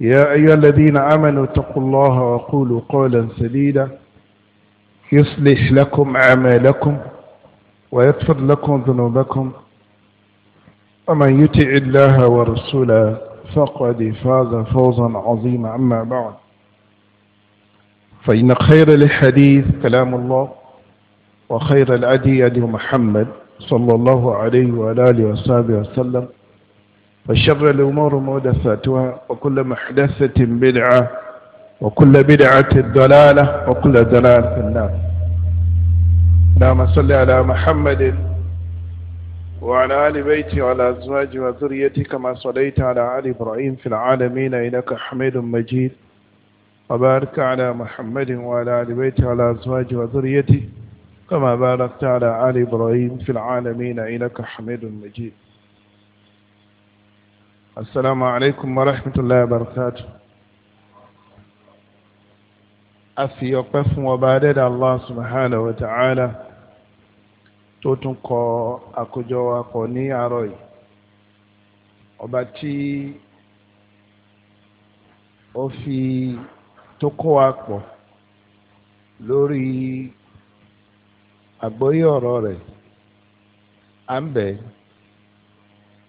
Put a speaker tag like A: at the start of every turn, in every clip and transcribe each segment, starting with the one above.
A: يا أيها الذين آمنوا اتقوا الله وقولوا قولا سديدا يصلح لكم أعمالكم ويغفر لكم ذنوبكم ومن يطع الله ورسوله فقد فاز فوزا عظيما أما بعد فإن خير الحديث كلام الله وخير الأدي محمد صلى الله عليه وآله وصحبه وسلم وشر الأمور محدثاتها وكل محدثة بدعة وكل بدعة ضلالة وكل ضلالة في النار اللهم صل على محمد وعلى آل بيته وعلى أزواجه وذريته كما صليت على آل إبراهيم في العالمين إنك حميد مجيد وبارك على محمد وعلى آل بيته وعلى أزواجه وذريته كما باركت على آل إبراهيم في العالمين إنك حميد مجيد السلام عليكم ورحمة الله وبركاته أفي يقف وبارد الله سبحانه وتعالى tótún kọ àkójọ wa pọ̀ ní àárọ̀ yìí ọba tí ó fi tó kó wa pọ̀ lórí àgbọ́yé ọ̀rọ̀ rẹ̀ à ń bẹ̀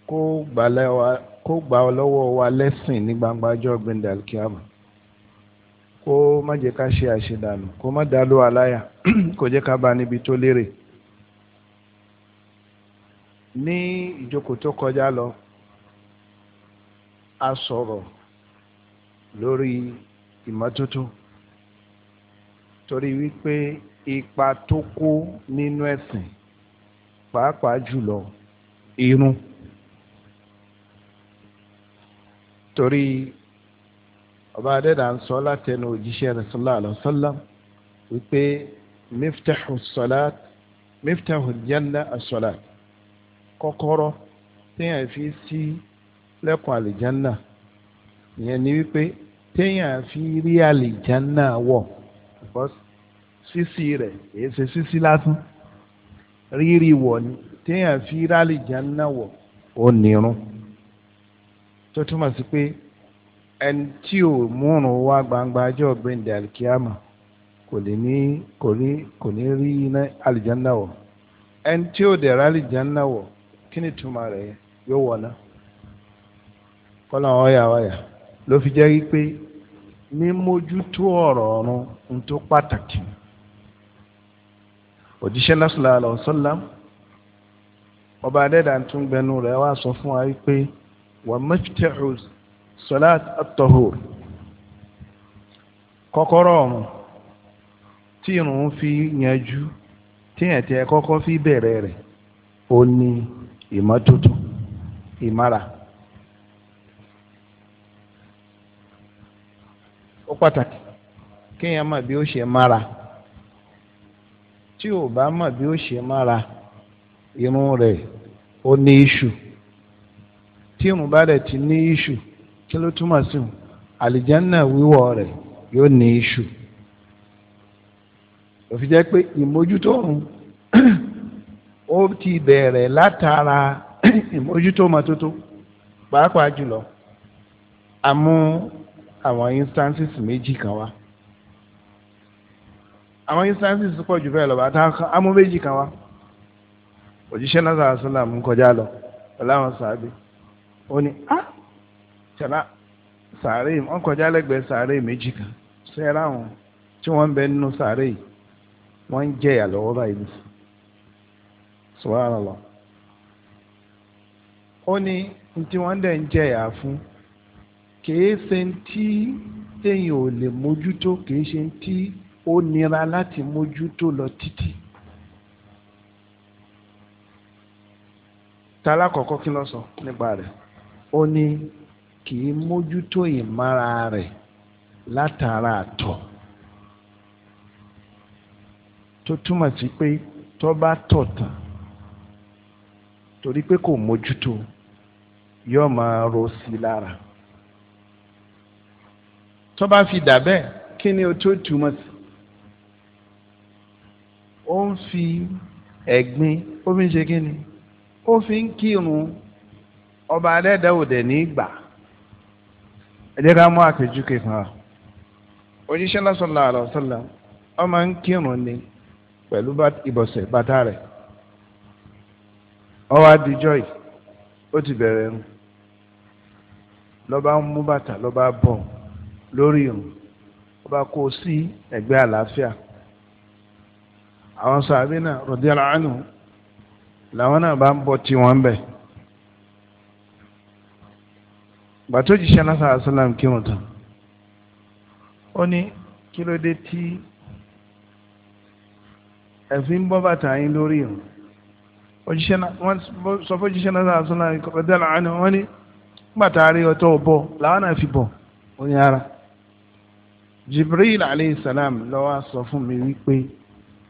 A: kó gbalẹ̀ wa kó gbà ọ lọ́wọ́ wa lẹ́sìn ní gbangba ọjọ́ gbẹ̀ndẹ̀ alkiyama kó má jẹ́ ká ṣe àṣedànù kó má dáló aláyà kó jẹ́ ká bá níbi tó lérè ní ìjókòó tó kọjá lọ a sọ̀rọ̀ lórí ìmọ́tótó torí wípé ipa tó kó nínú ẹ̀sìn pàápàá jùlọ irun. E torí ọba adẹ́dà ń sọ látẹnu òjíṣẹ́ rẹ̀ sallallahu alaihi wasallam wípé miftahu salat miftahu janna as-salat kọ́kọ́rọ́ téèyàn fi sí lẹ́kùn àlìjánná ìyẹn ni wípé téèyàn fi rí àlìjánná wọ̀ sísí rẹ̀ èyí ṣe sísí lásán rírì wọ̀ ni téèyàn fi rí àlìjánná wọ̀ ó nírun tó túmọ̀ sí pé ẹni tí ò múrun wá gbangba ọjọ́ gbẹ̀ǹdẹ̀ alikiyama kò lè ní kò ní kò ní rí iná alìjánná wọ̀ ẹni tí ò dẹ̀ rà wọ̀ kí ni túmọ̀ rẹ̀ yóò wọ̀ ná kọ́lá ọ̀yà ọ̀yà ló fi jẹ́ pé mímójútó ọ̀rọ̀ ọ̀run ń tó pàtàkì òjíṣẹ́ lásìlá àlọ́ ọba adẹ́dàá tún gbẹnu rẹ̀ wá sọ fún wa wípé. ومفتاح صلاة الطهور kọ́kọ́rọ́ ọ̀run tí irun fi yanjú tíyẹn tẹ fi bere, rẹ̀ ó ní ìmọ́tótó ìmára ó pàtàkì kéèyàn mọ̀ ṣe tí ma ṣe irun tí irun bá dẹ̀ ti ní iṣu kí ló túmọ̀ sí wọn àlìjánná wíwọ̀ rẹ̀ yóò ní iṣu òfin jẹ́ pé ìmójútó òun ó ti bẹ̀rẹ̀ látara ìmójútó mọ́tótó pàápàá jùlọ a àwọn instances méjì kan wá àwọn instances pọ̀ jù bẹ́ẹ̀ lọ bàtà a mú méjì kan wá òjíṣẹ́ náà sàásùlà mú kọjá lọ pẹ̀lú àwọn sàábì. ó ní a, ah! tẹ̀lá sàárè wọn kọjá lẹ́gbẹ̀ẹ́ sàárè méjì kan sẹ́ra wọn tí wọ́n ń bẹ nínú sàárè yìí wọ́n ń jẹ̀yà lọ́wọ́ báyìí nìyí subhanallah ó ní tí wọ́n dẹ̀ ń jẹ̀yà fún kìí ṣe tí téèyàn ò lè mójútó kìí ṣe nira láti mójútó lọ kí sọ nípa ó ní kì í mójútó ìmára rẹ̀ látara àtọ̀ tó túmọ̀ sí pé tó bá tọ̀ tán torí pé kò mójútó yóò máa ro sí i lára tó fi dà bẹ́ẹ̀ kí ni o tó túmọ̀ sí ó ń fi ẹ̀gbin ó fi ń ṣe kí fi ń kírun. ọba adẹ́dẹ́ òdẹ ní ìgbà ẹ jẹ́ ká mú àpèjú kẹfà oníṣẹ́ lọ́sọ̀lá àlọ́sọ̀lá ọmọ ń kírun ni pẹ̀lú ìbọ̀sẹ̀ bàtà rẹ̀ ọwọ́ adijọ́ yìí ó ti bẹ̀rẹ̀ ń lọ́ba ń mú bàtà lọ́ba bọ̀ lórí ìrùn ọba sí àlàáfíà àwọn làwọn náà bá ń bọ̀ tí wọ́n ń bẹ̀. bàtó jíṣẹ́ lásán àṣàlám kírun tán ó ní kí ló dé tí ẹ̀fín bọ́ bàtà yín lórí o òjíṣẹ́ wọ́n sọ fún jíṣẹ́ lásán àṣàlám ọ̀dọ́ làánú wọ́n ní bàtà rí ọtọ́ bọ́ làwọn náà fi bọ̀ ó ara Jibril alayhi salam ló wá sọ fún mi wípé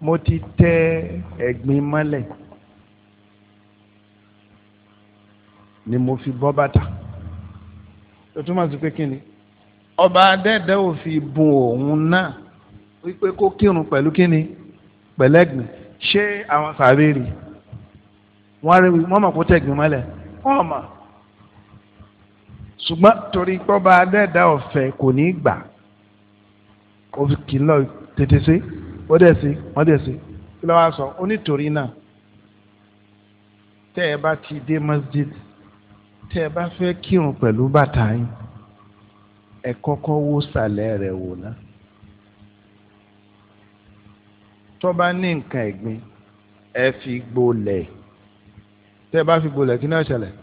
A: mo ti tẹ ẹ̀gbin mọ́lẹ̀ ni mo fi bọ́ bàtà tó túmọ̀ sí pé kíni ọba adẹ́dẹ́ ò fi bùn òun náà wípé kó kírun pẹ̀lú kíni pẹ̀lẹ́gbìn ṣé àwọn sàárè rí wọ́n rí wọ́n mọ̀ kó tẹ̀gbìn mọ́lẹ̀ wọ́n mọ̀ ṣùgbọ́n torí pọ́ba adẹ́dẹ́ ọ̀fẹ́ kò ní gbà kò kì í lọ tètè sí ó dẹ̀ sí wọ́n dẹ̀ sí kí ló sọ onítorí náà tẹ́ ẹ bá ti dé masjid tẹ́ ẹ bá fẹ́ kírun pẹ̀lú bàtà yín ẹ kọ́kọ́ wó sàlẹ̀ rẹ̀ wò ná tó bá ní nǹkan ẹ̀gbin ẹ fi gbolẹ̀ tẹ́ ẹ bá fi gbolẹ̀ kí náà ṣẹlẹ̀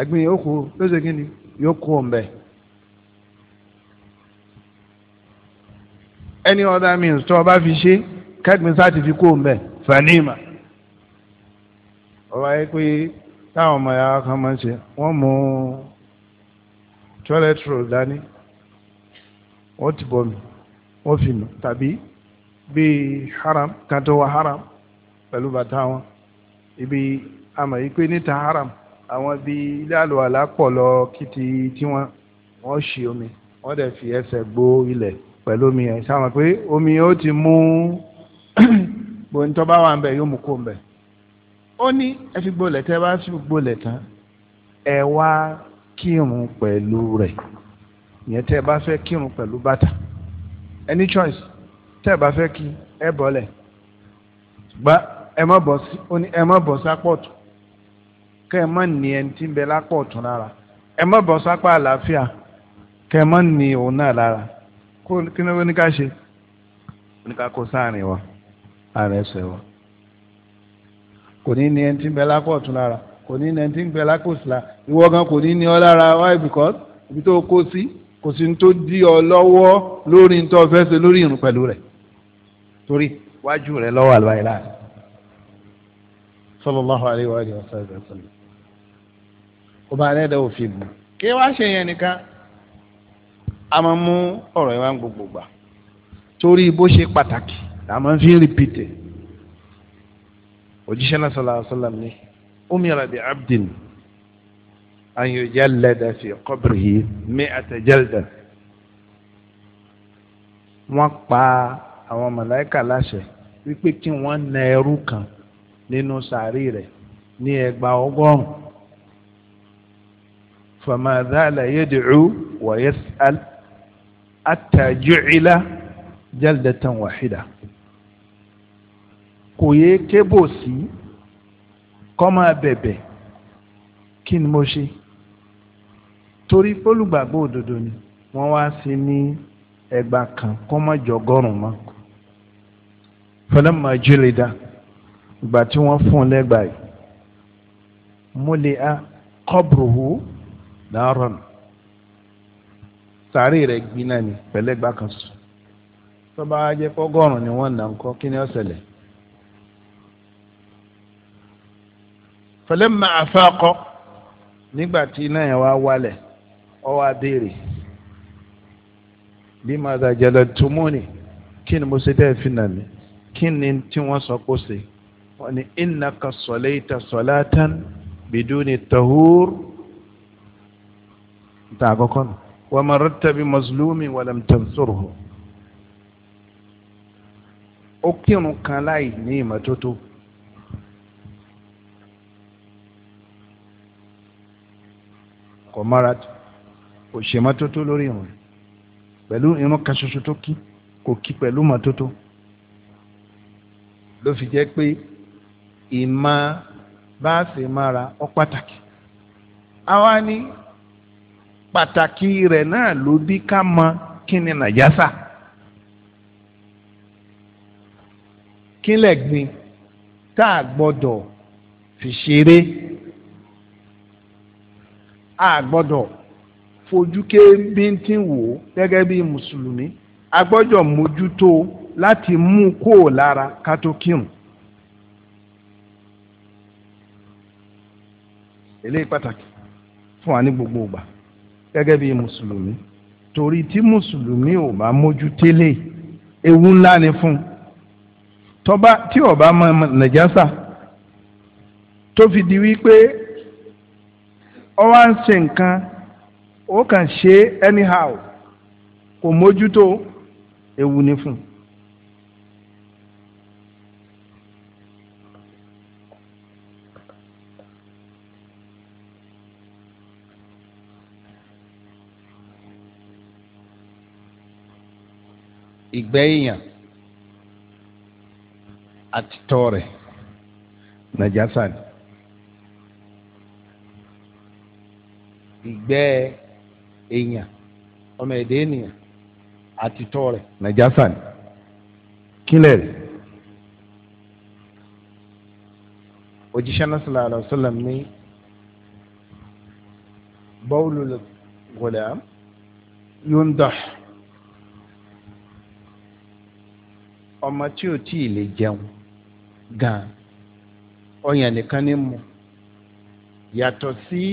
A: ẹ̀gbin yóò kú yóò kí ni yóò kú ọ̀nbẹ. any other means tó o bá fi ṣe kẹ́gbin sáà ti fi kú ọ̀nbẹ fanima ọ̀rọ̀ ayé pé táwọn ọmọ ya kan máa ń ṣe wọ́n mú toilet roll dání wọ́n ti bọ̀ mí wọ́n fi nù tàbí bíi haram kan tó wà haram pẹ̀lú bàtà wọn ibi àmọ̀ yìí pé níta haram àwọn bíi ilé àlùwàlà pọ̀ lọ kìtì tí wọ́n wọ́n ṣe omi wọ́n dẹ̀ fi ẹsẹ̀ gbó ilẹ̀ pẹ̀lú omi ẹ̀ sáwọn pé omi ó ti mú bóńtọ́ bá wà ń bẹ̀ yóò mú kó ń bẹ̀ ó ní ẹ fi gbolẹ̀ tẹ́ bá fi gbolẹ̀ tán ẹ wá kírun pẹ̀lú rẹ̀ ìyẹn tẹ́ bá fẹ́ kírun pẹ̀lú bàtà any choice tẹ́ bá fẹ́ kí ẹ bọ́lẹ̀ gba ẹ má bọ́ sí ó ní ẹ má bọ́ sápọ̀tù kẹ́ ẹ má ní ẹni tí ń bẹ lápọ̀tù lára ẹ má bọ́ sápá àlàáfíà kẹ́ ẹ má ní òun náà lára kó kí ni wọ́n ní ká ṣe ní kó sáàrin wa àrẹsẹ̀ wa kò ní ní ẹni tí ń bẹ lápò ọ̀tún lára kò ní ní ẹni tí ń bẹ lápò òsì lára ìwọ gan kò ní ní ọ lára why because ibi tó kó sí kò sí ní tó dí ọ lọ́wọ́ lórí ní tó fẹ́ ṣe lórí ìrun pẹ̀lú rẹ̀ torí wájú rẹ̀ lọ́wọ́ àlùbáyé láàrin sallallahu alayhi wa alihi wa sallam ọba alẹ́dẹ̀ òfin mu kí wàá ṣe yẹn nìkan a máa mú ọ̀rọ̀ yẹn wá gbogbo gbà torí bó ṣe pàtàkì la máa fi ń rìpìtì òjíṣẹ́ náà sallallahu alaihi wasallam ní umira bi abdin an yujallada fi qabrihi mi'ata jalda wọ́n pa àwọn màláìkà láṣẹ wípé kí wọ́n na ẹrú kan nínú sàárì rẹ̀ ní ẹgbà ọgọ́rùn fama dhala yad'u wa yas'al atta ju'ila jaldatan wahida kò yé kébò sí kọ́ máa bẹ̀bẹ̀ kí ni mo ṣe torí fólùgbàgbọ́ òdodo ni wọ́n wá sí ní ẹgbà kan kọ́ má jọ gọ́rùn mọ́ fọlọ́mọ jùlẹ̀dá ìgbà tí wọ́n fún un lẹ́gbàá yìí múlẹ̀ á kọ́bùrùhù láàárọ̀ sàárè rẹ̀ gbiná ni pẹ̀lẹ́gbà kan sùn tọ́ba ajẹ́kọ́gọ́rùn ni wọ́n nà ń kọ́ kí ni ó ṣẹlẹ̀. falamma afaqa nígbà tí iná yẹn wá wálẹ̀ ọ wá béèrè bí màdà jẹlẹ tumuni kí ni mo ṣe dẹ́ fi nà mí kí ni tí wọ́n sọ kó ṣe wọ́n ní innaka salayta salatan biduni tahur nta àkọ́kọ́ nù wa mararta bi mazlumi walam tansurhu ó kírun kan láì ní ìmọ́tótó. kò mara kò ṣe mọ́tótó lórí ìrun pẹ̀lú irun kan ṣoṣo tó kí kò kí pẹ̀lú mọ́tótó ló fi jẹ́ pé ìmọ̀ bá a ṣe mára ọ pàtàkì àwa ní pàtàkì rẹ̀ náà ló bí ká mọ kí ni nàjásà kí lẹ̀ gbin tá a gbọ́dọ̀ fi ṣeré. a gbọdọ fojú ké bíntín wò ó gẹ́gẹ́ bí mùsùlùmí a gbọ́dọ̀ mójútó láti mú kó o lára ká tó kírun. eléyìí pàtàkì fún wa ní gbogbo ìgbà gẹ́gẹ́ bí mùsùlùmí torí tí mùsùlùmí ò bá mójú télé ewu ńlá ni fún tọba tí ó bá mọ nàìjásà tó fi di wípé ọ wá ń ṣe nǹkan ó kàn ṣe anyhow kò mójútó ewu ni fún un. ìgbẹ́ èèyàn àti tọ́ rẹ̀ nàjásà ni. ìgbẹ́ èèyàn ọmọ èdè ènìyàn àti tọ́ rẹ̀. nàìjásà ni kílẹ̀ rẹ̀. òjíṣẹ́ náà sallallahu alaihi wasallam ní bawlul gulam yundah ọmọ tí ò tí lè jẹun gan ọyàn nìkan ní mu yàtọ̀ sí. Si,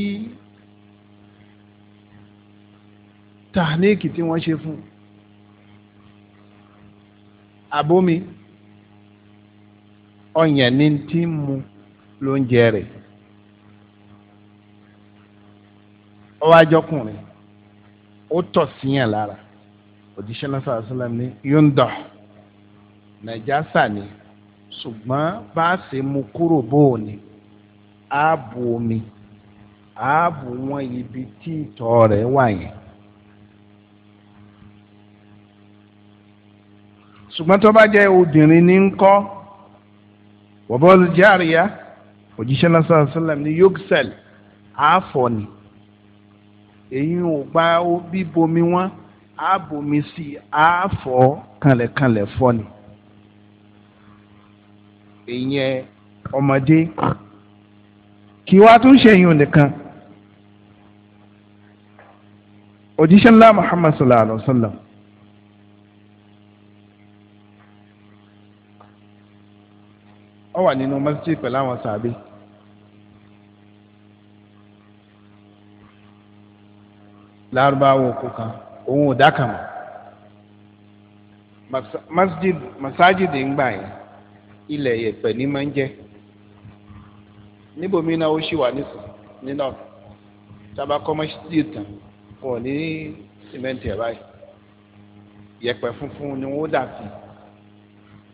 A: tàníìkì tí wọ́n ṣe fún abomi ọ̀yàn ní tí ń mu ló ń jẹ rẹ̀ ọwọ́ ajọ́kùnrin ó tọ̀ síyàn lára òjíṣẹ́ náà sàrà sọ́lá ní yóńdọ̀ nàìjásà ni ṣùgbọ́n bá a ṣe mu kúrò bóò ààbò omi ààbò wọn ibi tí ìtọ̀ rẹ̀ wà yẹn. ṣùgbọ́n tó bá jẹ́ obìnrin ní ń kọ́ wọ́bọ́lù járíyá òjíṣẹ́ lásán sílẹ̀ ní yogsel àáfọ̀nì èyí ò gba bíbomi wọn àábomi sí àáfọ̀ kanlẹ̀kanlẹ̀ fọ́ni ìyẹn ọmọdé kí wàá tún ṣèyún nìkan òjíṣẹ́ ńlá Muhammad sallallahu alaihi wa sallam. ọ wà nínú masjid pẹ̀lú àwọn sàbẹ̀. lárúbáwò kò kan òun ò dákà mọ́ masjid masajid ń gbà yẹn ilẹ̀ yẹ̀pẹ̀ ní máa ń jẹ́ níbòmí náà ó ṣì wà nínú tábà kọ́ masjid tán wọn ní sìmẹ́ǹtì ẹ̀ báyìí yẹ̀pẹ̀ funfun ni wọ́n dà sí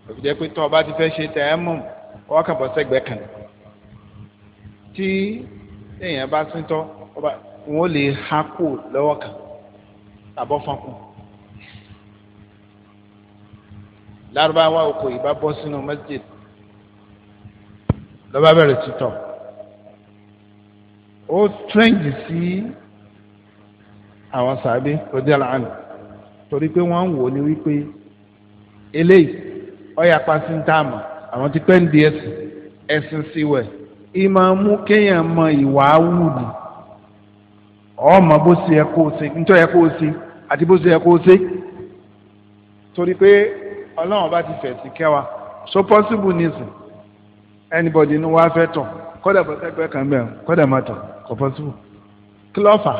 A: òfìdẹ́ pé tọ́ ọba ti fẹ́ ṣe tẹ̀ ẹ́ mọ̀ wọ́n kàn bọ́ sẹ́gbẹ́ kan tí èèyàn bá síntọ́ wọ́n lè há kó lọ́wọ́ kan àbọ̀ fọ́nkù lárúbáwá oko yìí bá bọ́ sínú masjid lọ́ba bẹ̀rẹ̀ títọ̀ ó tírẹ́ǹdì sí àwọn sàbí lọ́dí àlàánù torí pé wọ́n ń wò ní wípé eléyìí ọ̀yà pàṣẹ ń tà àwọn ti pẹ́ ń di ẹ̀sìn ẹ̀sìn sí wẹ̀ ì máa mú kéèyàn mọ ìwà awùdù ọmọ bó ṣe yẹ kó ṣe nítorí yẹ kó ṣe àti bó ṣe yẹ kó ṣe torí pé ọlọ́run bá ti fẹ̀sìn kẹwàá so possible nísìn anybody inú wa fẹ́ tọ̀ kọ́dà pẹ̀tẹ́pẹ́ kan bẹ́ẹ̀ kọ́dà má tọ̀ kò possible kí ló fà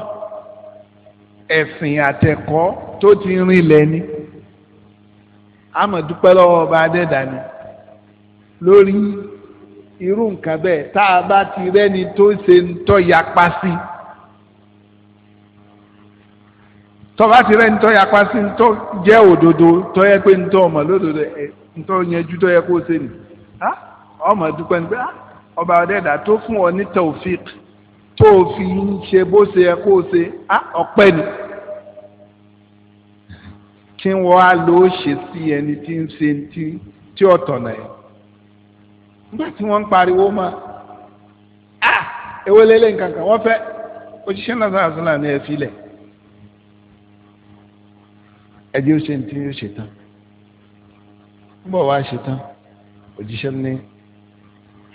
A: ẹ̀sìn àtẹ̀kọ́ tó ti rinlẹ̀ ni a máa dúpẹ́ lọ́wọ́ ọba adẹ́dàá ni. lórí irú nǹkan bẹ́ẹ̀ tá a bá ti rẹ́ni tó ṣe ń tọ́ yapa sí tọ́ba ti rẹ́ni tọ́ yapa sí ń tọ́ jẹ́ òdodo tọ́ yẹ pé ń tọ́ ọmọ lódodo ẹ̀ ń tọ́ yẹnjú tọ́ yẹ kó ṣe nì ọmọ dúpẹ́ ní ọba ọ̀dẹ́dà tó fún ọ ní taofik nígbà tí wọ́n ń pariwo ma a ah, ewo lélẹ̀ nǹkan kan wọ́n fẹ́ òṣìṣẹ́ náà sáà sọ́nà ní ẹ̀ filẹ̀ ẹ̀jẹ̀ ó ṣe ní tí yóò ṣe tán nígbà wàá ṣe tán òṣìṣẹ́ ní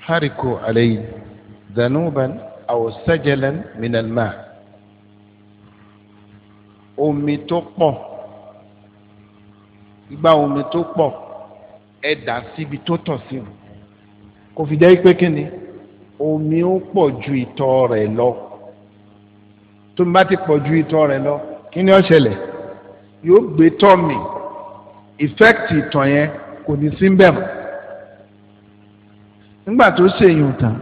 A: hariko alayhi dhanuban aw sajalan omi tó pọ̀ igba omi tó pọ̀ ẹ̀dá síbi tó tọ̀ sí o kò fi jẹ́ pé kí ni omi ó pọ̀ ju ìtọ̀ rẹ̀ lọ tó bá ti pọ̀ ju ìtọ̀ rẹ̀ lọ kí ni ó ṣẹlẹ̀ yóò gbé tọ̀ mì ìfẹ́kìtì ìtọ̀ yẹn kò ní sí bẹ́ẹ̀ mọ́ nígbà tó ṣèyàn tán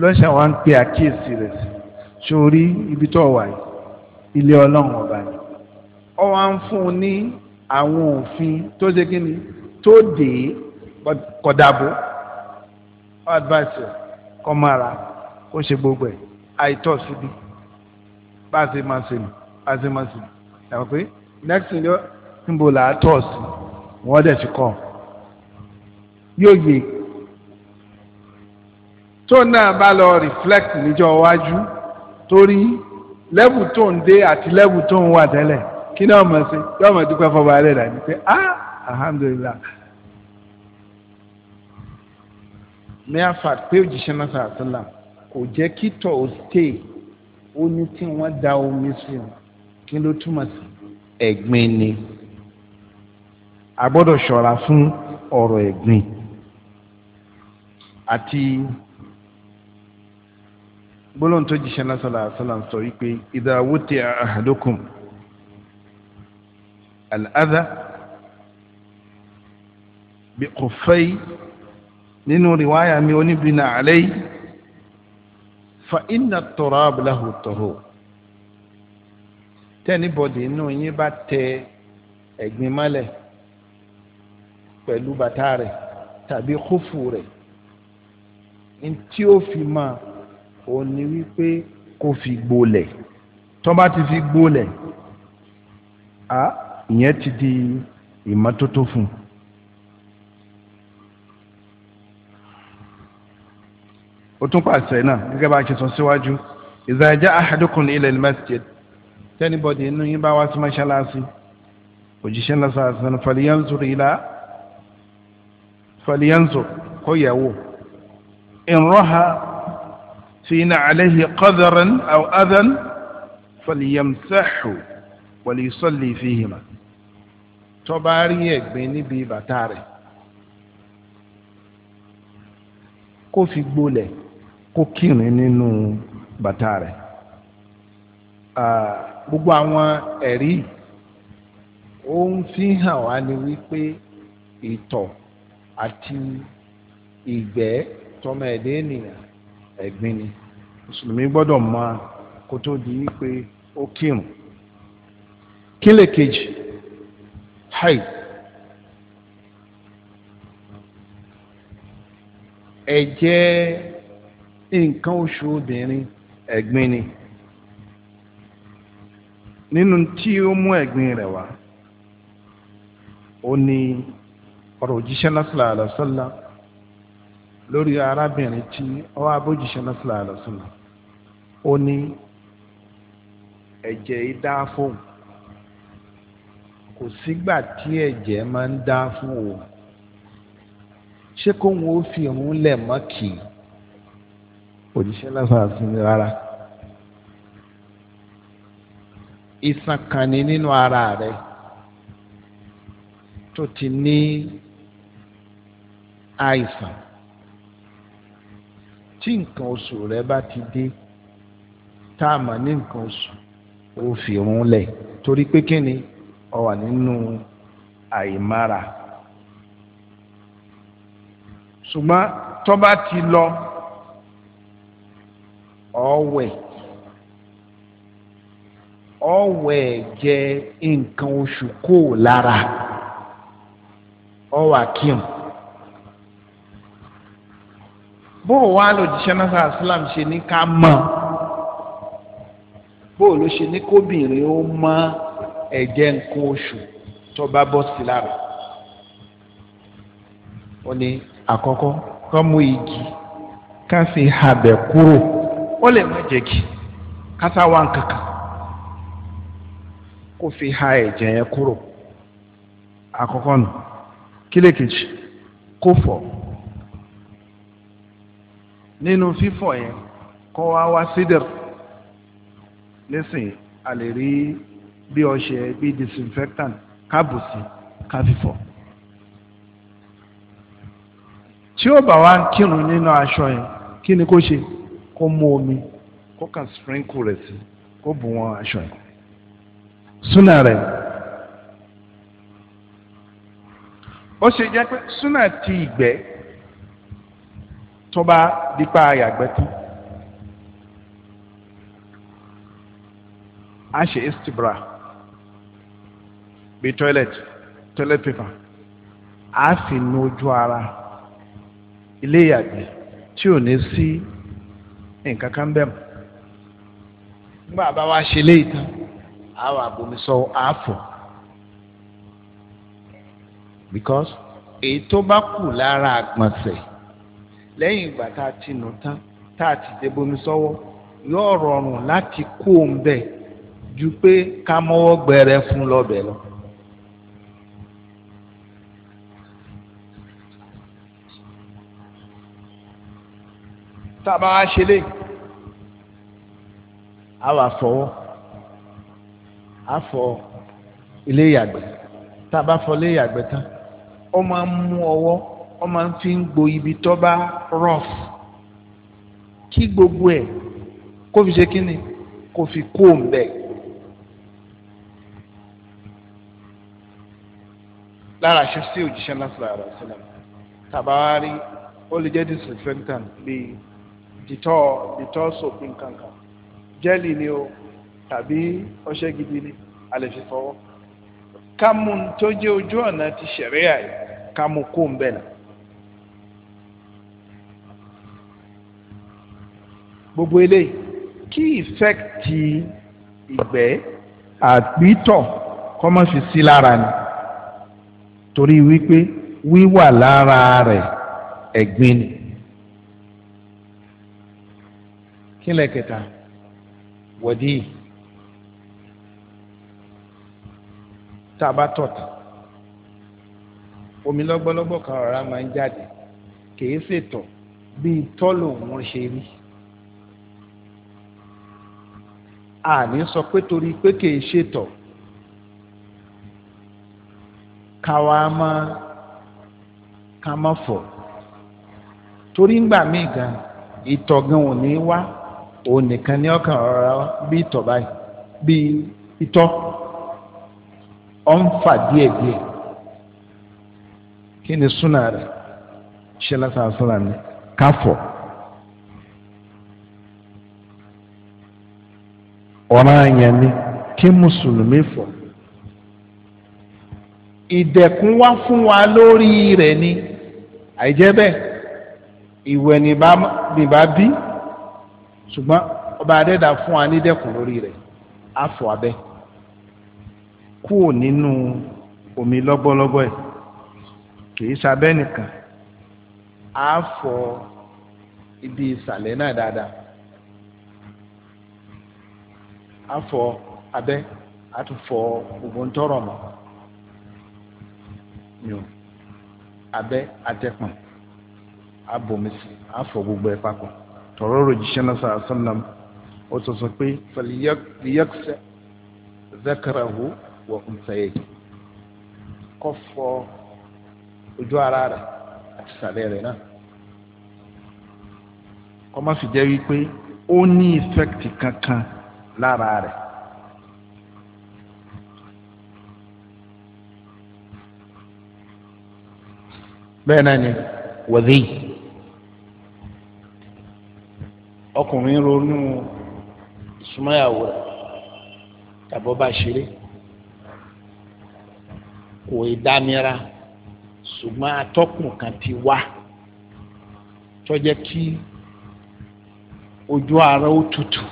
A: lọ́sàn wa ń pe àkíyèsí rẹ̀ sí sórí ibi tó wà yìí ilé ọlọ́run ọba ni ọ wá ń fún un ní àwọn òfin tó ṣe kí ni tó dé kọ̀dàbọ̀ advice kọ́ máa ra kó ṣe gbogbo ẹ̀ àìtọ́ síbi bá a ṣe máa ṣe nù bá a ṣe máa ṣe nù ẹ̀ pé next thing yóò níbo là á tọ̀ sí wọ́n dẹ̀ ti kọ́ yóò yẹ tó náà bá lọ reflect níjọ́ iwájú torí lẹ́bù tó ń dé àti lẹ́bù tó ń wà tẹ́lẹ̀ kí ni ọmọ ṣe yóò mọ̀ dúpẹ́ fọba rẹ̀ rà ní pé ah alhamdulilah miafat pé òjíṣẹ́ náà sàtúnlá kò jẹ́ kí tọ̀ ó stay ó ní tí wọ́n da omi sí i kí ló túmọ̀ sí ẹ̀gbin ni a gbọ́dọ̀ ṣọ́ra fún ọ̀rọ̀ ẹ̀gbin àti gbólóhùn tó jíṣẹ́ náà sọ̀rọ̀ àṣàlàm sọ wípé ìdáwótì ahadukum al'adha bí kò fẹ́ yìí nínú rìwáyà mi oníbìnà àlẹ́ yìí fa iná tọrọ abúláhù tọrọ tẹ́nibọ̀dì inú yín bá tẹ ẹ̀gbin mọ́lẹ̀ pẹ̀lú bàtà rẹ̀ tàbí kófù rẹ̀ ntí ó fi máa ò ní wípé kó fi gbolẹ̀ tó ti fi gbolẹ̀ a ìyẹn ti di ìmọ́tótó fún un. ó tún pàṣẹ náà gẹ́gẹ́ bá a ṣe sọ síwájú idha ja'a ahadukum ila al-masjid tẹ́nibọ́dì inú yín bá wá sí mọ́ṣáláṣí òjíṣẹ́ ńlá sàásán falyanzur ila falyanzur kó yẹ̀wò in raha fina alayhi qadaran aw adan falyamsahu wal yusalli fihima rí ẹ̀gbin níbi bàtà rẹ̀ kó fi gbolẹ̀. kó nínú bàtà rẹ̀ gbogbo àwọn ẹ̀rí ohun ń fi hàn wá ní wípé ìtọ̀ àti ìgbẹ́ tọmọ ẹ̀dẹ́ ènìyàn ẹ̀gbin ni mùsùlùmí gbọ́dọ̀ mọ kó tó di wípé ó kírun kílè kejì haid ẹ̀jẹ̀. E nǹkan oṣù obìnrin ẹ̀gbin ni nínú tí ó mú ẹ̀gbin rẹ̀ wá ó ní ọ̀rọ̀ òjíṣẹ́ lásìlá àlọ́sọ́lá lórí arábìnrin tí ó wá bójíṣẹ́ lásìlá àlọ́sọ́lá ó ní ẹ̀jẹ̀ ìdá fóun kò sígbà tí ẹ̀jẹ̀ máa ń dá fún ṣé kóun ó fi òun lẹ̀ mọ́ kì òjíṣẹ́ lásán àti rárá ìsàn kan ní nínú ara rẹ tó ti ní àìsàn tí nǹkan oṣù rẹ bá ti dé tá a mọ̀ ní nǹkan oṣù ó fi irun lẹ̀ torí pé kí ni ó wà nínú àìmára ṣùgbọ́n tó bá ti lọ ọ̀wẹ̀ ọ̀wẹ̀ jẹ nǹkan oṣù kò lára ọ̀wà kíun bó o wá lòdìṣẹ́ náà sáà sílám ṣe ní ká mọ̀ bó o ló ṣe ní kóbìnrin ó mọ̀ ẹ̀jẹ̀ nǹkan oṣù tó bá bọ́ sí lára ó ní àkọ́kọ́ kọ́ mú igi ká fi habẹ̀ kúrò ó lè má jẹ́ kí kásáwá kankan kó fi ha ẹ̀jẹ̀ yẹn kúrò àkọ́kọ́ nù kílèkejì kó fọ̀ nínú fífọ̀ yẹn kó wá wá sídìr nísìnyí a lè rí bí ọṣẹ bí disinfectant kábùsì ká fífọ̀ tí ó bá wá ń kírun nínú aṣọ yẹn kí ni kó ṣe kó mú omi kó kàn sprinkle rẹ̀ sí kó bù wọn aṣọ yìí súnà rẹ̀ ó ṣe jẹ́ pé súnà ti ìgbẹ́ tó bá dípa àyàgbẹ́ tán a ṣe istibra bíi toilet toilet paper a fi nu ojú ara ilé ìyàgbẹ́ tí ò ní sí. Si nǹkan kan bẹ́ẹ̀ mọ́ nígbà bá wa ṣe léyìí tán a wà bomi sọ àáfò because èyí tó bá kù lára àgbọ̀nsẹ̀ lẹ́yìn ìgbà tá a ti nù tán tá a ti dé bomi sọ́wọ́ yóò rọrùn láti ju pé ká mọ́wọ́ gbẹrẹ fún lọ́bẹ̀ lọ. Lo. tá a bá wá ṣe lé a wà fọwọ́ a fọ ilé yàgbẹ́ tá a bá fọ ilé yàgbẹ́ tán ó máa ń mú ọwọ́ ó máa ń fi ń gbo ibi tó bá rọ̀f kí gbogbo ẹ̀ kó fi ṣe kí ni kó fi kó ń bẹ̀. lára ṣe sí òjíṣẹ́ lásìlá àrà sílẹ̀ tàbá rí ó lè jẹ́ disinfectant bíi dìtọ́ dìtọ́ sòpin kankan jẹ́lì ni o tàbí ọṣẹ gidi ni a lè fi fọwọ́ kámú tó jẹ́ ojú ọ̀nà ti ṣẹ̀ríà yìí kámú kó ń bẹ̀ náà. gbogbo eléyìí kí ìfẹ́kìtì ìgbẹ́ àgbítọ̀ kọ́ má fi sí lára ni torí wípé wíwà lára rẹ̀ ẹ̀gbin ni. kílẹ̀kẹta wọ̀dí tàbá omi lọ́gbọ́lọ́gbọ́ kan ọ̀rá máa ń jáde kìí ṣètọ̀ bíi tọ́lù wọn ṣe rí àní sọ pé torí pé kìí ṣètọ̀ káwa máa ká má fọ̀ torí ń gbà mí gan ìtọ̀ gan ò ní wá. òun nìkan ní ọkàn rọra bí ìtọ̀ báyìí bí ọ ń fà díẹ̀ díẹ̀ kí ni súnà rẹ̀ ṣe lásán ni káfọ̀ àyàn ni kí mùsùlùmí fọ̀ ìdẹ̀kùn wá fún wa lórí rẹ̀ ni àìjẹ́ bẹ́ẹ̀ ìwẹ̀ nìbá bí. Ba, ṣùgbọ́n ọba adẹ́dà fún wa ní dẹ́kun lórí rẹ̀ á fọ abẹ́ kúò nínú omi lọ́gbọ́lọ́gbọ́ ẹ̀ kìí ṣabẹ́ nìkan afọ ibi ìsàlẹ̀ náà dáadáa afọ abẹ́ á tún fọ gbogbo ń tọrọ mọ́ yòó abẹ́ atẹ́pọ̀n á afọ gbogbo ẹ̀ papọ̀. tọ̀rọ̀ ròjìṣẹ́ náà sàrà sálàm ó sọ sọ pé fàlìyàkṣẹ́ zakarahu wà nsàyè kọ́ fọ ojú ara rẹ̀ àti sàlẹ̀ rẹ̀ náà kọ́ má fi jẹ́ wípé ó ní ìfẹ́kìtì kankan lára rẹ̀. bẹ́ẹ̀ náà ọkùnrin ronú súnmọ́yàwó rẹ̀ tàbí ọba ṣeré kò ìdámira ṣùgbọ́n atọ́kùn kan ti wá tó jẹ́ kí ojú ara ó tutù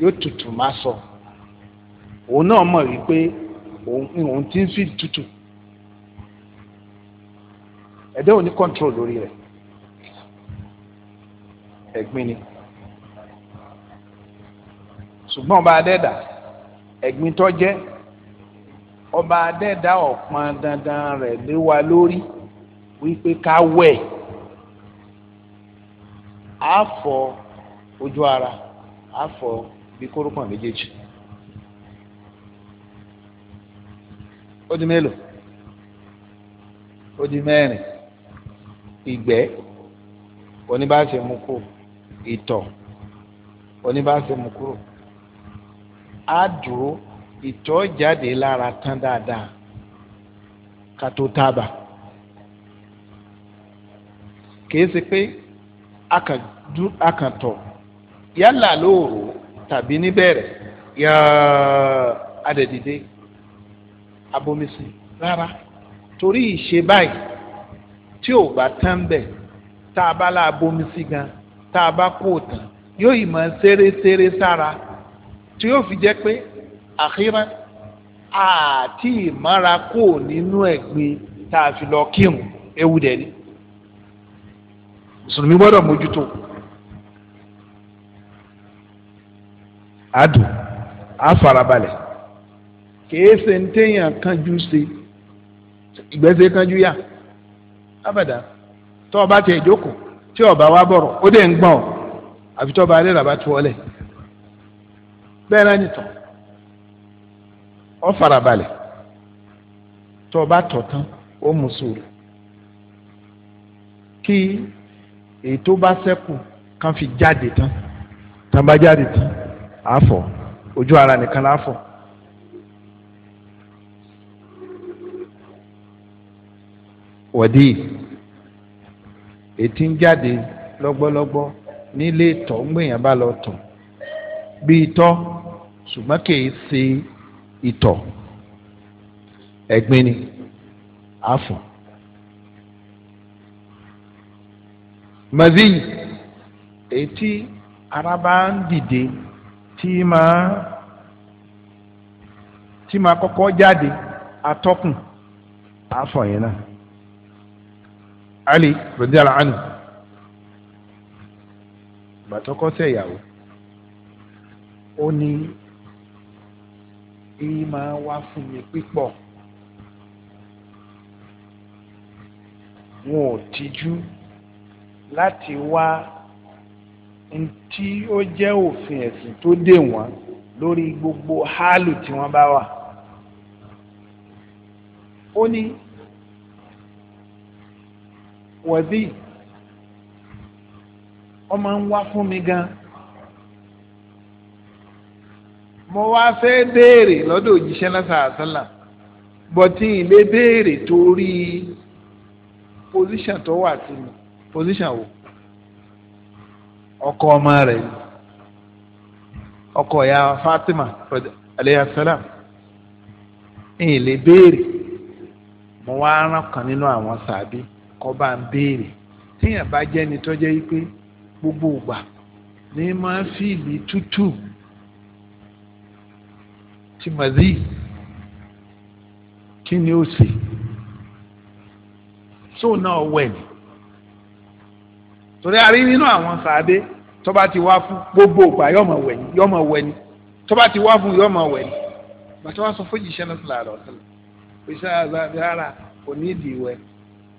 A: yóò tutù má sọ òun náà mọ̀ wípé òun ti ń fi tutù ẹ̀dá ò control lórí rẹ̀ ẹ̀gbin ni ṣùgbọ́n ọba adẹ́dà ẹ̀gbin tó jẹ́ ọba adẹ́dà ọ̀pọn dandan rẹ̀ lé wa lórí wípé ká wẹ̀ á fọ ojú ara á bí kórópọ̀n méjèèjì. ó di mélòó ó di mẹ́rin ìgbẹ́ oníbàṣẹ mú kúrò ìtọ̀ oníbàṣẹ mú kúrò á dúró ìtọ̀ jáde lára tán dáadáa ká tó tábà kìí ṣe pé a kàn tọ̀ yálà lóòrò tàbí níbẹ̀rẹ̀ yá adẹ̀dìde abomisi rárá torí ìṣe báyìí tí ò bá tán bẹ̀ tá a bá la bomi sí gan tá a bá kó tán yóò ì mọ̀ ṣeré-ṣeré sára tí yóò fi jẹ́ pé àkírá àti ìmọ̀ra kò nínú ẹ̀gbin tá a fi lọ kírun ewu dẹ̀ ni mùsùlùmí gbọ́dọ̀ mójútó. adùn á farabalẹ̀ kèé ṣe ń téèyàn kanjú ṣe ìgbésẹ̀ kanjú yá. Abada, tó ọba tẹ ìjókòó tí ọba wa bọ̀rọ̀ ó dẹ̀ ń gbọ́n àfi tó ọba alẹ́ làbá tu ọlẹ̀ bẹ́ẹ̀ náà nìtàn ọ farabalẹ̀ tó ọba tọ̀ tán ó mú sùúrù kí èyí bá sẹ́kù kan fi jáde tán tán jáde tán àfọ̀ ojú ara nìkan láfọ̀. wọ̀dí ètí ń jáde lọ́gbọ́lọ́gbọ́ nílé ìtọ̀ ńgbèyàn bá lọ tọ̀ bí ìtọ̀ ṣùgbọ́n kìí ṣe ni àfọ̀. mazi ètí ara bá ń dìde tí máa tí máa kọ́kọ́ ali radiyallahu anhu bàtọ́kọ́sẹ̀ ìyàwó ó ní èyí máa wá fún mi pípọ̀ wọn ò tijú láti wá ntí ó jẹ́ òfin ẹ̀sìn tó dè wọ́n lórí gbogbo hálù tí wọ́n bá wà ó ní wọ̀bí ọmọ ń wá fún mi gan mo wá fẹ́ béèrè lọ́dọ̀ òjíṣẹ́ lásàásánlá bọ̀tí ilé béèrè torí pòsíṣàn tó wà sí mi pòsíṣàn wò ọkọ ọmọ rẹ̀ ọkọ ìyá Fatima aleyha salam ìyìn lè béèrè mo wá rán kan nínú àwọn sàbí kọ́ bá ń béèrè tíyàn bá jẹ́ni tó jẹ́ pé gbogbo ìgbà ní máa ń fìlì tútù tìmọ̀lì kí ni ó sì tó náà wẹ̀ ni torí a rí nínú àwọn sàádé tó bá ti wá fún gbogbo ìgbà yọ̀mọ̀ wẹ̀ ni yọ̀mọ̀ wẹ̀ ni tó ti wá fún yọ̀mọ̀ wẹ̀ ni bàtà wá sọ fún jìṣẹ́ náà sílẹ̀ àlọ́ sílẹ̀ òṣìṣẹ́ àgbà kò ní ìdí wẹ̀ ni.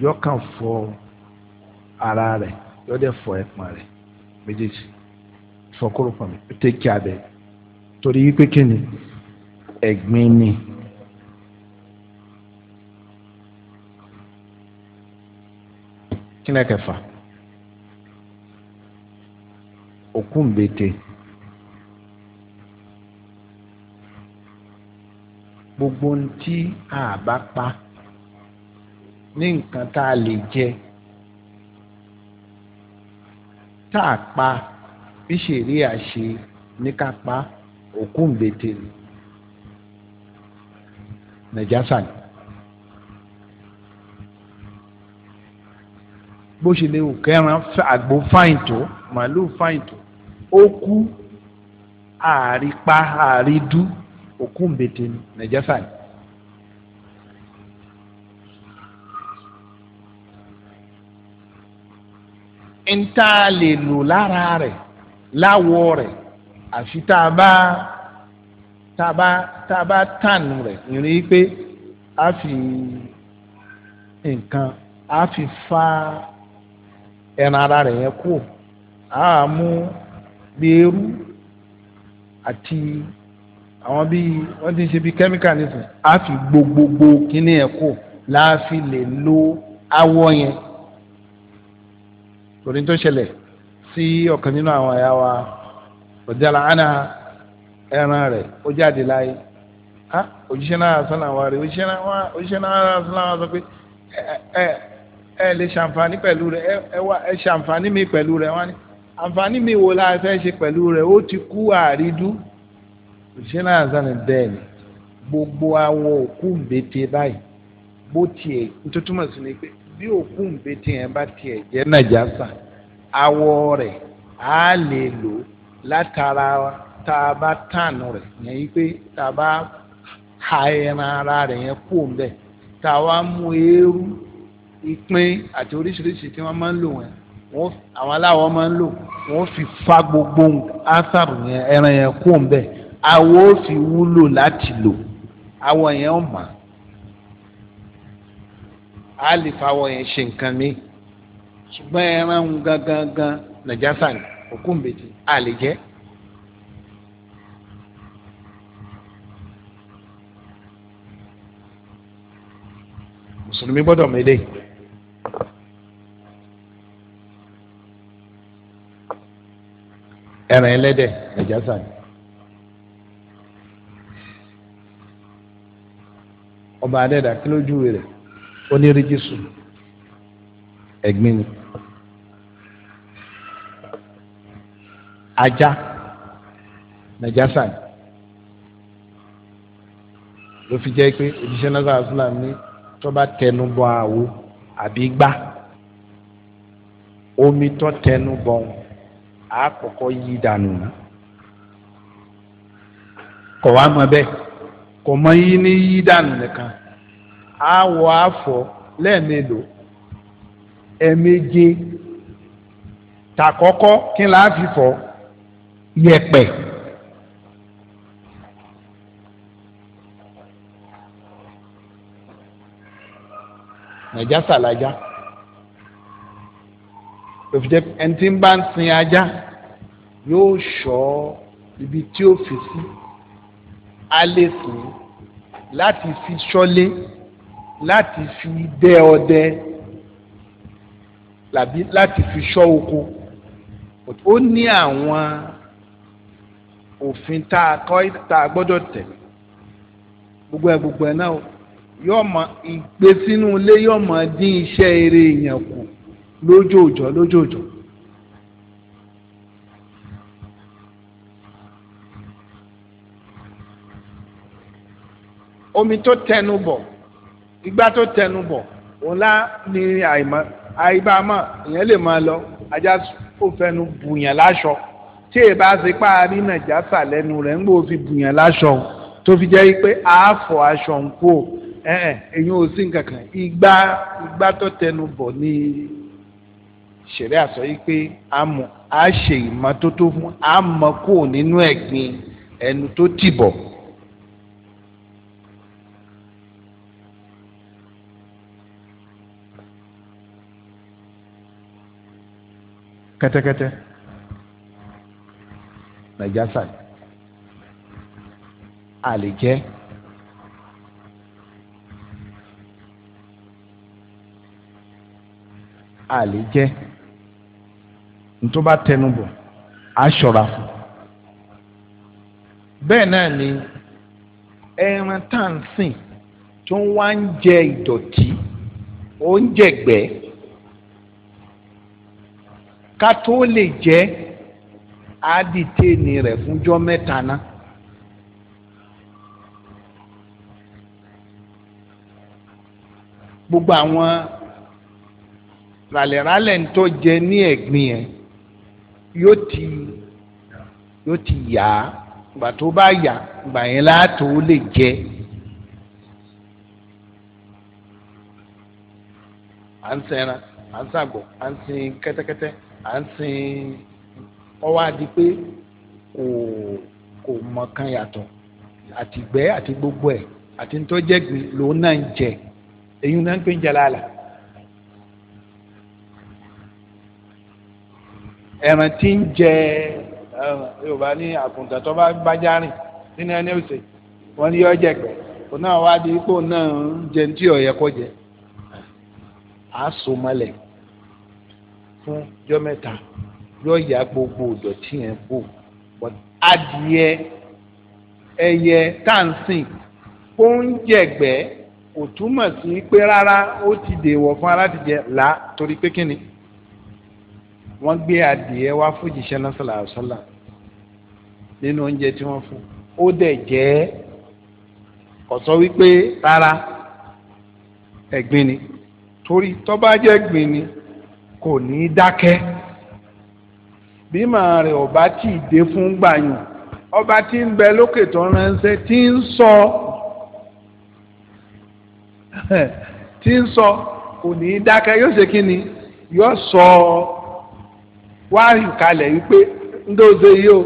A: yọ kàn fọ ara rẹ̀ yọ dẹ̀ fọ ẹ̀pọ̀n rẹ̀ méjèèjì fọ kóró pọ̀ mi tẹ́kí abẹ torí wípé kí ni ẹ̀gbin ni. kílẹ̀ kẹfà òkú mbete gbogbo ntí àbá pa ní nǹkan tá a lè jẹ tá a pa bí ṣèrí àṣe ní ká pa òkú ńbete ni nàìjásà ni bó ṣe lè kẹran àgbo fáìn tó màálùú fáìn tó ó kú àárí pa àárí dú òkú ńbete ni ni. ntá lè lò lára rẹ̀ láwọ̀ rẹ̀ àfi tá a bá tá a bá tá a bá tànù rẹ̀ ìrìn pé a fi nǹkan a fi fa ẹran ara rẹ̀ yẹn kúrò a mú bí eérú àti àwọn bíi wọ́n ti ń ṣe bíi kẹ́míkà nísìnyí a fi gbogbogbò kíní yẹn kúrò láàfin lè lo awọ yẹn torí tó ṣẹlẹ̀ sí ọ̀kan nínú àwọn àyà wa ọ̀dàlà àná ẹran rẹ̀ ó jáde láyé á òjíṣẹ́ náà sọ́nà wa rẹ̀ òjíṣẹ́ náà òjíṣẹ́ náà sọ́nà wa sọ pé ẹ ẹ lè ṣàǹfààní pẹ̀lú rẹ̀ ẹ wá ẹ ṣàǹfààní mi pẹ̀lú rẹ̀ wá ní àǹfààní mi wo la fẹ́ ṣe pẹ̀lú rẹ̀ ó ti kú àrídú òjíṣẹ́ náà sọ́nà bẹ́ẹ̀ ni gbogbo àwọn òkú mbete báyìí bó tiẹ̀ nítorí sí ni pé bí òkú nbẹ́tì yẹn bá tiẹ̀
B: jẹ́ nàjàsà
A: awọ rẹ̀ á lè lò látara tá a bá tànù rẹ̀ yẹn pé tá a bá ha ẹran ara rẹ̀ yẹn kú òǹbẹ̀ tá a wá mú eérú ìpín àti oríṣiríṣi tí wọ́n máa ń lò wọ́n àwọn aláwọ̀ máa ń lò wọ́n fi fa gbogbo ásàrù yẹn ẹran yẹn kú òǹbẹ̀ awọ fi wúlò láti lò awọ yẹn ó mọ̀ a lè fawọ yẹn ṣe nǹkan mi ṣùgbọ́n ẹran ń gangan gan nàjásà ni òkú mbètì a mùsùlùmí gbọ́dọ̀ mẹ́lẹ̀. ẹran ẹlẹ́dẹ̀ nàjásà ni. ọba adẹ́dà kí ló rẹ̀ onírígísù ẹ̀gbin ni ajá nàjásà ni ló fi jẹ́ pé òjíṣẹ́ náà sáà fúlà ní tó bá tẹnu bọ àwo àbí gbá omi tó tẹnu bọ á kọ́kọ́ yí dànù náà kọ̀ wá mọ bẹ́ẹ̀ kọ̀ mọ yí ní yí dànù nìkan àwọ̀ àfọ̀ lẹ́ẹ̀mélòó ẹ̀ẹ̀méje tàkọ́kọ́ kí n láà fi fọ̀ yẹ̀pẹ̀. nàìjà sàlàjà òfìjẹ ẹni tí ń bá ń sin ajá yóò ṣọ́ ibi tí ó fi sí a lè láti fi ṣọ́lé láti fi dẹ ọdẹ làbí láti fi ṣọ́ oko ó ní àwọn òfin tá a kọ́ tá a gbọ́dọ̀ tẹ̀ gbogbo ẹ̀ gbogbo ẹ̀ náà yóò mọ ìgbé sínú ilé yóò mọ dín iṣẹ́ eré èèyàn kù lójoòjọ́ lójoòjọ́. omi tó tẹnu bọ̀ ìgbà tó tẹnu bọ̀ òun lá ní àìmọ́ àìbámọ̀ èèyàn lè máa lọ ajá ó fẹnu bùyàn láṣọ tí èèyàn bá ṣe pa àrí nàìjásà lẹ́nu rẹ̀ ń gbọ́ fi bùyàn láṣọ tó fi jẹ́ pé àáfọ̀ aṣọ ń kú èèyàn ò sí nǹkan kan ìgbà ìgbà tó tẹnu bọ̀ ní ṣẹ̀rẹ́ àsọ yìí pé a ṣe ìmọ́tótó fún àmọ́ kò nínú ẹ̀gbin ẹnu tó tì bọ̀. kẹ́tẹ́kẹ́tẹ́ nàìjásà àlèjẹ àlèjẹ ntọ́ba tẹnubọ̀ aṣọra fún bẹ́ẹ̀ náà ni ẹran tá à ń sìn tó ń wá ń jẹ ìdọ̀tí ó ń jẹ̀gbẹ́ ká tó lè jẹ́ àdìtẹ́ni rẹ̀ fúnjọ́ mẹ́ta náà. gbogbo àwọn ràlẹ̀ràlẹ̀ tó jẹ ní ẹ̀gbìn yẹn yóò ti yóò ti yá ìgbà tó bá yá ìgbà yẹn látò lè jẹ. à ń sẹ́ran à ń sàgbọ̀ à ń sin kẹ́tẹ́kẹ́tẹ́ à ń sin ọwọ́ adi pé kò kò mọ̀ kan yàtọ̀ àtìgbẹ́ àti gbogbo ẹ̀ àti ntọ́jẹ́gbin lòun náà ń jẹ èyí náà ń pè ń jẹ lálà. ẹran tí ń jẹ yorùbá ní àkùntàn tó bá bájá rìn nínú ẹni ọ̀sẹ̀ wọ́n ní ọjẹ́ pẹ̀ òun náà wá di ipò náà ń jẹ ní tí ọ̀yẹ́ jẹ àá fún jọ́ mẹ́ta yóò ya gbogbo ìdọ̀tí yẹn bò but adìẹ ẹyẹ tansin, kó ń jẹ̀gbẹ́ kò túmọ̀ sí pé rárá ó ti dèwọ̀ fún aládìjẹ là torí pé kíni wọ́n gbé adìẹ wá fún jíṣẹ́ náà sọ̀là sọ̀là nínú oúnjẹ tí wọ́n fún ó dẹ̀ jẹ́ kò wípé rárá ẹ̀gbin ni torí tó jẹ́ ẹ̀gbin ni kò ní í dákẹ́ bímọ rẹ ọba tí ì dé fún gbàyàn ọba tí ń bẹ lókè tó ránṣẹ́ tí ń sọ tí ń sọ kò ní í dákẹ́ yóò ṣe kí ni yóò sọ kalẹ̀ ndóze yìí o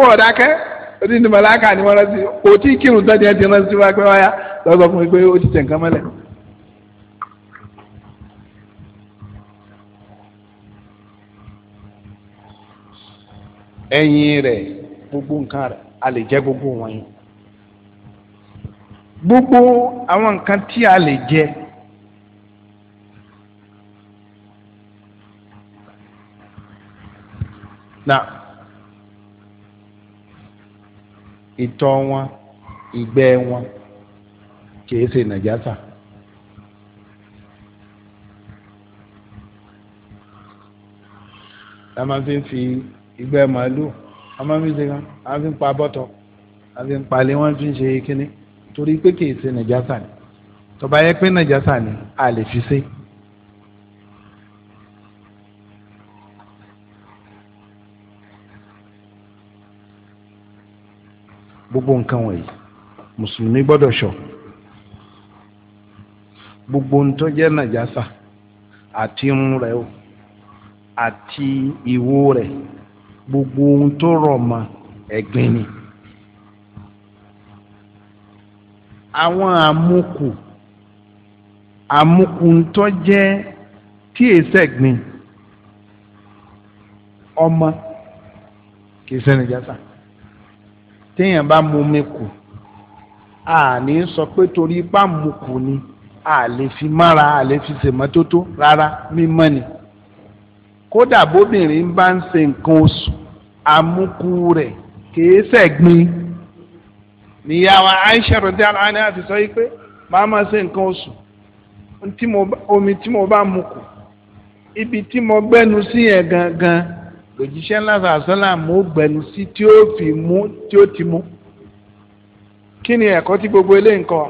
A: à ṣé orí ni màláka ni wọ́n rántí otu tí ì kírun tán ni ẹ ti rántí wá pé wáyà lọ́sọ̀ fún mi pé gbogbo nǹkan rẹ̀ a lè gbogbo gbogbo ti a lè ìtọ̀ wọn ìgbẹ́ wọn kìí ṣe nàjásà. a máa fi ń fi ìgbẹ́ màálù a máa fi ń ṣe kan a fi pa bọ́tọ̀ a fi palẹ̀ wọ́n fi ṣe kínní torí pé kìí ṣe nàjásà ni tó bá yẹ pé nàjásà ni a lè fi ṣe. gbogbo nǹkan wọ̀nyí mùsùlùmí gbọ́dọ̀ ṣọ́ gbogbo ń tó jẹ́ nàjásà àti irun rẹ̀ o àti ìwo rẹ̀ gbogbo ohun tó rọ̀ mọ́ ẹ̀gbin ni. àwọn àmukù àmukù ń jẹ́ tí èsì ẹ̀gbin ọmọ kì í ṣe nàjásà téèyàn bá mu omi kù a ní sọ pé torí ipá mu kù ni a lè fi mára a lè fi ṣèmọ́tótó rárá mímọ́ ni kódà bóbìnrin bá ń ṣe nǹkan oṣù àmúkú rẹ̀ kìí ṣẹ̀gbin níyàwó Aisha rọ̀dí aláàánú àti sọ yìí pé màá máa ṣe nǹkan oṣù omi tí mo bá mu kù ibi tí mo gbẹ́nu sí yẹn gangan lòjíṣẹ́ ńlá sàásọ́là mú gbẹ̀lú sí tí ó fi mú tí ó ti mú kí ni ẹ̀kọ́ tí gbogbo ilé nǹkan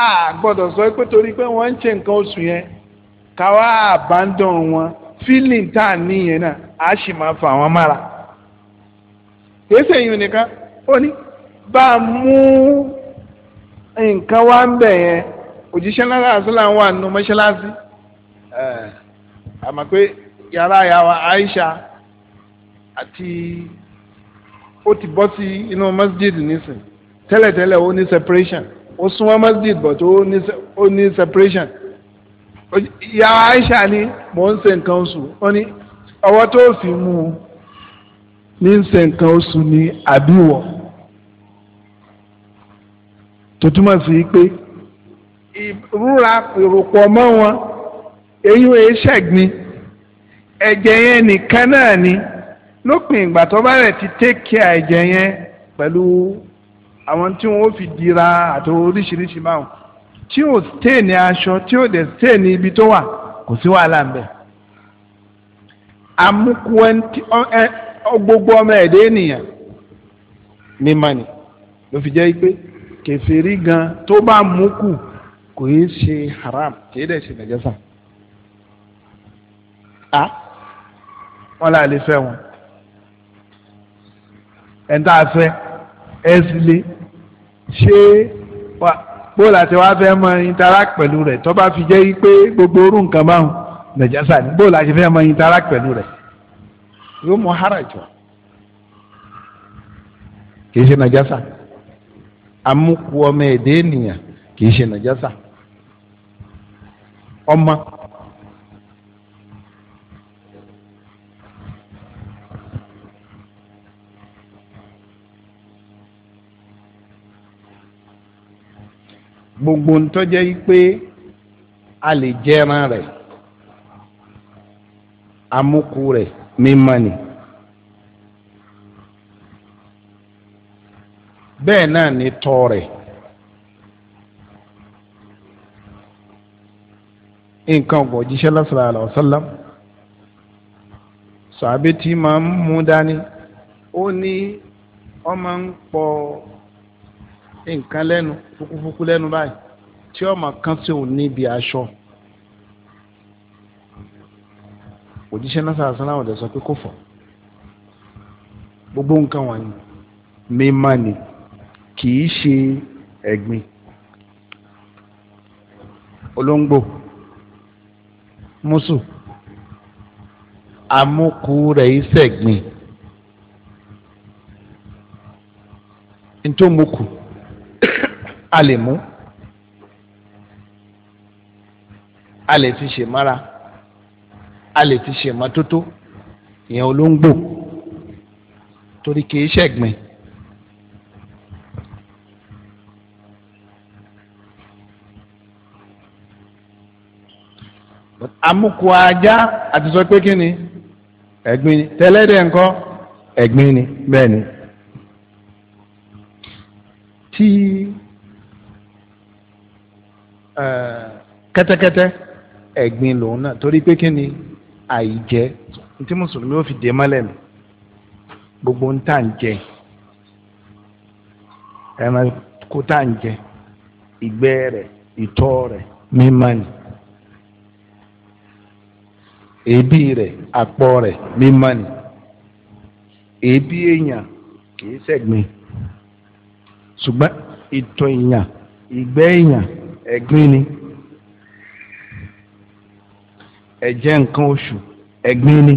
A: a gbọ́dọ̀ sọ pé torí pé wọ́n ń ṣe nǹkan oṣù yẹn káwá àbádọ́n wọn fílìn tá a níyẹn náà a sì máa fà wọ́n mára kìí èyí nìkan ó ní bá a mú nǹkan wá ń bẹ̀ yẹn òjíṣẹ́ ńlá sàásọ́là wà nínú mọ́ṣáláṣí àmọ́ pé yàrá yàrá Aisha àti ó ti bọ́ sí inú masjid nísìn tẹ́lẹ̀tẹ́lẹ̀ ó ní separation ó súnmọ́ masjid but ó ní separation ìyá Aisha ni mò ń ṣe nǹkan oṣù ó ní ọwọ́ tó fi mú un ní ń ṣe nǹkan oṣù ní àbíwọ̀ tó túmọ̀ sí pé ìrúra ìròpọ̀ mọ́ wọn eyín ẹ̀ṣẹ̀gbin ẹ̀jẹ̀ yẹn nìkan náà ni. Kanani, lópin ìgbà tó bá rẹ̀ ti take care ẹ̀jẹ̀ yẹn pẹ̀lú àwọn tí wọ́n fi dira àti oríṣiríṣi báwọn tí ò stay ní aṣọ tí ò dẹ̀ stay ní ibi tó wà kò sí wàhálà ń bẹ̀. àmukù gbogbo ọmọ ẹ̀dẹ́ ènìyàn ní mani ló fi jẹ́ pé kẹfìrí gan tó bá mú kò í ṣe haram kì í dẹ̀ ṣe nàjẹ́sà. a wọ́n lálẹ́ fẹ́ wọn. ẹ̀ńtà fẹ́ ẹ̀sìlẹ̀ ṣé bóòlù àti wàá fẹ́ mọ interact pẹ̀lú rẹ̀ tó fi jẹ́ gbogbo orú nǹkan báwọn nàìjásà ni bóòlù àti fẹ́ mọ interact pẹ̀lú rẹ̀ yóò mọ harajọ kì í ṣe amúkú ọmọ èdè ènìyàn kì í ọmọ gbogbo ntọ́jẹ́ yìí pé a lè jẹran rẹ̀ amúkú rẹ̀ mímọ́ ni. bẹ́ẹ̀ náà ni tọ́ rẹ̀ nǹkan ọ̀gbọ̀n jíṣẹ́ lọ́sọ̀rọ̀ àlọ́ sọ́lá sàbẹ́tì máa ń mú ó ní ọmọ nǹkan lẹ́nu fukufuku lẹ́nu báyìí tí ọmọ kan tí ò níbi aṣọ òjíṣẹ́ náà sàrà sàrà ọ̀dẹ̀ sọ pé kò fọ̀ gbogbo nǹkan wọn ni mímá ni kì í ṣe ẹ̀gbin olóńgbò mùsù amúkú rẹ̀ ìṣẹ̀gbin ntòmùkù a lè mú a lè fi ṣe mára a lè fi ṣe mọ́tótó ìyẹn olóńgbò torí kì í ṣẹ̀gbìn. amúkú ajá àti sọ pé kí ni ẹ̀gbin ni tẹ́lẹ́dẹ̀ ńkọ́ ẹ̀gbin ni bẹ́ẹ̀ ni tí. Si kẹ́tẹ́kẹ́tẹ́ ẹ̀gbin lòun náà torí pé ni àìjẹ ntí mùsùlùmí ó fi dé mọ́lẹ̀ gbogbo nta nje ń jẹ ẹran kó re ń jẹ ìgbẹ́ rẹ̀ ìtọ̀ rẹ̀ mímọ́ ni èébì rẹ̀ àpọ̀ rẹ̀ mímọ́ ni èébì èèyàn kìí èèyàn ẹ̀gbin ni ẹ̀jẹ̀ nǹkan oṣù ẹ̀gbin ni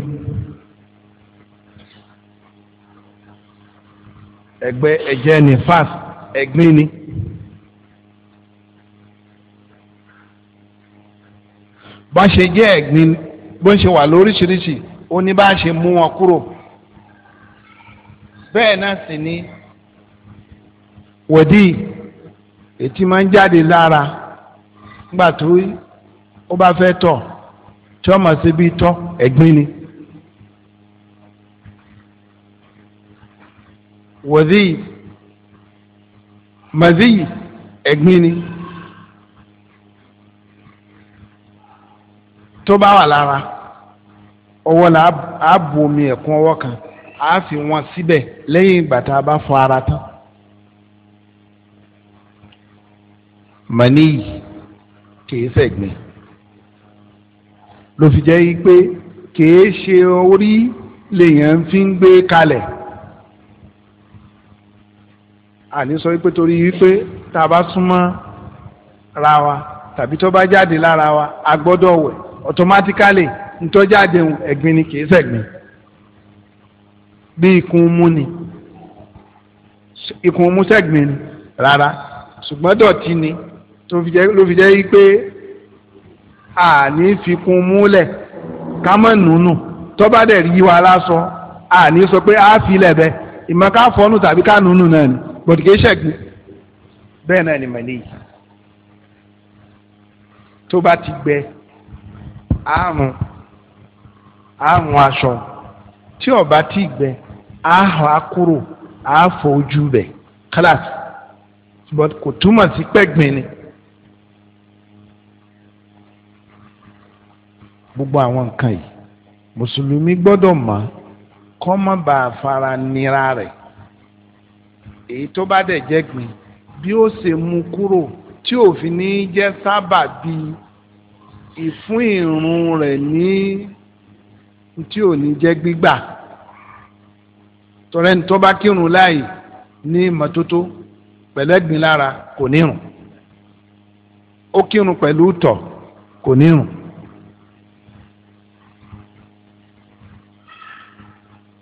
A: ẹ̀gbẹ́ ẹ̀jẹ̀ ni fas ẹ̀gbin ni. bọ́n ṣe jẹ́ ẹ̀gbin bọ́n ṣe wà lóríṣiríṣi ó ní bá ṣe mú wọn kúrò bẹ́ẹ̀ náà sì ni wòdì ètí máa ń jáde lára nígbà tó ó bá fẹ́ tọ̀ tí wọ́n máa ṣe bí tọ́ ẹ̀gbin ni. wòdì màdì ẹ̀gbin ni. tó bá wà lára ọwọ́ la á bu omi ẹ̀kún ọwọ́ kan á fi wọn síbẹ̀ lẹ́yìn ìgbà tá a bá fọ ara tán. màníyì kìí ṣẹ̀gbìn ló fi jẹ́ pé kìí ṣe orí lèèyàn fi ń gbé kalẹ̀ àní sọ pé torí wípé tá a bá súnmọ́ ra wa tàbí tó bá jáde lára wa a gbọ́dọ̀ wẹ̀ automatically ntọ́jáde ẹ̀gbin ni kìí ṣẹ̀gbin bí ikùn mú ni ikùn mú ṣẹ̀gbin ni rárá ṣùgbọ́n dọ̀tí ni tó fi jẹ́ ló fi jẹ́ yí pé àní fikun múlẹ̀ ká mọ̀ nùnù tó bá dẹ̀ rí wa lásọ àní sọ pé á fi lẹ̀ bẹ́ẹ̀ ìmọ̀ ká fọ́nù tàbí ká nùnù náà ni bọ̀dùkẹ́ ṣẹ̀gbìn bẹ́ẹ̀ náà ni mẹ̀lẹ́ yìí tó bá ti gbẹ àrùn àrùn aṣọ tí ó bá ti gbẹ àhàn akúrò àfọ ojú bẹ̀ kíláàsì but kò túmọ̀ sí pẹ́gbin ni. gbogbo àwọn nǹkan yìí mùsùlùmí gbọ́dọ̀ mọ̀ kó má bà á fara nira rẹ̀ èyí tó bá dẹ̀ jẹ́ gbin bí ó ṣe mú kúrò tí òfin ní jẹ́ sábà bí ìfún ìrun rẹ̀ ní tí ò ní jẹ́ gbígbà tọrẹ́ni tó bá kírun láàyè ní ìmọ́tótó pẹ̀lẹ́gbin lára kò nírun ó kírun pẹ̀lú tọ̀ kò nírun.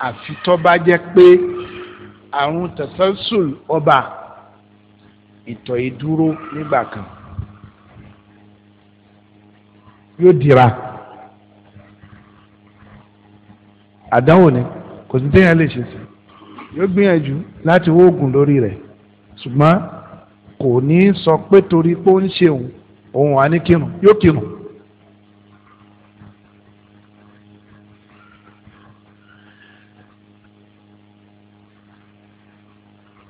A: àfi tó bá jẹ́ pé àrùn tẹ̀sánṣùl ọba ìtọ̀ ìdúró nígbà kan yóò dira àdánwò ni kò sí téèyàn lè ṣe sí yóò gbìyànjú láti wá oògùn lórí rẹ̀ ṣùgbọ́n kò ní sọ pé torí pé ó ń ṣe òun òun wà ní kírun yóò kírun.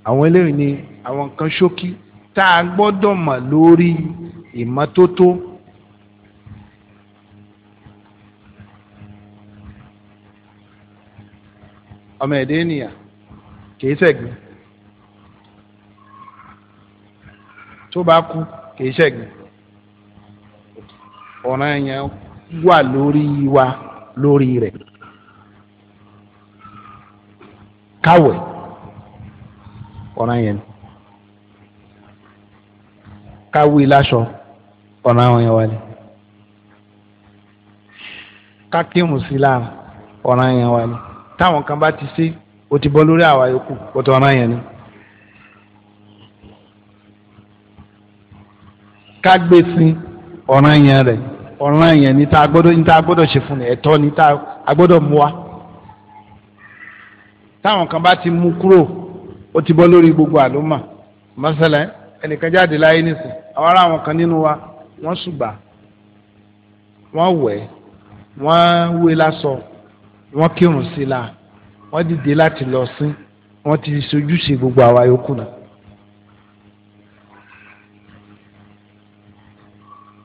A: àwọn eléyìí ni àwọn nǹkan ṣókí tá a gbọ́dọ̀ mọ̀ lórí ìmọ́tótó. ọmọ ẹ̀dẹ́ ènìyàn kìí ṣẹ̀gbìn tó bá kú kìí ṣẹ̀gbìn ọ̀ràn yẹn wà lórí wa lórí rẹ̀
C: káwẹ̀. ọ̀ràn yẹn
A: káwí láṣọ ọ̀ràn àwọn yẹn wà ní kákímù sí lára ọ̀ràn yẹn wà ní táwọn kan bá ti ṣe ó ti bọ́ lórí àwa yòókù ó ti ọ̀ràn yẹn ni. ká gbé sí ọ̀ràn yẹn rẹ̀ ọ̀ràn yẹn ni tá a gbọ́dọ̀ ṣe fún ẹ̀tọ́ ni tá a gbọ́dọ̀ mú wa táwọn kan bá ti mú kúrò ó ti bọ́ lórí gbogbo àlómà mọ́sálẹ̀ ẹnìkan jáde láyé nìsín àwọn ará àwọn kan nínú wa wọ́n ṣùgbà wọ́n wẹ̀ wọ́n wé lásọ wọ́n kírun sí la wọ́n dìde láti lọ sí wọ́n ti sojúṣe gbogbo àwa yòókù náà.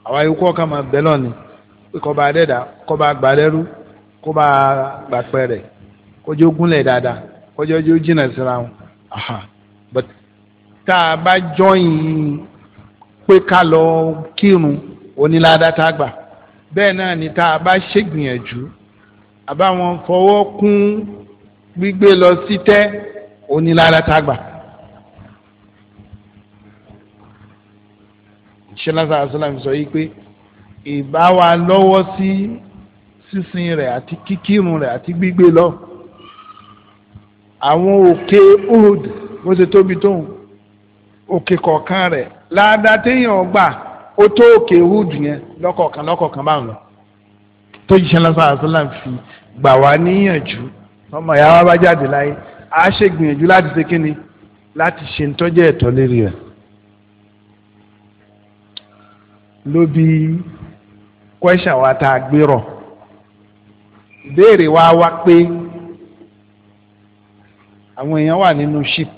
A: àwa yòókù ọ̀kan máa bẹ̀ lọ́ni pé kó bá dẹ́dà kó bá gbà lẹ́rú kó bá gbàpẹ́ rẹ̀ kó jẹ́ ogúnlẹ̀ dáadáa kó jẹ́ ojú jìnnà síra wọn aha but tá a bá jọyìn pé ká lọ kírun onílàdá tá a gbà bẹ́ẹ̀ náà ni tá a bá ṣègbìyànjú àbáwọn fọwọ́ kún gbígbé lọ sí tẹ́ onílàdá tá a gbà. ìṣẹ́lásá asọ́làmì sọ yìí pé ìbáwa lọ́wọ́ sí sísìn rẹ̀ àti kíkírun rẹ̀ àti gbígbé lọ àwọn òkè Uhud bó ṣe tóbi tóun òkè kọ̀ọ̀kan rẹ̀ ládàá téèyàn gbà ó tó òkè Uhud yẹn lọ́kọ̀ọ̀kan lọ́kọ̀ọ̀kan báwọn lọ tó yìí ṣẹlẹ̀ sáà sọlá fi gbà wá níyànjú ọmọ ìyá wa bá jáde láyé a ṣe gbìyànjú láti ṣe kíni láti ṣe ntọ́jú ẹ̀tọ́ lérí rẹ̀ ló kwẹ́sà wa tá a gbérò béèrè wa wá pé àwọn èèyàn wà nínú ship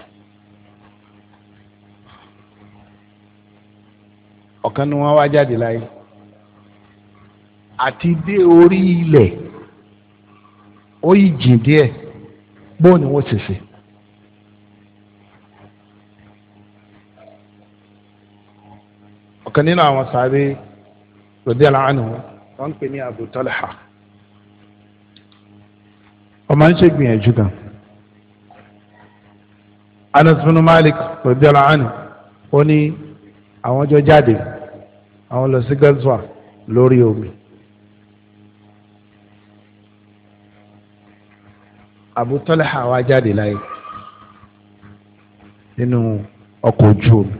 A: ọ̀kan ni wọ́n wá jáde láyé àti dé orí ilẹ̀ ó yí jìn díẹ̀ bóun ni wọ́n ṣèṣe. ọ̀kan nínú àwọn sáré radiyallahu anhu wọ́n ń pè ní Abu Talha
D: ọmọ ń ṣe gbìyànjú
A: gan-an. Anas bin Malik radiyallahu anhu ó ní àwọn jọ jáde àwọn lọ sí gazwa lórí omi. Abu Talha wá jáde láyé nínú
B: ọkọ̀ ojú omi.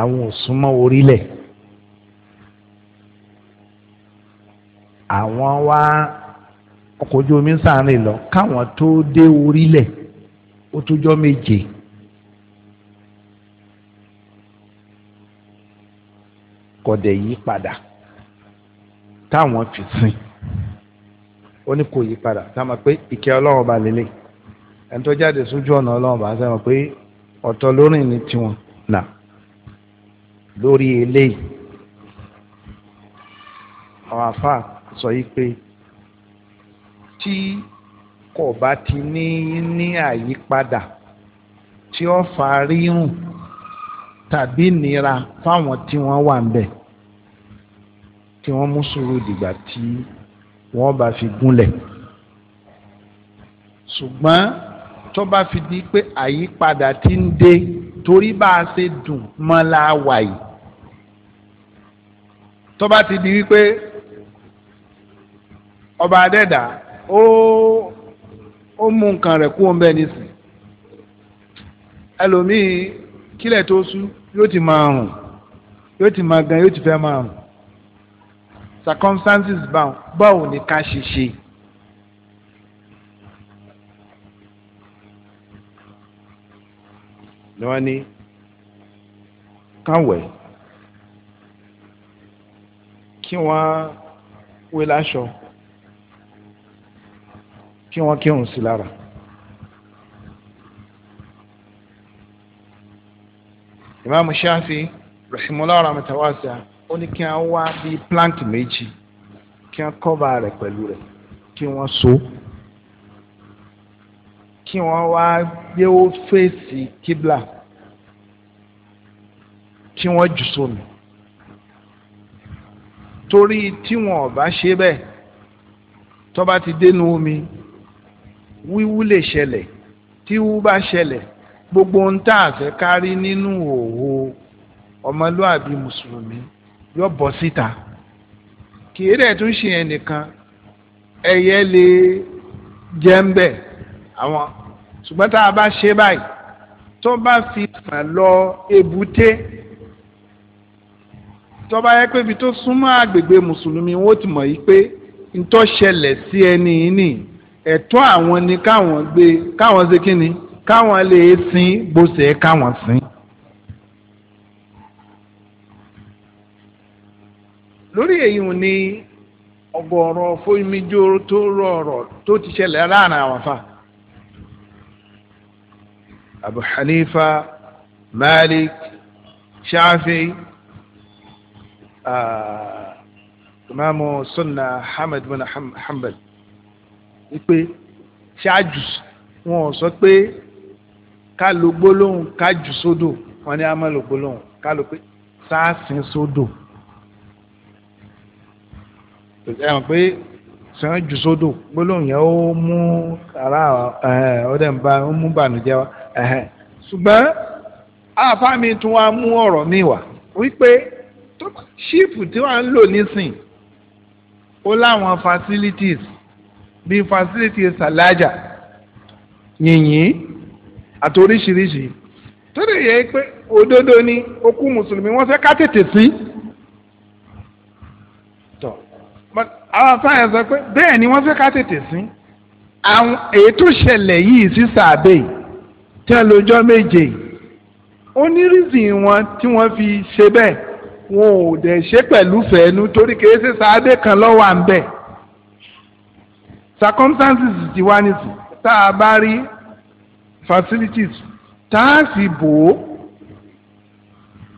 A: àwọn òsúnmọ́ orílẹ̀ àwọn wá. Wa ọkọ̀ ojú omi ń sàárín lọ káwọn tó dé orílẹ̀ ó tó jọ́ méje. kọ̀dẹ̀ yí padà táwọn fi sìn ó ní kò yí padà táwọn pé ìkẹ́ ọlọ́run ba lélẹ̀ ẹni tó jáde sójú ọ̀nà ọlọ́run bá sẹ́wọ̀n pé ọ̀tọ̀ lórìn ní tiwọn nà lórí eléyìí àwọn àfáà sọ yìí pé tí kò bá ti ní ní àyípadà tí ó fa rírùn tàbí nira fáwọn tí wọ́n wà ń bẹ̀ tí wọ́n mú sùúrù dìgbà tí wọ́n bá fi gúnlẹ̀ ṣùgbọ́n tó bá fi di pé àyípadà ti ń dé torí bá a ṣe dùn mọ́ la tó bá ti di wípé ọba adẹ́dàá ó ó mú nǹkan rẹ̀ kú ọmọbẹ nísìn ẹlòmíì kílẹ̀ tó sú yóò ti máa rùn yóò ti máa gan yóò ti fẹ́ máa rùn circumstances báwo ni ká ṣe ṣe. ni wọ́n ní káwẹ̀ kí wọ́n wé láṣọ tí wọ́n kírun sí lára. ìmáàmù Ṣáfi rahimola ramatawasa ó ní kí wọ́n wá bíi plant méjì kí wọ́n kọ́ba rẹ̀ pẹ̀lú rẹ̀ kí wọ́n so kí wọ́n wá gbé ó fèsì kíbla kí wọ́n jù sómi torí tí wọn ò bá ṣe bẹ́ẹ̀ tó ti dénú omi wíwú lè ṣẹlẹ̀ tí wú bá ṣẹlẹ̀ gbogbo ohun tá a fẹ́ kárí nínú òwò ọmọlúàbí mùsùlùmí yóò bọ́ síta kì í dẹ̀ tún ṣe ẹnìkan ẹyẹ lè jẹ́ ń bẹ̀ àwọn ṣùgbọ́n tá a bá ṣe báyìí tó bá fi sàn lọ èbúté tó yẹ pé ibi tó súnmọ́ àgbègbè mùsùlùmí wọ́n ti mọ̀ yìí pé ntọ́ ṣẹlẹ̀ sí ẹni yìí nìyí ẹ̀tọ́ àwọn ni káwọn gbé káwọn ṣe kí ni káwọn lè sin bó ṣe káwọn sin. lórí èyí wọn ni ọ̀gọ̀rọ̀ fóyimijó tó rọrọ tó ti ṣẹlẹ̀ láàrin àwọn afa Abu Malik Shafi uh, ah, imaamu sunna Ahmad bin Hanbal. Ham wípé ṣáájú wọn ò sọ pé ká lo gbólóhùn ká jù sódò wọn ni a máa lo gbólóhùn ká lo pé sáàsìn sódò ẹ mọ̀ pé sàn jù sódò gbólóhùn yẹn ó mú ara ọdẹ eh, ń bá ó mú bànújẹ́ wá ṣùgbọ́n àáfàá mi tún wá mú ọ̀rọ̀ mi wá wípé ṣíìpù tí wọ́n ń lò nísìn ó láwọn facilities bíi facility salaja yìnyín àti oríṣiríṣi tó yẹ pé òdodo ni okú mùsùlùmí wọ́n fẹ́ ká tètè sí. àwọn sáyẹn sọ pé bẹ́ẹ̀ ni wọ́n fẹ́ ká tètè sí àwọn èyí tó ṣẹlẹ̀ yìí sí sàbẹ̀ tẹ́ lójọ́ méje ó ní reason wọn tí wọ́n fi ṣe bẹ́ẹ̀ wọn ò dẹ̀ ṣe pẹ̀lú fẹ́ẹ́nu torí kìí ṣe sàbẹ̀ kan lọ́wọ́ à ń bẹ̀ circumstances ti wá ní tá a bá rí facilities tá a sì bò ó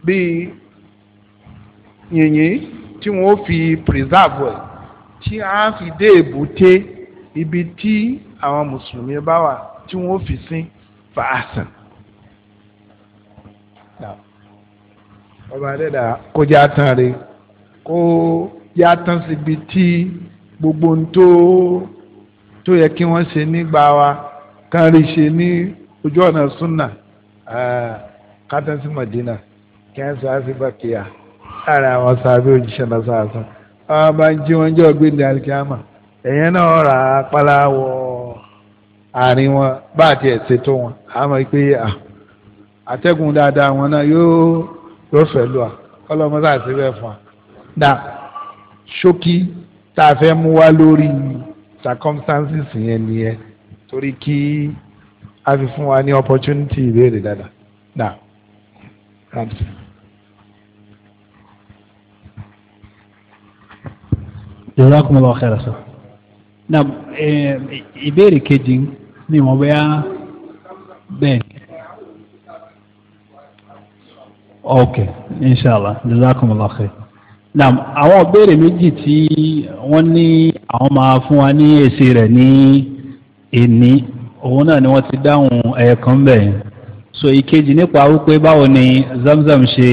A: bíi yìnyín tí wọ́n fi preserve ẹ̀ tí a fi dé èbúté ibi tí àwọn mùsùlùmí bá wà tí wọ́n fi sin fàásàn. ọba adẹ́dà kó já tán rí kó já tán síbi tí gbogbo ń tó. tó yẹ kí wọ́n ṣe nígbà wa na rí ṣe ní ojú ọ̀nà súnà eh, Madina kẹ́ńsì àṣìbàkìyà láàrin àwọn sábẹ́ òjíṣẹ́ náà àwọn bá ń jí wọn jẹ́ ọ̀gbìn ní alikiyama ẹ̀yẹn náà rà á pálá wọ àárín wọn bá àti wọn àmọ́ pé dáadáa wọn náà yóò yóò fẹ́ lù wá kọ́lọ́mọ́ bẹ́ẹ̀ fún a fẹ́ mú circumstances yẹn nìyẹn torí kí a fi fún wa ní opportunity ìbéèrè dada now ramsey.
D: jazakum allah khairan
A: na eh, ìbéèrè kejì ni mo bẹ́ẹ̀
D: bẹ́ẹ̀ ok inshallah jazakum allah na àwọn ìbéèrè méjì tí wọ́n ní. àwọn máa
A: fún wa ní èsì rẹ̀ ní ẹni òun náà ni wọ́n ti dáhùn ẹ̀ẹ̀kan
E: bẹ̀ so ìkejì nípa wípé báwo ni zamzam ṣe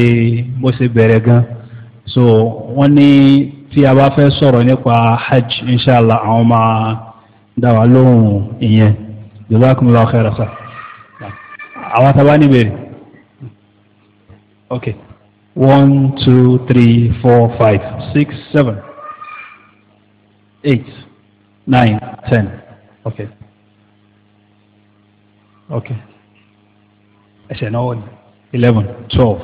E: bó ṣe bẹ̀rẹ̀ gan so wọ́n ní tí a bá fẹ́ sọ̀rọ̀ nípa hajj inshallah
D: àwọn máa dá wa lóhùn ìyẹn jazakumullahu khairan sa àwọn tá a bá ní bèrè okay one two three four five six seven. 8, nine, ten, Okay. Okay. I said, no, 11, sharp,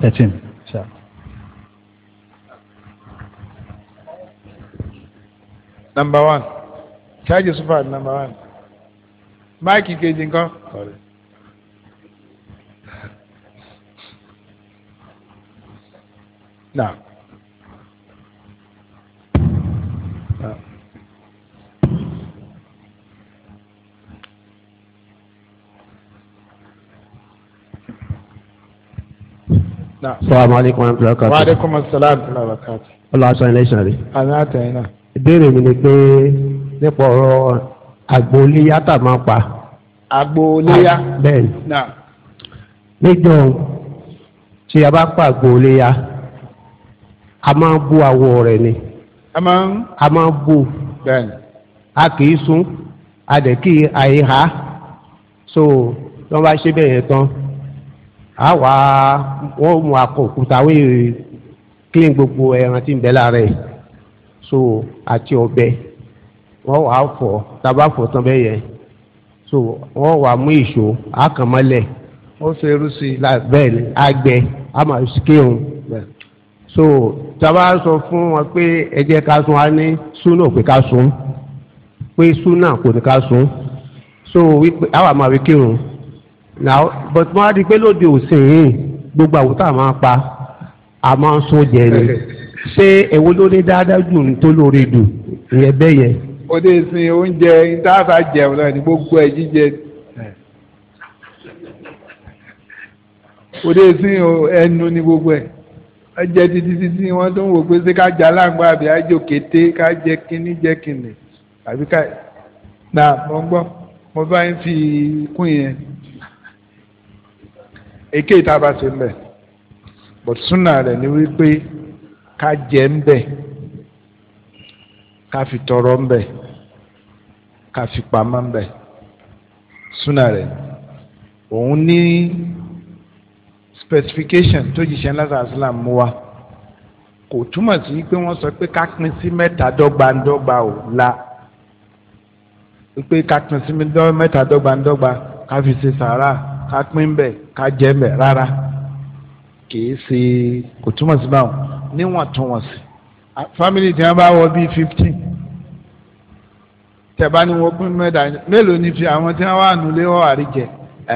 D: 13, sharp.
A: Number one. Charge is bad, number one. Mike, you can go. Sorry. Now. Assalamu alaikum wa rahmatullahi wa barakatuh. Wa alaikum assalam wa rahmatullahi wa barakatuh.
C: Ọlọ́ aṣọ ilé iṣan rẹ̀.
A: Àmì àtẹ̀yìn náà.
C: Ìbéèrè mi ni pé nípa ọ̀rọ̀ àgbo léyà tà máa pa.
A: Àgbo léyà. Ah,
C: bẹ́ẹ̀ni. Níjọ́ tí a bá pa àgbo léyà, a máa ń bú awọ rẹ̀ ni. A máa ń. A máa ń bú. Bẹ́ẹ̀ni. A kì í sún, a dẹ̀ kì í àyè ha. So, tí wọ́n bá ṣe bẹ́ẹ̀ yẹn tán. àwa wọ́n mú akọ òkúta clean gbogbo ẹran tí ń bẹ so àti ọbẹ, wọ́n wàá fọ, tàbá fọ̀ tán bẹ́ẹ̀ so wọ́n wàá mú ìṣó àkànmọ́lẹ̀ ó ṣe irú sí i ni so taba sọ fún wọn pé ẹ ká sun á ní súnà pé ká sun pé kò ní ká sun so wípé àwa máa wí now but mo á di pé lóde òsìn gbogbo àwùtá máa pa a máa ń so jẹ ni ṣé èwo ló ní dáadáa jù ní tó lóore dù ìyẹn bẹ́ẹ̀ yẹn.
A: o lè sin oúnjẹ ìtaàfà jẹun náà ní gbogbo ẹ jíjẹ. o lè sin ẹnu ní gbogbo ẹ ọjẹ títí títí wọn tó ń wò pé ṣé ká jẹ aláǹgbá àbí àjò kété ká jẹ kínní jẹ kínní àbí ká nà mọ gbọ mo bá ń fi kún yẹn èké ìta bá ṣe ń bẹ̀ but súnà rẹ̀ ni wípé ká jẹ ń bẹ̀ ká fi tọrọ ń bẹ̀ ká fi pamọ́ ń bẹ̀ súnà rẹ̀ òun ní specification tó jíṣẹ́ lásán islam mú wa kò túmọ̀ sí pé wọ́n sọ pé ká pín sí mẹ́ta dọ́gbandọ́gba ò la pé ká pín sí mẹ́ta dọ́gbandọ́gba ká fi ṣe sàárà ká pín bẹ́ẹ̀ ká jẹ́ bẹ́ẹ̀ rárá kìí ṣe kò túmọ̀ sí báwọn níwọ̀ntúnwọ̀nsì family tí wọ́n bá wọ bíi fifteen tẹ̀bá ni wọ́n pín mẹ́ta mélòó ni fi àwọn tí wọ́n wà nulẹ̀ wọ́n àríjẹ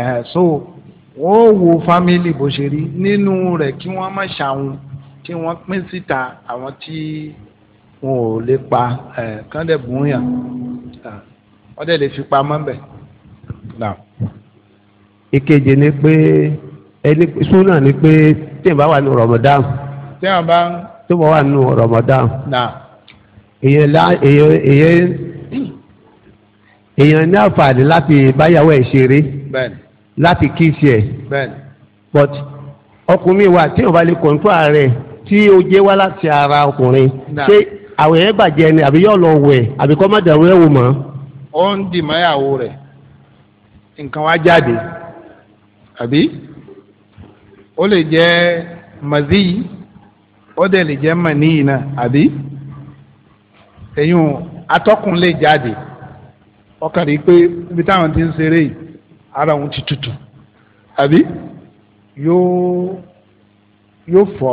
A: ẹ̀ so wọ́n wo family bó ṣe rí nínú rẹ̀ kí wọ́n má ṣàwọn kí wọ́n pín síta àwọn tí wọn ò lè pa ẹ̀ kán dẹ̀ bùn yàn wọ́n dẹ̀ lè fi pamọ́ bẹ̀
C: ìkejì ni pé ẹni súnà ni pé tí n bá wà nù rọmọdán. tí n bá. tó bá wà nù rọmọdán. na. èyàn la èyàn èyàn èyàn ní àǹfààní láti báyàwó ẹ̀ ṣeré. bẹ́ẹ̀ni. láti kíìsì ẹ̀. but ọkùnrin wa tí o bá lè kọ̀ǹtò ààrẹ tí o jẹ́ wá láti ara ọkùnrin. ṣé àwẹ̀ ẹ̀ bàjẹ́ ni àbí yóò lọ wẹ̀ àbí kọ́ má dàrú ẹ̀ wò mọ́.
A: ó ń dì mọ́ ìyàwó rẹ̀ nǹkan wá jáde. àbí ó lè jẹ́ mazi ó dẹ̀ lè jẹ́ maniyi náà àbí ẹ̀yìn atọ́kùn lè jáde ọkàn rí i pé ibi táwọn ti ń ṣeré ara òun ti tutù àbí yóò yóò fọ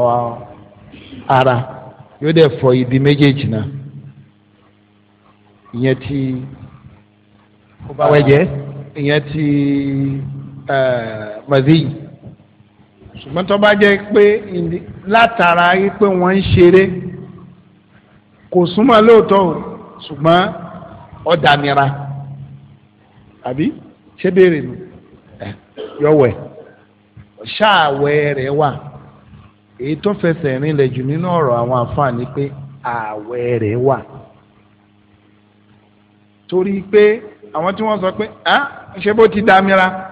A: ara yóò dẹ̀ fọ ibi méjèèjì náà ìyẹn ti ó bá wẹ̀ jẹ́ ìyẹn ti. Eh, màdíyì ṣùgbọ́n tó bá jẹ́ pé látara pé wọ́n ń ṣeré kò súnmọ́ lóòótọ́ ṣùgbọ́n ọ̀dàmìíra àbí ṣé béèrè nù eh, yọ̀wẹ̀ ṣáàwẹ̀ rẹ̀ wà èyí tó fẹsẹ̀ rinlẹ̀ jù nínú ọ̀rọ̀ àwọn àfààní pé ààwẹ̀ rẹ̀ wà torí pé àwọn tí wọ́n sọ pé ah, ṣé bó ti dàmìíra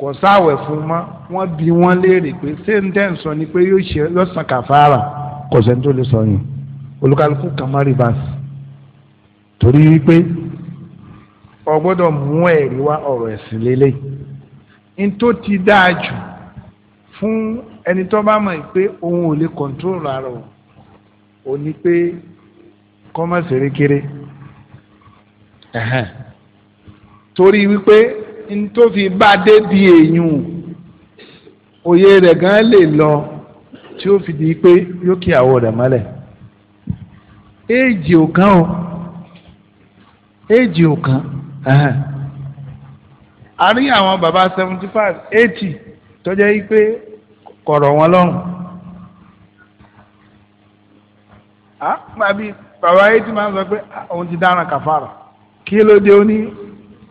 A: kò sáwẹ̀ fún mọ́ wọ́n bi wọ́n léèrè pé ṣé ń tẹ̀ ń sọ ni pé yóò ṣe lọ́sàn kàfàrà kò sẹ́ni tó lè sọ yẹn olúkálùkù kan má rí bá sí torí wípé o gbọ́dọ̀ mú ẹ̀rí wá ọ̀rọ̀ ẹ̀sìn lélẹ̀ n tó ti dáa jù fún ẹni tó bá mọ̀ pé òun ò lè kọ̀ǹtírọ̀lù ara o ò ní pé kọ́mọ̀sì rékéré torí wípé ntòfi bá dé di èyùn òye rẹ̀ gan lè lọ tí ó fi di pé yóò kí àwọ̀ rẹ̀ mọ́lẹ̀ éèjì ò o éèjì ò àárín àwọn bàbá seventy five eighty tọ́jọ́ yìí pé kọ̀rọ̀ wọn lọ́rùn àpàbí bàbá eighty máa ń sọ pé ah, òun ti dáná kàfàrà kí ló dé ó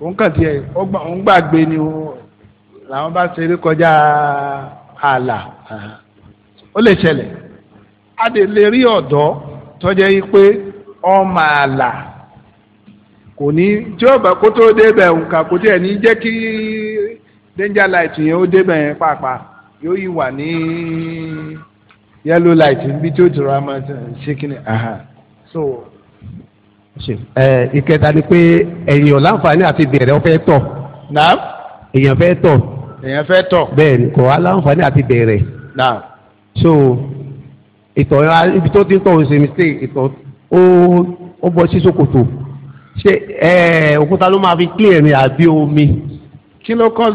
A: òun kàn tiẹ̀ òun gbàgbé ni o làwọn bá ṣeré kọjá ààlà ó lè ṣẹlẹ̀ a lè lè rí ọ̀dọ́ tọ́jẹ́ yí pé ọmọ ààlà kò ní tí ó bá kó tó débẹ̀ nǹkan kò tiẹ̀ ní jẹ́ kí danger light yẹn ó débẹ̀ yẹn pàápàá yóò yí wà ní yellow light níbi tí ó ti rọra máa kí ni
C: ìkẹta ni pé èèyàn láǹfààní àti bẹ̀rẹ̀ ọ̀fẹ́ tọ̀. naam. èèyàn fẹ́ tọ̀. èèyàn fẹ́ tọ̀. bẹ́ẹ̀ ni kò wá láǹfààní àti bẹ̀rẹ̀. naam. so ìtọ̀ ibi tó ti ń tọ̀ ò ṣe mistake ìtọ̀ ó ó bọ́ sí ṣòkòtò ṣe òkúta ló máa fi clear ni àbí
A: omi. kí ló kọ́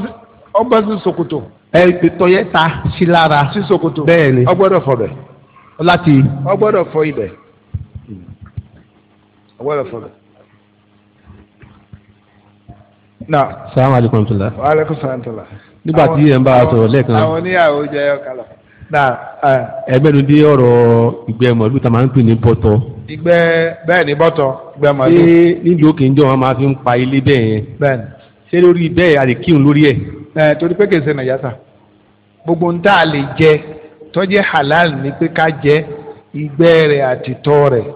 A: ọ bọ́ sí ṣòkòtò. ẹ ìtọ̀ yẹn ta sí lára. sí ṣòkòtò bẹ́ẹ̀ ni. ọ fọ bẹ̀. láti. ọ fọ ibẹ̀ ọgbọ́dọ̀ sọ̀rọ̀. na
C: salamu alaykum tula.
A: wa aleykum salaam tula. nígbà tí ẹ̀ ń bá a sọ̀rọ̀ lẹ́ẹ̀kan. àwọn oníyàwó jẹ́ ọ̀kadà. na
C: ẹgbẹ́nu dé ọ̀rọ̀ ìgbẹ́ mọ̀lú tá a máa ń pè ní bọ́tọ̀.
A: ìgbẹ́ bẹ́ẹ̀ ni bọ́tọ̀ ìgbẹ́ mọ̀lú. ṣé nílùú òkè ń jọ wọn máa fi ń pa ilé bẹ́ẹ̀ yẹn. bẹ́ẹ̀ni. ṣé lórí bẹ́ẹ̀ a lè kírun lórí ẹ̀. ẹ torí pé kèsè nàìjásà gbogbo ń tá lè jẹ tó halal ni pé ká jẹ ìgbẹ́ rẹ̀ àtìtọ́ rẹ̀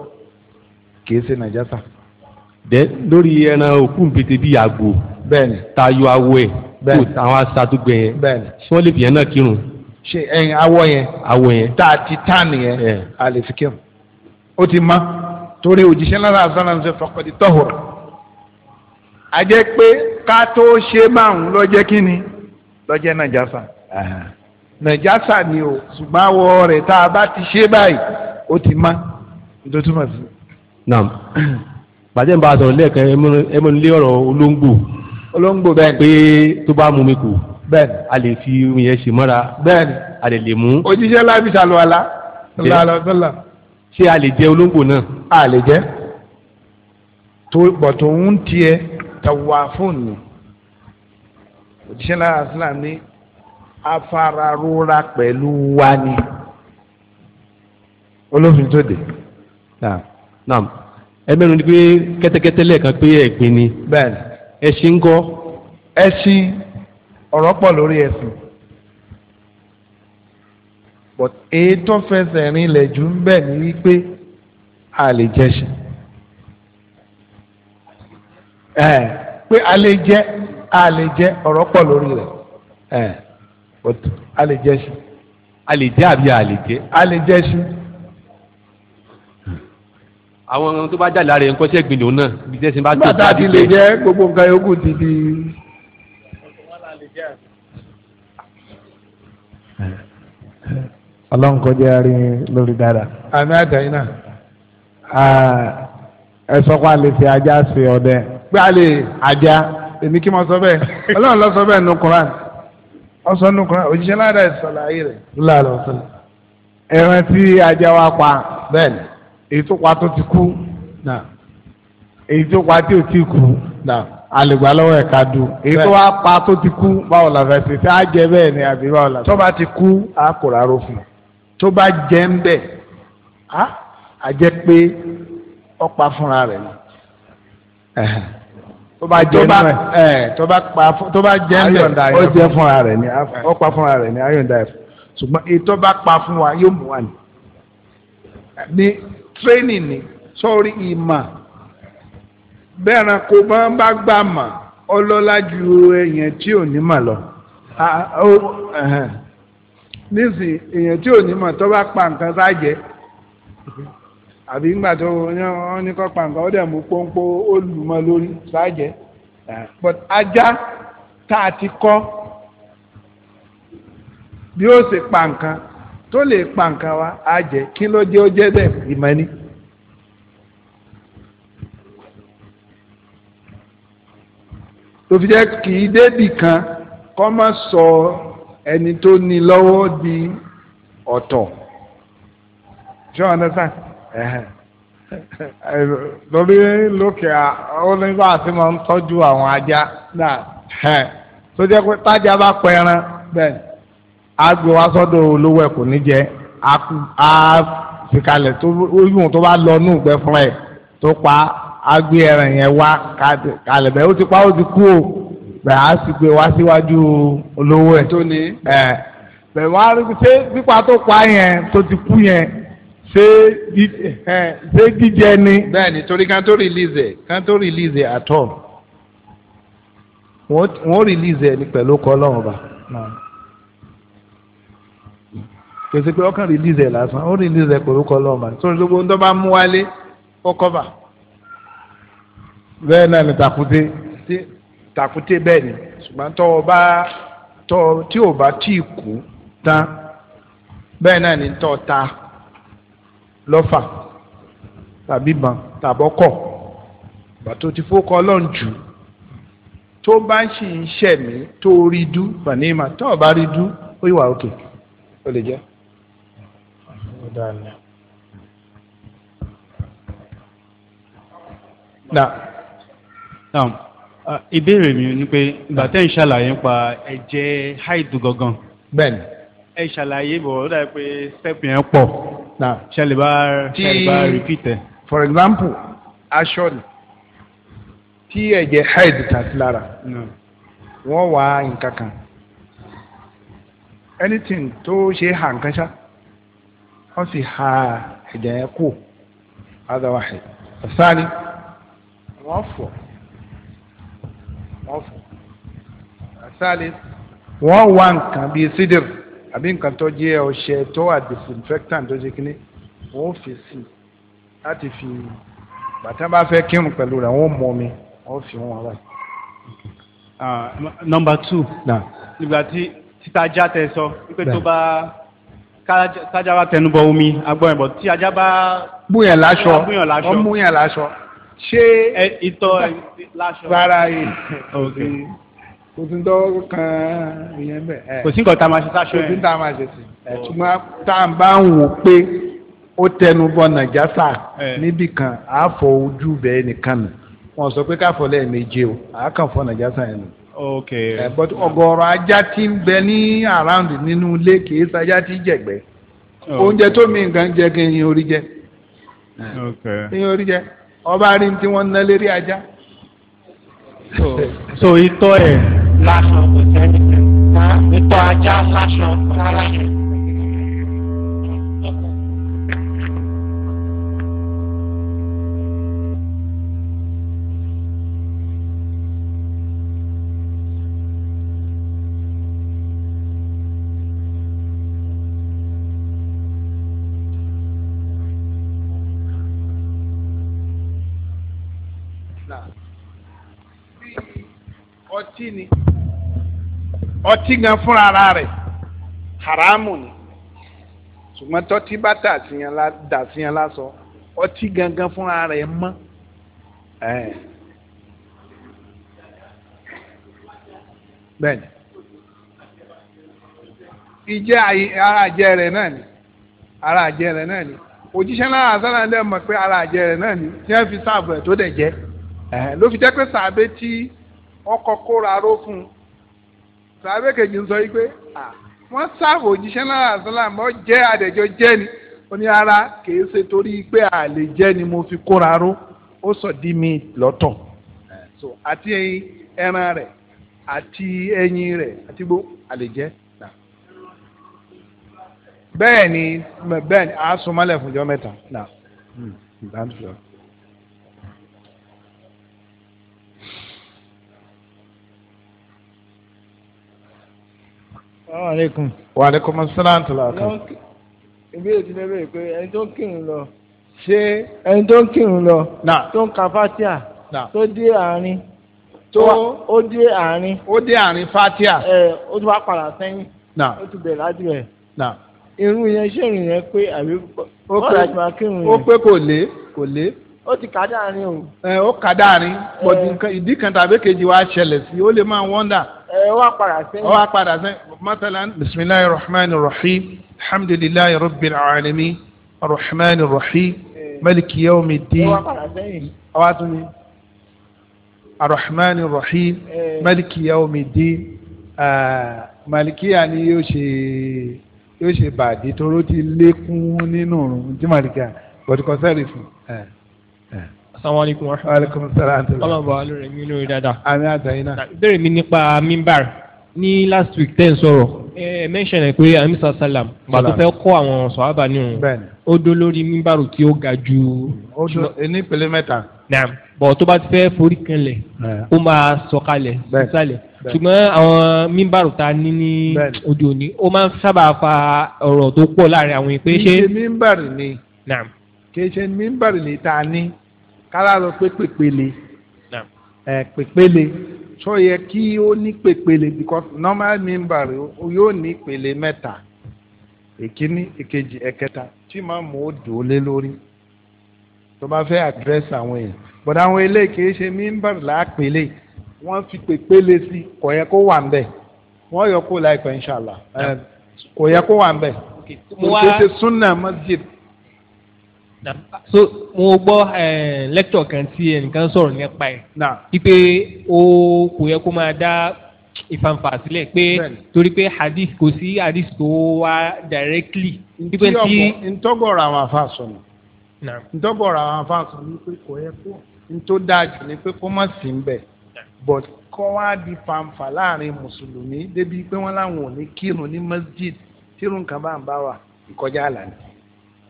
A: kìí nàìjásà.
C: dẹ lórí ẹran òkú nbètè bíi àgbò. bẹ́ẹ̀ni tayọ ẹ kó àwọn aṣàdúgbò yẹn. bẹ́ẹ̀ni sọ lè náà kírun. ṣe ẹyin
A: awọ yẹn. awọ yẹn. tá a ti tán nìyẹn. a lè fi kírun. ó ti ma torí òjíṣẹ́ náírà sọ́nà ń fọkàn a jẹ́ pé ká tó ṣe ni o ṣùgbọ́n rẹ̀ tá a bá ti ṣe
C: nam bàjẹ́ ń bá a sọ̀rọ̀ lẹ́ẹ̀kan ẹmọ nílé ọ̀rọ̀ olóńgbò olóńgbò bẹ́ẹ̀ pé tó bá mú mi kù bẹ́ẹ̀ a lè fi irun yẹn ṣe mọ́ra bẹ́ẹ̀ a lè
A: lè mú. òjíṣẹ́ láti ṣàlùwà la ṣàlùwà ṣé a lè jẹ olóńgbò náà. a lè jẹ bọ̀tò ń tiẹ̀ tàwa fóònù òjíṣẹ́ láti ṣàlùwà ní afararora pẹ̀lú wa olófin tó dé. Yeah.
C: na ẹ mẹ́rin pé kẹ́tẹ́kẹ́tẹ́ lẹ́ẹ̀kan pé ẹ̀gbin ni. ẹṣin ń gọ.
A: ẹṣin ọ̀rọ̀ pọ̀ lórí but èyí tó fẹsẹ̀ rinlẹ̀ jù ń bẹ̀ ni wípé a lè ẹ pé a lè a lè ẹ but a lè
C: a lè àbí àwọn tó bá jáde lára nǹkan ṣẹ́gbìn lòun náà bí tẹ́sí bá tó jáde pé. bàtà lè jẹ́
A: gbogbo nǹkan yòókù ti di. ọlọ́run kò jẹ́ rí lórí dáadáa. àmì àdáyé náà. ẹ sọ pé a lè fi ajá ṣe ọdẹ. pé a lè ajá. èmi kí mo sọ bẹ́ẹ̀ ọlọ́run lọ sọ bẹ́ẹ̀ nù Kùránì ọsọ nù Kùránì òjíṣẹ́ lára ẹ̀ ayé rẹ̀. ẹran tí ajá wa pa. bẹ́ẹ̀ ni èyí tó pa tó ti kú náà èyí tó pa tí ò ti kú náà àlègbà lọ́wọ́ ẹ̀ka du èyí tó wá pa tó ti kú báwo la fẹ́ ṣe ṣé á jẹ bẹ́ẹ̀ ni àbí báwo la. tó bá ti kú á kò rárá fún un tó bá jẹ ń bẹ̀ á jẹ pé ó pa fúnra rẹ̀ ni. tó bá jẹ ń bẹ̀ tó bá pa tó bá jẹ ń bẹ̀ ó jẹ fúnra rẹ̀ ni ó pa fúnra rẹ̀ ni ayọ̀ǹda ẹ̀ ṣùgbọ́n èyí tó bá pa fún wa yóò mú wa ni training ni sọ́ọ́rí ìmà bẹ́ẹ̀ràn kò bá bá gbà mà ọlọ́lá ju èèyàn tí ò ní mà lọ. nísìn èèyàn tí ò ní mà pa nǹkan àbí ńgbà tó pa nǹkan ó dẹ̀ mú pọ́npọ́ tó lè pa nǹkan wa á kí ló jẹ́ ó jẹ́ bẹ́ẹ̀ ìmọ̀ ni. fi jẹ́ kì í débì kan kọ́ má sọ ẹni tó ní lọ́wọ́ di ọ̀tọ̀ ṣé wọn ní sàn lórí lókè onígbà tí mo ń tọ́jú àwọn ajá náà tó jẹ́ pé tájà bá pẹran bẹ́ẹ̀. agbe wa sọ́dọ̀ olówó ẹ kò ní jẹ a fìkalẹ̀ tó oyún tó bá lọ nù gbẹ fún
C: ẹ tó pa agbe ẹran yẹn wá kalẹ̀ bẹ́ẹ̀ ó ti pa ó ti kú o
A: bẹ́ẹ̀ á sì gbé wá síwájú olówó ẹ tó ní ẹ bẹ́ẹ̀ wá rí ṣé pípa tó pa yẹn tó ti kú yẹn ṣé ṣé jíjẹ ni. bẹ́ẹ̀ni torí kan tó release ẹ kan tó release ẹ at all wọn ò release ẹ ní pẹ̀lú kọ Ọlọ́run ọba pèsè pé ọkàn release ẹ̀ lásán ó release ẹ̀ pẹ̀lú kọ́ lọ́ọ̀mà nítorí gbogbo ń dọ́ba mú wálé ó kọ́bà bẹ́ẹ̀ náà ni tàkúté tàkúté bẹ́ẹ̀ ni ṣùgbọ́n tọ́ ọ bá tọ́ ọ tí ò bá tí ì kú tán bẹ́ẹ̀ náà ni tọ́ ta lọ́fà tàbí bàn tàbọ́kọ̀ bàtò ti fó kọ́ lọ́n jù tó bá sì ń ṣẹ̀mí tó rí dú pàní mà tọ́ ọ bá rí dú ó yìí wà òkè ó lè
D: jẹ́. ọ̀daràn. ìbéèrè mi ni pé ìgbà tẹ́ ń ṣàlàyé nípa ẹ̀jẹ̀ háìdù gangan. bẹ́ẹ̀ni. ẹ ṣàlàyé bọ̀ ó dàbí pé step yẹn pọ̀. ṣẹlẹ̀ bá ṣẹlẹ̀ bá
C: repeat
A: for example aṣọ ni tí ẹ̀jẹ̀ háìdù tà sí lára wọ́n wá nǹkan kan anything tó ṣe hàn kan ṣáà. wọ́n sì ha ẹ̀jẹ̀ kù ada wahid asani wọ́n fọ̀ wọ́n fọ̀ asali wọ́n wá nǹkan bíi sídìr àbí nǹkan tó jẹ́ ọṣẹ tó wà disinfectant tó jẹ́ kínní wọ́n fi sí láti fi
D: bàtà bá fẹ́ kírun
A: pẹ̀lú rẹ̀ wọ́n mọ mi
D: wọ́n fi wọn wá. Ah, nọ́mbà two nígbà tí títajà tẹ sọ wípé tó bá kájà bá tẹnubọ omi agbọ́n ẹ̀bọ̀ tí ajá bá. búyàn láṣọ wọ́n
A: múyàn láṣọ. ṣé ìtọ̀ láṣọ. rárá e. yìí kò tún dọ́wọ́ kan ìyẹn bẹ́ẹ̀. kò sí nǹkan tá a máa ṣe sáṣọ yẹn. kò sí tá a máa ṣe sí. ṣùgbọ́n tá a bá ń wò pé ó tẹnubọ nàjásà níbì kan àáfọ̀ ojú bẹ́ẹ̀ nìkan nù wọ́n sọ pé káfọ́ lẹ́ẹ̀mejì o àákànfọ́ nàjásà yẹn nù. okay. ẹ eh, but ọ̀gọ̀rọ̀ ajá ti ń bẹ ní around nínú ilé kì í sajá tí jẹ̀gbẹ́
B: oúnjẹ tó mi
A: nǹkan jẹ kí n tí wọ́n ná lérí ajá.
D: so ito ẹ̀.
A: láṣọ kò tẹ́lẹ̀ tẹ́lẹ̀ ìtọ́ ajá láṣọ ọ̀nà sí ọtí ni ọtí gan fún ara rẹ haramu ni ṣùgbọ́n tọ́tí bá tà síyan lásọ ọtí gangan fúnra rẹ̀ mọ́. bẹ́ẹ̀ni ìjẹ́ ara àjẹ́ rẹ̀ náà ni ara àjẹ́ rẹ náà ni òjíṣẹ́ náà àtàlà ń dẹ́ mọ̀ pé ara àjẹ́ rẹ̀ náà ni tí wọ́n fi sáàbù ẹ̀ tó dẹ̀ jẹ́. ló fi jẹ́ pé sàbẹ́ tí ọkọ̀ kóra ró fún un sàbẹ́ kejì ń sọ yí pé wọ́n sáàbò òjíṣẹ́ náà jẹ́ àdẹ̀jọ́ jẹ́ ni oní ara kìí ṣe torí pé àlè jẹ́ ni mo fi kóra ó sọ di mi lọ́tọ̀ so àti ẹran rẹ̀ àti ẹyin rẹ̀ àti gbó àlè jẹ́ bẹ́ẹ̀ ni bẹ́ẹ̀ ni mẹ́ta salaamaleykum. wa aleykum salaam ìbéèrè ti lè bẹ̀rẹ̀ pé ẹni tó ń kírun lọ ṣé ẹni tó lọ tó ń ka fatia tó dé àárín tó ó dé àárín. ó dé àárín fatia. ẹ ó tún wá padà sẹ́yìn. ó tún bẹ̀rẹ̀ láti rẹ̀. irú yẹn ṣé ìrìn yẹn pé àbí bọ́ọ̀lù àti máa kírun yẹn. ó pé kò lé kò lé. ti kà dáàrin o. ẹ ó kà dáàrin pọ̀jù ìdí kan tàbí kejì wa ṣẹlẹ̀ sí ó lè máa wọ́ndà. ẹ wá padà sẹ́yìn. wá padà sẹ́yìn matalan bisimilahi rahman rahim alhamdulilayi rabbil alamin rahman rahim maliki yawmi din. ẹ wá padà sẹ́yìn. àwa tún ni. arahman rahim maliki yawmi din malikiya ni yóò ṣe yóò ṣe bàdí toró ti lékún nínú òrùn tí malikiya bọ̀dùkọ́sẹ́rì fún
F: salamaleykum wa rahmatulahi. ọlọ́run bá lórí mi lórí dáadáa. àmì àtẹ̀yìn náà. ìbéèrè mi nípa mimbar ní last week ten sọ̀rọ̀ ẹ mention ẹ pé amisa salam ìgbà tó fẹ́ kọ́ àwọn sọ̀hábà ní òun ó dó lórí mimbaru tí ó ga ju. ó dó
A: ní pèlè mẹ́ta. naam
F: bọ̀ tó bá ti fẹ́ forí kanlẹ̀ ó máa sọ̀kalẹ̀ sísàlẹ̀ ṣùgbọ́n àwọn mímbàrò ta ní ní ojú òní ó máa ń sábà fa ọ̀rọ̀ tó pọ̀ láàrin àwọn ìpè kì í ṣe
A: mímbàrò ni kì í ṣe mímbàrò ni ta ní kára lọ pé pèpele ẹ pèpele tó yẹ kí ó ní pèpele because normal member yóò ní pèlè mẹ́ta èkíní èkejì ẹ̀kẹta tí màá mú ó dùn ó lé lórí tó bá fẹ́ address àwọn èèyàn but àwọn eléyìí kì í ṣe member làápèlè wọ́n fi pèpele sí kò yẹ kó wà ń bẹ̀ wọ́n yọ kó láìpẹ́ inshallah kò yẹ kó wà ń kò yẹ sunna masjid so mo gbọ́
F: eh, lecture kan tí ẹnìkan sọ̀rọ̀ nípa ẹ̀ wípé ó kò yẹ kó máa dá ìfànfà sílẹ̀ pé torí pé hadith kò sí hadith tó wá directly.
A: wípé tí ntọ́gọ̀rọ̀ àwọn afa sọnù ntọ́gọ̀rọ̀ àwọn afa sọnù pé kò yẹ kó ntó dáa jù ni pé kó má sí ń bẹ̀ but kọ́ wá di fànfà láàrin mùsùlùmí débi pé wọ́n láwọn ò ní kírun ní masjid tírun kan bá ń bá wà ìkọjá àlàní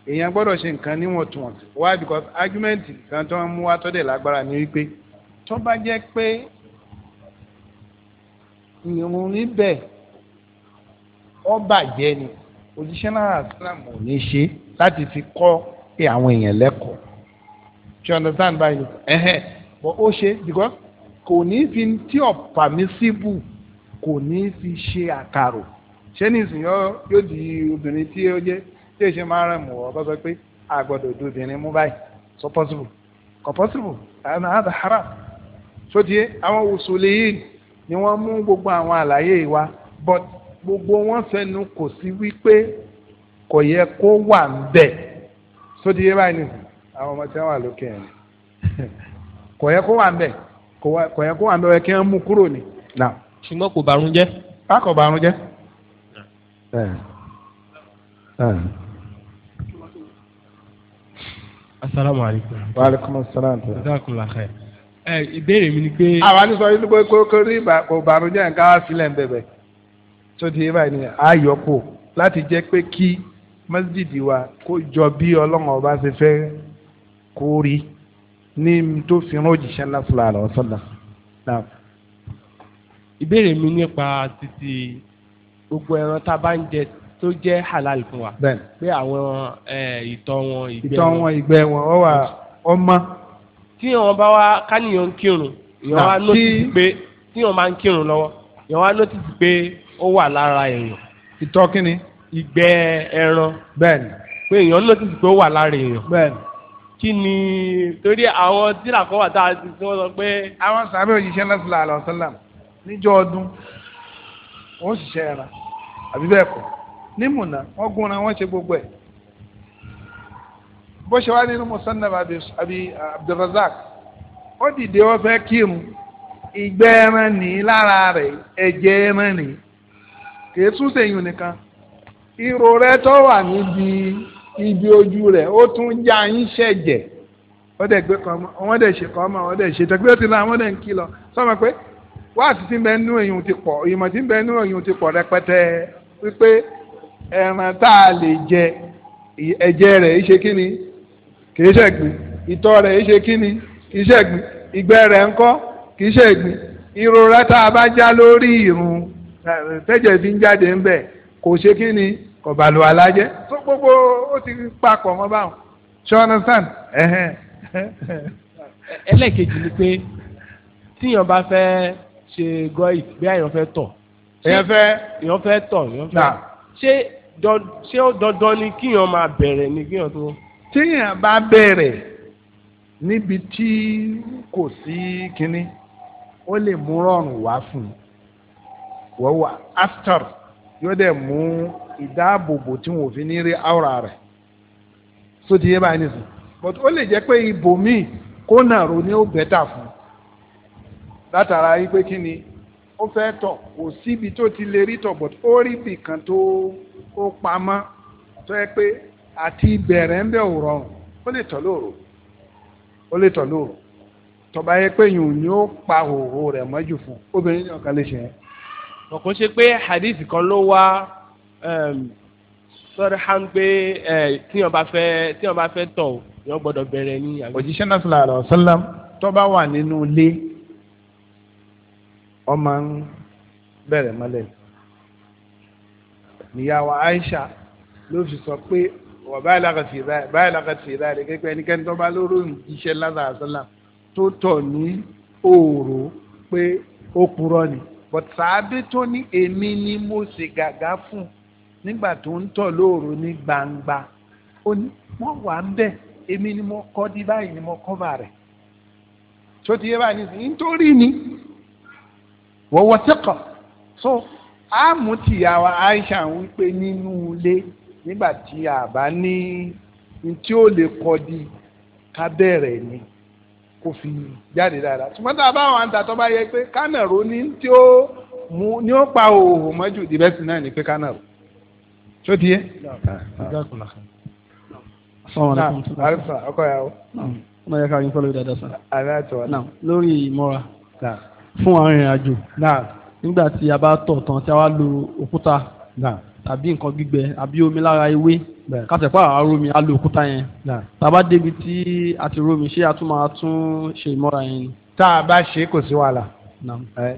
A: èèyàn gbọ́dọ̀ ṣe nǹkan níwọ̀ntúnwọ̀nsì why because argument kan tó ń mú wá tọ́dẹ̀ lágbára ni wípé tó bá jẹ́ pé ìrùn níbẹ̀ ó bàjẹ́ ni òjíṣẹ́ náà Islam ò ní ṣe láti fi kọ́ pé àwọn èèyàn lẹ́kọ̀ọ́ ṣe understand by you ẹ̀hẹ́n but ó ṣe because kò ní fi tí ò permissible kò ní fi ṣe àkàrò ṣé nìsín yóò di obìnrin tí ó jẹ́ tí èsì máa rẹ̀ mú ọ bá sọ pé a gbọ́dọ̀ obìnrin mú báyìí so possible kò possible àná àdá haram sódìé àwọn yìí ni wọ́n mú gbogbo àwọn àlàyé wa but gbogbo wọn fẹnu kò sí wípé kò yẹ kó wà ń bẹ̀ sódìé báyìí nìyí àwọn ọmọ tí wà lókè kò yẹ kó wà ń bẹ̀ kò yẹ kó wà ń bẹ̀ kí wọ́n mú kúrò ṣùgbọ́n kò bàrún asalaamualeykum. wa aleykum salaam. jazakumullah khair. ẹ ìbéèrè mi ni pé. àwa ní sọ inú pé kókó rí kò bàrújẹ́ nǹkan á sílẹ̀ ń bẹ̀bẹ̀ tó ti yé báyìí ni a yọ kó láti jẹ́ pé kí masjidi wa kó jọ bí ọlọ́run ọba ṣe fẹ́ kó rí ní tó fi rán òjíṣẹ́ ńlá fúlà rẹ̀ ọ̀sọ́dà.
C: ìbéèrè mi nípa títí gbogbo ẹran tá a bá ń jẹ tó jẹ́ halal
F: fún wa. bẹ́ẹ̀ pé àwọn ìtọ̀ wọn ìgbẹ́ wọn. ìtọ̀ wọn
A: ìgbẹ́ wọn ọ wà ọmọ. tí wọn bá wá káníyàn kírun yàn wá nọ́tìsì pé tí wọn bá ń kírun lọ́wọ́ yàn wá nọ́tìsì pé ó wà lára èèyàn. ìtọ̀ kí ni. ìgbẹ́ ẹran. bẹ́ẹ̀ni. pé èèyàn nọ́tìsì pé ó wà lára èèyàn. bẹ́ẹ̀ni. kí ni torí àwọn tíra kan wà tá a ti sọ pé. àwọn sàbẹ̀ òjíṣẹ́ lọ́sọ̀lá àlọ́ sọ́lá níjọ́ ọdún wọ́n ṣiṣẹ́ ẹran àbí bẹ́ẹ̀ kọ́ ní múna wọ́n gúnra wọ́n ṣe gbogbo ẹ̀ bó ṣe wá nínú musannaf àbí abdulrasaq ó dìde wọ́n fẹ́ kírun ìgbẹ́ ẹran ní lára rẹ̀ ẹ̀jẹ̀ ẹran ní kìí tún sèyún nìkan ìrò rẹ tó wà níbi ibi ojú rẹ̀ ó tún já yín ṣẹ̀jẹ̀ wọ́n dẹ̀ gbé kan mọ́ wọ́n ṣe kan mọ́ wọ́n dẹ̀ ṣe tẹ́gbẹ́ ti la wọ́n dẹ̀ ń kí lọ sọ́mọ pé wáàsí ti ń bẹ nínú èyàn ti pọ̀ ìmọ̀ ti ń bẹ nínú èyàn ti pọ̀ rẹpẹtẹ wípé ẹran tá a lè jẹ ẹ̀jẹ̀ rẹ̀ kìí ṣẹ̀gbìn ìtọ̀ rẹ̀ kìí ṣẹ̀gbìn ìgbẹ́ rẹ̀ kìí ṣẹ̀gbìn ìrora tá a bá já lórí ìrùn tẹ́jẹ̀ fi ń jáde ń bẹ̀ kò ṣe kí ni kò bá lu tó gbogbo ó ti báwọn sàn ni pé bá fẹ́ ṣe bí àyàn ṣé ṣé dandan ni kíyàn máa bẹ̀rẹ̀ ni kíyàn tó. téèyàn bá bẹ̀rẹ̀ níbi tí kò sí kínní ó lè mú rọrùn wá fún wọ́wọ́ aftar yóò dẹ̀ mú ìdáàbòbò tí fi ní rí àwòrán rẹ̀ sóti yé báyìí nìsín but ó lè jẹ́ pé ibòmíì kó nàró ni ó bẹ́tà fún látara yí ó fẹ́ tọ̀ kò síbi tó ti lè rí tọ̀ but ó rí ibì kan tó ó pamọ́ tó yẹ pé àti ìbẹ̀rẹ̀ ń bẹ̀ ò rọrùn ó lè tọ̀ lóru ó lè tọ̀ lóru tọba yẹ pé yòó ni ó pa òwò rẹ̀ mọ́jú fún obìnrin ní ọ̀kan lè ṣe yẹn. ọ̀kọ́ ṣe pé hadith kan ló wá ehm, sọ́dọ̀ hàn pé eh, tíyàn bá fẹ́ tíyàn bá fẹ́ tọ̀ yọ gbọ́dọ̀ bẹ̀rẹ̀ ní. òjíṣẹ́ náà sallallahu alaihi wasallam tọ́ba wà nínú ilé wọ́n máa ń bẹ̀rẹ̀ mọ́lẹ̀ níyàwó Aisha ló fi sọ pé wà báyìí lákàtì báyìí báyìí lákàtì báyìí kékeré ẹnikẹ́ni tó bá lóró iṣẹ́ lásán àṣálà tó tọ̀ ní òòró pé ó purọ́ ni but sàábé tó ní èmi ni mo ṣe gàgá fún nígbà tó ń tọ̀ lóòró ní gbangba wọ́n wà ń bẹ̀ èmi ni mo kọ́ di báyìí ni mo kọ́ bà rẹ̀ tó nítorí ni. wọ́wọ́ sẹ́kọ̀ so àmútìyàwó Aisha wípé nínú ilé nígbà tí a bá ní tí ó lè di ká bẹ̀rẹ̀ ni kò fi jáde dáadáa ṣùgbọ́n tá a bá tó bá yẹ pé kánàró ní tí ó mú ní pa òòhùn mọ́jú ìdíbẹ́sì náà ni pé ṣó ti fún arìnrìn àjò náà nígbà tí a bá tọ̀ tán tí a wá lo òkúta náà tàbí nǹkan gbígbẹ àbí omi lára ewé kátẹ̀pá àrómi á lo òkúta yẹn tá a bá débi tí a ti rómi ṣé a tún máa tún ṣe ìmọ́ra yẹn ni. tá a bá ṣe kò sí wàhálà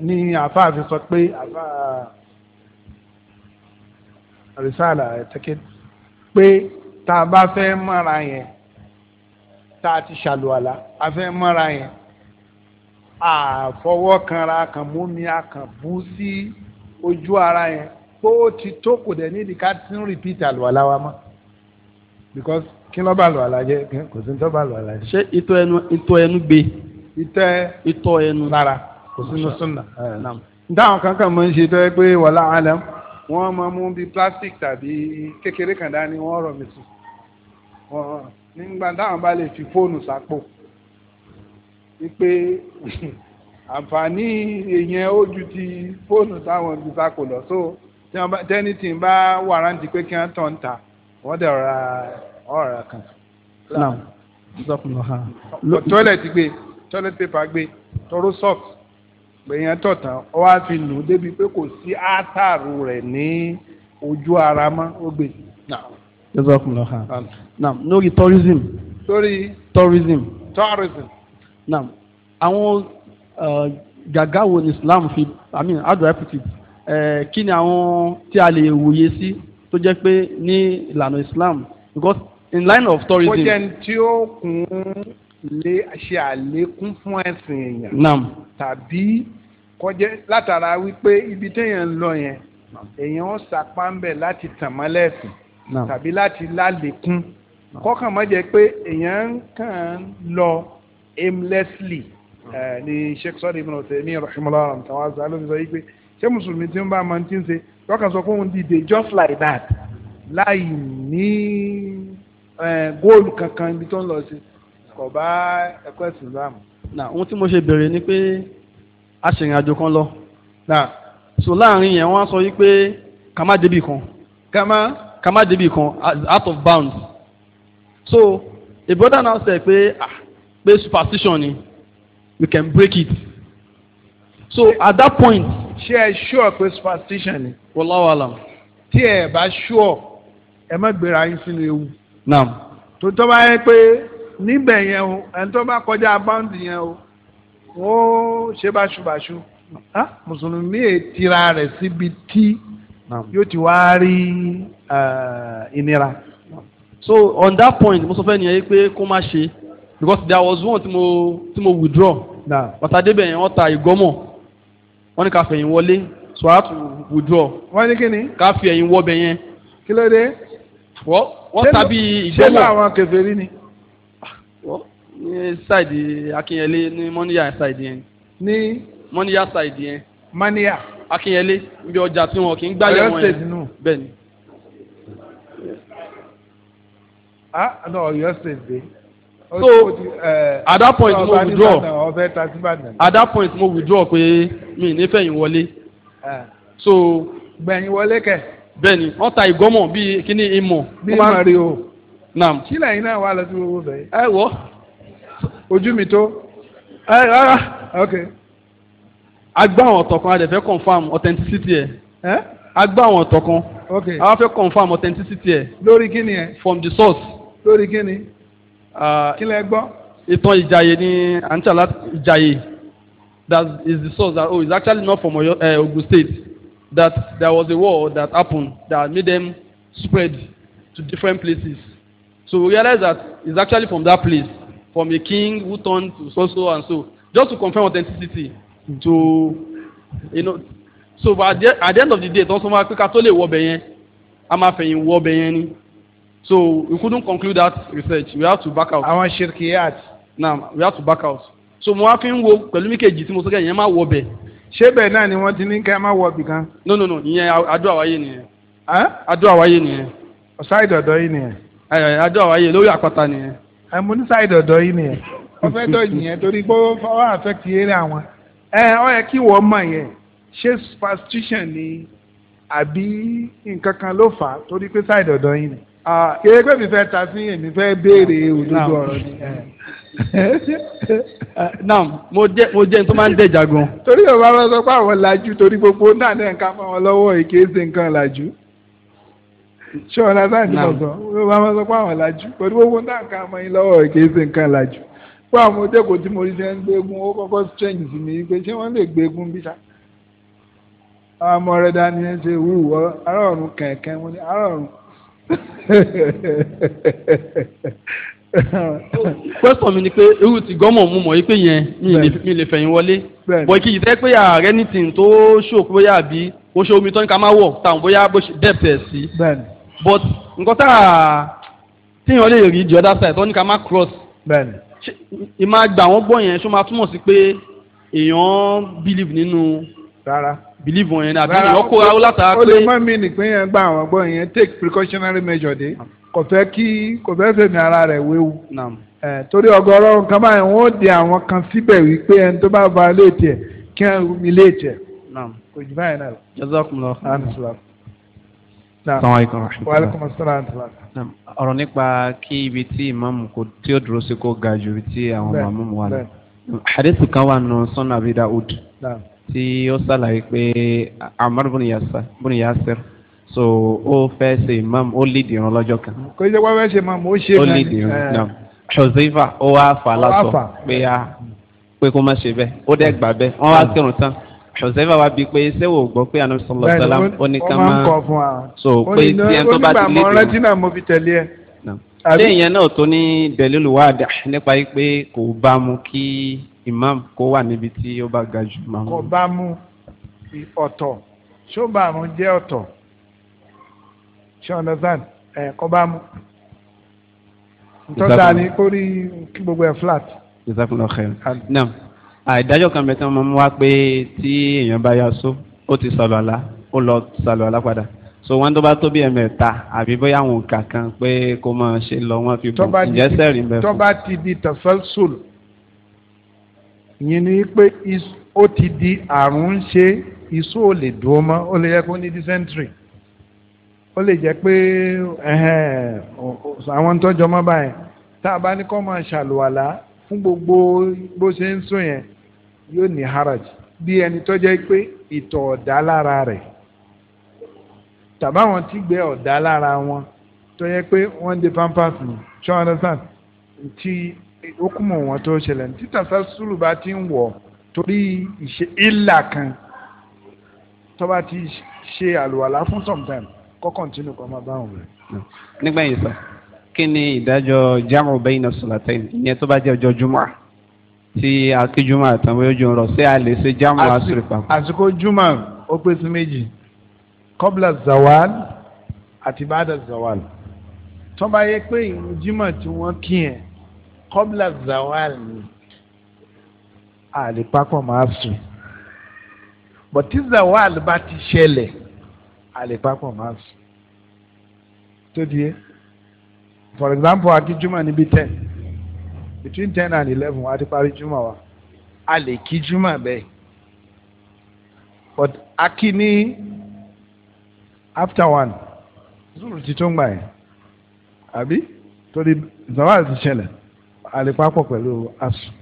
A: ní àfáà fi sọ pé àfáà rìsáàlà ẹ̀tẹ́kẹ́ pé tá a bá fẹ́ mọ́ra yẹn tá a ti ṣàlùwàlà a fẹ́ mọ́ra yẹn àfọwọ́kanra kan mómi akànbú sí ojú ara yẹn pé ó ti tó kò dẹ̀ ní ìdíkà tí ń repeat àlùwàlá wa mọ́ because kí ló bá àlùwàlá jẹ́ kò sí ní tó bá àlùwàlá jẹ́. ṣé ìtọ̀ ẹnu ìtọ̀ ẹnu gbé. ìtọ̀ ìtọ̀ ẹnu lára kò sí ní súnà. dáhùn kankan mọ̀ ń ṣe tó yẹ pé wàlá alam wọ́n máa mú bí plastic tàbí kékeré kan dání wọ́n rọ̀ mí sí. nígbà táwọn bá lè fi fóònù sápò wípé àǹfààní èèyàn ó ju ti fóònù táwọn ti sáko lọ so tẹ́ni tí ń bá wàrántí pé kí wọ́n tàn ta wọ́n dẹ̀ ra ọ̀rọ̀ kan. tọ́lẹ̀tì gbé tọ́lẹ̀tì pépà gbé tọ́rọ sọ́ọ̀kì gbẹ̀yìn tọ̀tàn ọ wá fi nù débi pé kò sí átàrù rẹ̀ ní ojú ara mọ́ ó gbé. lórí tourism. lórí tourism. tourism now àwọn eh, gàgá wo ni Islam fi i mean how do I put it eh, kí ni àwọn tí a lè wòye sí tó jẹ́ pé ní ìlànà Islam because in line of tourism. ó jẹ́ ní
B: tí ó kún lé
A: ṣe àlékún fún ẹ̀sìn èèyàn. nam tàbí kọjá látara wípé ibi téèyàn ń lọ yẹn èèyàn ó sapá ń bẹ̀ láti tàn mọ́lẹ̀ ẹ̀sìn tàbí láti lálékún kọ́kàn má jẹ́ pé èèyàn kàn ń lọ aimlessly ni sheikh sadi ibn Uthaymeen rahimahullah tàwọn àṣà ló fi sọ yìí pé ṣé mùsùlùmí ti ń bá máa ti ń ṣe lọ́kàn sọ fún dìde just like that láì ní góòlù kankan ibi tó ń lọ sí kò bá ẹ̀kọ́ ẹ̀sìn láàmú.
F: na ohun tí mo ṣe béèrè ni pé aṣèrìnàjò kan lọ na so láàrin yẹn wọ́n sọ yìí pé ká má débì kan ká má ká má débì kan
A: out of bounds so a brother now say pé ah pé superstition ni we can break it so at that point. ṣé ẹ sure pé superstition ni. wallahu alam. tí ẹ bá sure ẹ má gbéra yín sínú ewu. naam. tó tọ́ bá yẹ pé níbẹ̀ yẹn o ẹni tó bá kọjá báńdì yẹn o ó ṣe báṣubàṣu mùsùlùmí ètira rẹ̀ síbi tí yóò ti wá rí ìnira. so on that point mo sọ fẹ́ nìyẹn pé kó má ṣe because there was one tí mo tí mo withdraw bàtà débẹ̀ yẹn wọ́n ta ìgọ́mọ̀ wọ́n ní ká fẹ̀yìn wọlé so I had to withdraw. wọ́n ní kí ni. ká fi ẹ̀yìn wọ́ bẹ̀ yẹn. kí ló dé. wọ́n wọ́n ta bí ìgọ́mọ̀. ṣé ló àwọn kèfèrí ni. wọ́n ní side Akínyẹlé ní mọ́níyà ṣáìdì yẹn. ní. mọ́níyà ṣáìdì yẹn. mọ́níyà. Akínyẹlé níbi ọjà tí wọn kì í gbáyẹ̀ wọn yẹn bẹ́ẹ̀ ni. ah no Ọ̀yọ́ ṣèdè so uh, at that point mo withdraw uh, at that point mo withdraw pé mi ní fẹ̀yìn wọlé ah. so. gbẹ̀yìn wọlé kẹ̀. bẹ́ẹ̀ni wọ́n ta ìgọ́mọ̀ bíi kíní ìmọ̀. bí ìmọ̀ rí o. naam. sílẹ̀ yìí náà wà lọ sí gbogbo bẹ́ẹ̀. ẹ wọ. ojú mi tó. ẹ rárá. ok. a gbá àwọn ọ̀tọ̀ confam authenticity ẹ̀. ẹ. a gbá àwọn ọ̀tọ̀ kan. ok. a wá confam authenticity ẹ̀. lórí kíni ẹ. from the source. lórí kíni. Uh, kí lẹ gbọ́ ìtàn ìjàyè ni àǹtàlá ìjàyè that is the source that oh it's actually not from Oyo, uh, Ogun State that there was a war that happened that made them spread to different places so we realize that it's actually from that place from a king who turned to so so and so just to confirm authenticity to you know so but at the, at the end of the day tọ́sán máa pé ká tó lè wọ ọbẹ̀ yẹn a máa fẹ̀yìn ni. So we couldn't conclude that research. We have to back out. Àwọn ṣirkiyat. Now we have to back out. So mo wá fi ń wo pẹ̀lú mi kejì tí mo sọ́kẹ́ yẹn máa wọ bẹ̀. Ṣé bẹ́ẹ̀ náà ni wọ́n ti ní ká máa wọ bì kan? No no no ìyẹn adó àwáyé nìyẹn. Adó àwáyé nìyẹn. Ṣáìdì ọ̀dọ́ yìí nìyẹn. Adó àwáyé lórí àpáta nìyẹn. Mo ní ṣáìdì ọ̀dọ́ yìí nìyẹn. Wọ́n fẹ́ dọ̀ yìnyẹn torí pé ó wá affect eré àwọn. Ẹ ọ yẹ kí wọ́n mọ̀ yẹn. Ṣé superstition ni àbí nǹkan kan ló fà á torí pé ṣáìdì ọ̀dọ́ yìí nìyẹn? kéé pé mi fẹ́ ta sí èmi fẹ́ béèrè òdodo ọ̀rọ̀ ni. Eh. Eh, naam mo jẹ mo jẹ tó máa ń dẹjà gan. torí yorùbá wọn sọ pé àwọn làjú torí gbogbo náà náà ń ká fún wọn lọ́wọ́ èké ṣe nǹkan làjú ṣé ọ̀nà sáà ní ọ̀sán yorùbá wọn sọ pé àwọn làjú torí gbogbo náà ń ká fún yín lọ́wọ́ èké ṣe nǹkan làjú fún àwọn ọdẹ́kọ̀ tí mo rí ṣe ń gbégun ó kọ́kọ́ change sí mi pé ṣé wọ́n lè gbégun bí sá. àwọn ọmọ rẹ̀ dání ẹ ṣe wù ọ́ arọ̀run kẹ̀kẹ́ wọn ni arọ̀run question mi ni pé irú ti gọ́mọ̀
F: mu mọ̀ yí pé yẹn mi lè fẹ̀yìn wọlé bọ̀ kí yìí tẹ́ pé ààrẹ ní tìǹ tó ṣòkó bóyá àbí ó ṣe omi tó ní ká má wọ̀ táwọn bóyá depth ẹ̀ sí but nǹkan tá
C: a tíyan lè rí the other side tó ní ká má cross ìmáa gbà wọ́n gbọ́ yẹn ṣó máa túmọ̀ sí pé èèyàn believe nínú rárá.
E: believe wọn yẹn ni àbí ìyàn kó awó látara pé. ó lè mọ
A: mi nìpín yẹn gba àwọn ọgbọ́n yẹn take precautionary measure de ah. kò fẹ́ kí kò fẹ́ fèmí ara rẹ̀ wéwu. torí ọ̀gọ̀rọ̀ nǹkan báyìí wọn ó de àwọn kan síbẹ̀ wípé ẹni tó bá ba léètì ẹ̀ kí wọ́n mi léètì ẹ̀. kò jù báyìí náà lọ. jazakumullahu khairan salaamaaleykum rahmatulah. waaleykum asalaam rahmatulah.
F: ọ̀rọ̀ nípa kí ibi tí ìmáàmù kò tí ó dúró sí kó ga ju ibi tí àwọn màmú wà lọ. hadith kan wà nù sọ́nà abidahud tí ó ṣàlàyé pé Ammar ibn Yasir so ó fẹ́ ṣe imam ó lead ìran lọ́jọ́ kan. kò ní ṣe fẹ́ ṣe imam ó ṣe náà ó lead ìran eh. náà Huzaifa ó wá fà látọ̀ pé a pé kó má ṣe bẹ́ẹ̀ ó dẹ́ gbà bẹ́ẹ̀ wọ́n wá hmm. kírun tán Huzaifa wá bíi pé ṣé wò gbọ́ pé anabi sallallahu alaihi ó ní ká máa
A: so pé tí ẹni tó bá ti lead ìran. ó ní bàmọ́ rántí náà mo fi tẹ̀lé ẹ ṣé ìyẹn
F: náà tó ní imam kó wà níbi tí ó bá ga jù máa mú. kò
A: bá mú ọ̀tọ̀ ṣó bá àrùn jẹ́ ọ̀tọ̀ ṣé understand ẹ̀ kò bá mú.
F: ntọ́jà ni kó
A: rí kí gbogbo ẹ̀ flat.
F: jazakallah khair Nam, àìdájọ́ kan bẹ̀tẹ̀ ọmọ mi wá pé tí èèyàn bá ya só ó ti sọ̀rọ̀ àlá ó lọ sọ̀rọ̀ àlá padà so wọn tó bá tó bí ẹ̀mẹ̀ta àbí bóyá àwọn nǹkan kan pé kó máa ṣe lọ wọn fi bù ǹjẹ́ sẹ́rìn bẹ́ẹ̀ fún.
A: tó ti di tasalsul ìyẹn ni pé ó ti di àrùn ń ṣe iṣu ò lè dúró mọ́ ó lè yẹ kó ní dysentery ó lè jẹ́ pé àwọn tọ́jọ́ mọ́ báyìí tá a bá ní kó máa ṣàlùwàlá fún gbogbo bó ṣe ń sùn yẹn yóò ní haraj bí ẹni tó jẹ́ pé ìtọ̀ ọ̀dá lára rẹ̀ tàbáwọn tí gbé ọ̀dá lára wọn tó yẹ pé wọ́n de pampers ní ṣọ́ọ́nà sàn tí hukumu wọn tó ṣẹlẹ̀ tí tasasulu bá ti ń wọ̀ torí ìṣe ìlà kan tó bá ti ṣe àlùwàlá fún sometime kọ́ kọ́ntínú kọ́ máa bá wọn
F: rẹ̀. nígbẹ̀yìn sọ kí ni ìdájọ́ jamu bayna salatayn ìyẹn tó bá jẹ́ ọjọ́ jumua tí akíjumua tán bóyá ojú ń rọ sí àlè ṣe jamu asiri papọ̀.
A: àsìkò juma ó pé sí méjì kọ́bla zawal àti bàdà zawal tó yẹ pé ìrun jimá tí wọ́n kí yẹn kọ́bílà zawal ni àlèpapọ̀ máa sùn bọ̀tí zawal bá ti ṣẹlẹ̀ àlèpapọ̀ máa sùn tó di yé for example akíjúmọ̀ níbi ten between ten and eleven wá ti parí juma wa a lè kí juma bẹ́ẹ̀ but akí ní after one zulu ti tó ń gbà yẹn àbí torí zawal ti ṣẹlẹ̀ àlepapọ̀ pẹ̀lú asùn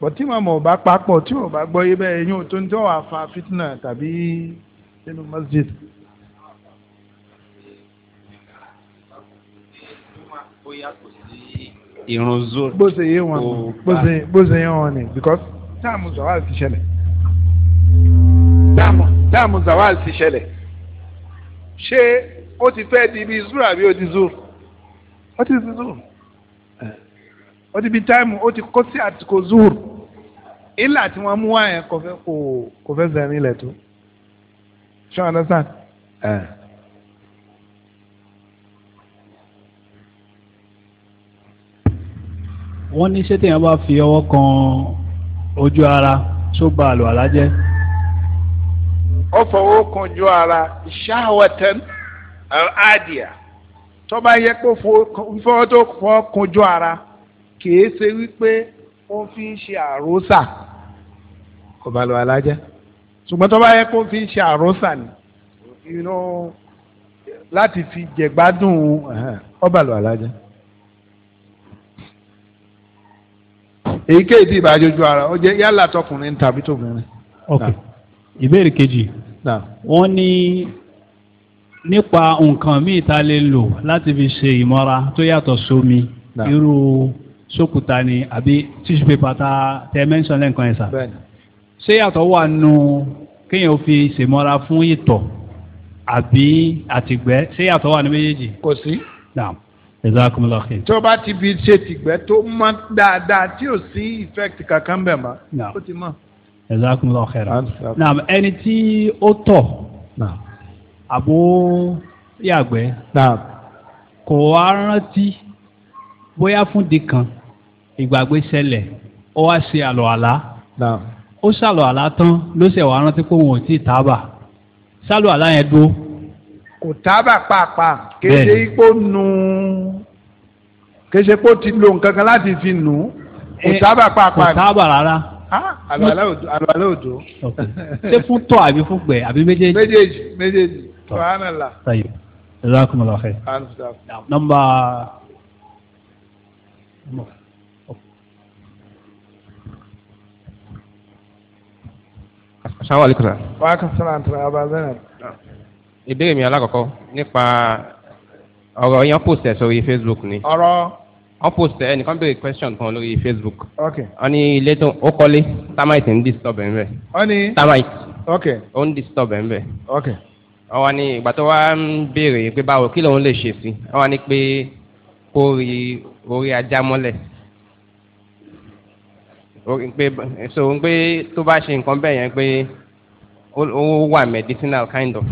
A: bọ̀ tí màmá ọba papọ̀ tí ọba gbọ́ yé bẹ́ẹ̀ yín tó ń tọ́ wà fa fitna tàbí nínú masjid. ìrun zoro. bó ṣe yé wọn bó ṣe yé wọn ni because táàmù zawal ti ṣẹlẹ̀. táàmù táàmù zawal ti ṣẹlẹ̀ ṣé ó ti fẹ́ di ibi zuru àbí ó ti zuru ó ti ti ó ti bi táìmù ó ti kó sí àtìkò zuhur ilà tí wọ́n mú wá yẹn kò fẹ́ kò kò fẹ́ sẹ́yìn nílẹ̀ tó ṣé wọn understand. wọ́n ní ṣé téèyàn
D: bá fi ọwọ́ kan ojú ara tó ba àlọ́ àlájẹ́.
A: ó fọwọ́ kan ojú ara ṣáwọ́tẹ́n àdìyà tó yẹ kó fọwọ́ tó fọwọ́ kan ojú ara kìí ṣe wípé wọ́n fi ń ṣe àrósà kò bá lọ alájẹ́ ṣùgbọ́n tó bá yẹ kó fi ń ṣe àrósà ni láti fi jẹ̀gbádùn ọba lọ alájẹ́. èyíkéyìí tí ìbájọ́jú ara ó jẹ́ yálà tọkùnrin tàbí tóbìnrin. ok ìbéèrè
D: kejì wọ́n ní nípa nǹkan míì tá lè lò láti fi ṣe ìmọ́ra tó yàtọ̀ sómi irú sókùtà ni àbí tíṣù pépà tá tẹ mẹ́ńsán lẹ́ǹkan ẹ̀ sà. ṣé yàtọ̀ wà nù
A: kéèyàn fi ṣèmọ́ra fún ìtọ̀ àbí àtìgbẹ́ ṣé yàtọ̀ wà nù méjèèjì. kò sí. naam jazakumullahu khair. tó bá ti fi ṣe tìgbẹ́ tó mọ́ dáadáa tí ò sí effect kankan bẹ̀ mọ́. naam ó ti mọ́.
D: jazakumullahu khair. naam ẹni tí ó tọ̀. naam àbó yàgbẹ́.
F: kò wá rántí bóyá fún di kan ìgbàgbé ṣẹlẹ̀ ó wá ṣe àlọ́ àlá ó ṣàlọ́ àlá tán ló ṣe wàá rántí pé òun ò
A: tí ì tábà ṣàlọ́ àlá yẹn dúró. kò tábà pàápàá kéde ipò nù kéde ipò ti lo nǹkan kan láti fi nù kò eh, tábà pàápàá. kò tábà rárá. àlọ́ àlọ́ òdo. ṣé
D: fún tọ́ àbí fún gbẹ̀ àbí méjèèjì. méjèèjì
A: méjèèjì. subhanallah.
D: جزاكم الله خير نمبر
F: asalaamu alaykum sir.
A: wa alaykum salaam tura aba zainab.
F: ìbéèrè mi alákọ̀ọ́kọ́ nípa ọ̀rọ̀ yẹn post ẹ̀ sórí facebook ni. ọ̀rọ̀. wọ́n post ẹ̀ nìkan béèrè question kan lórí facebook. ok. wọ́n ní ilé tó ó kọ́lé termite ń disturb ẹ̀ ń bẹ̀. wọ́n ní. termite. ok. ó ń disturb ẹ̀ ń bẹ̀. ok. wọ́n wá ní ìgbà tó wá ń béèrè pé báwo kí lòun lè ṣe sí wọ́n wá ní pé kó rí orí ajá mọ́lẹ̀ pé so n pé tó bá ṣe nǹkan bẹ́ẹ̀ yẹn pé ó wà medicinal kind of.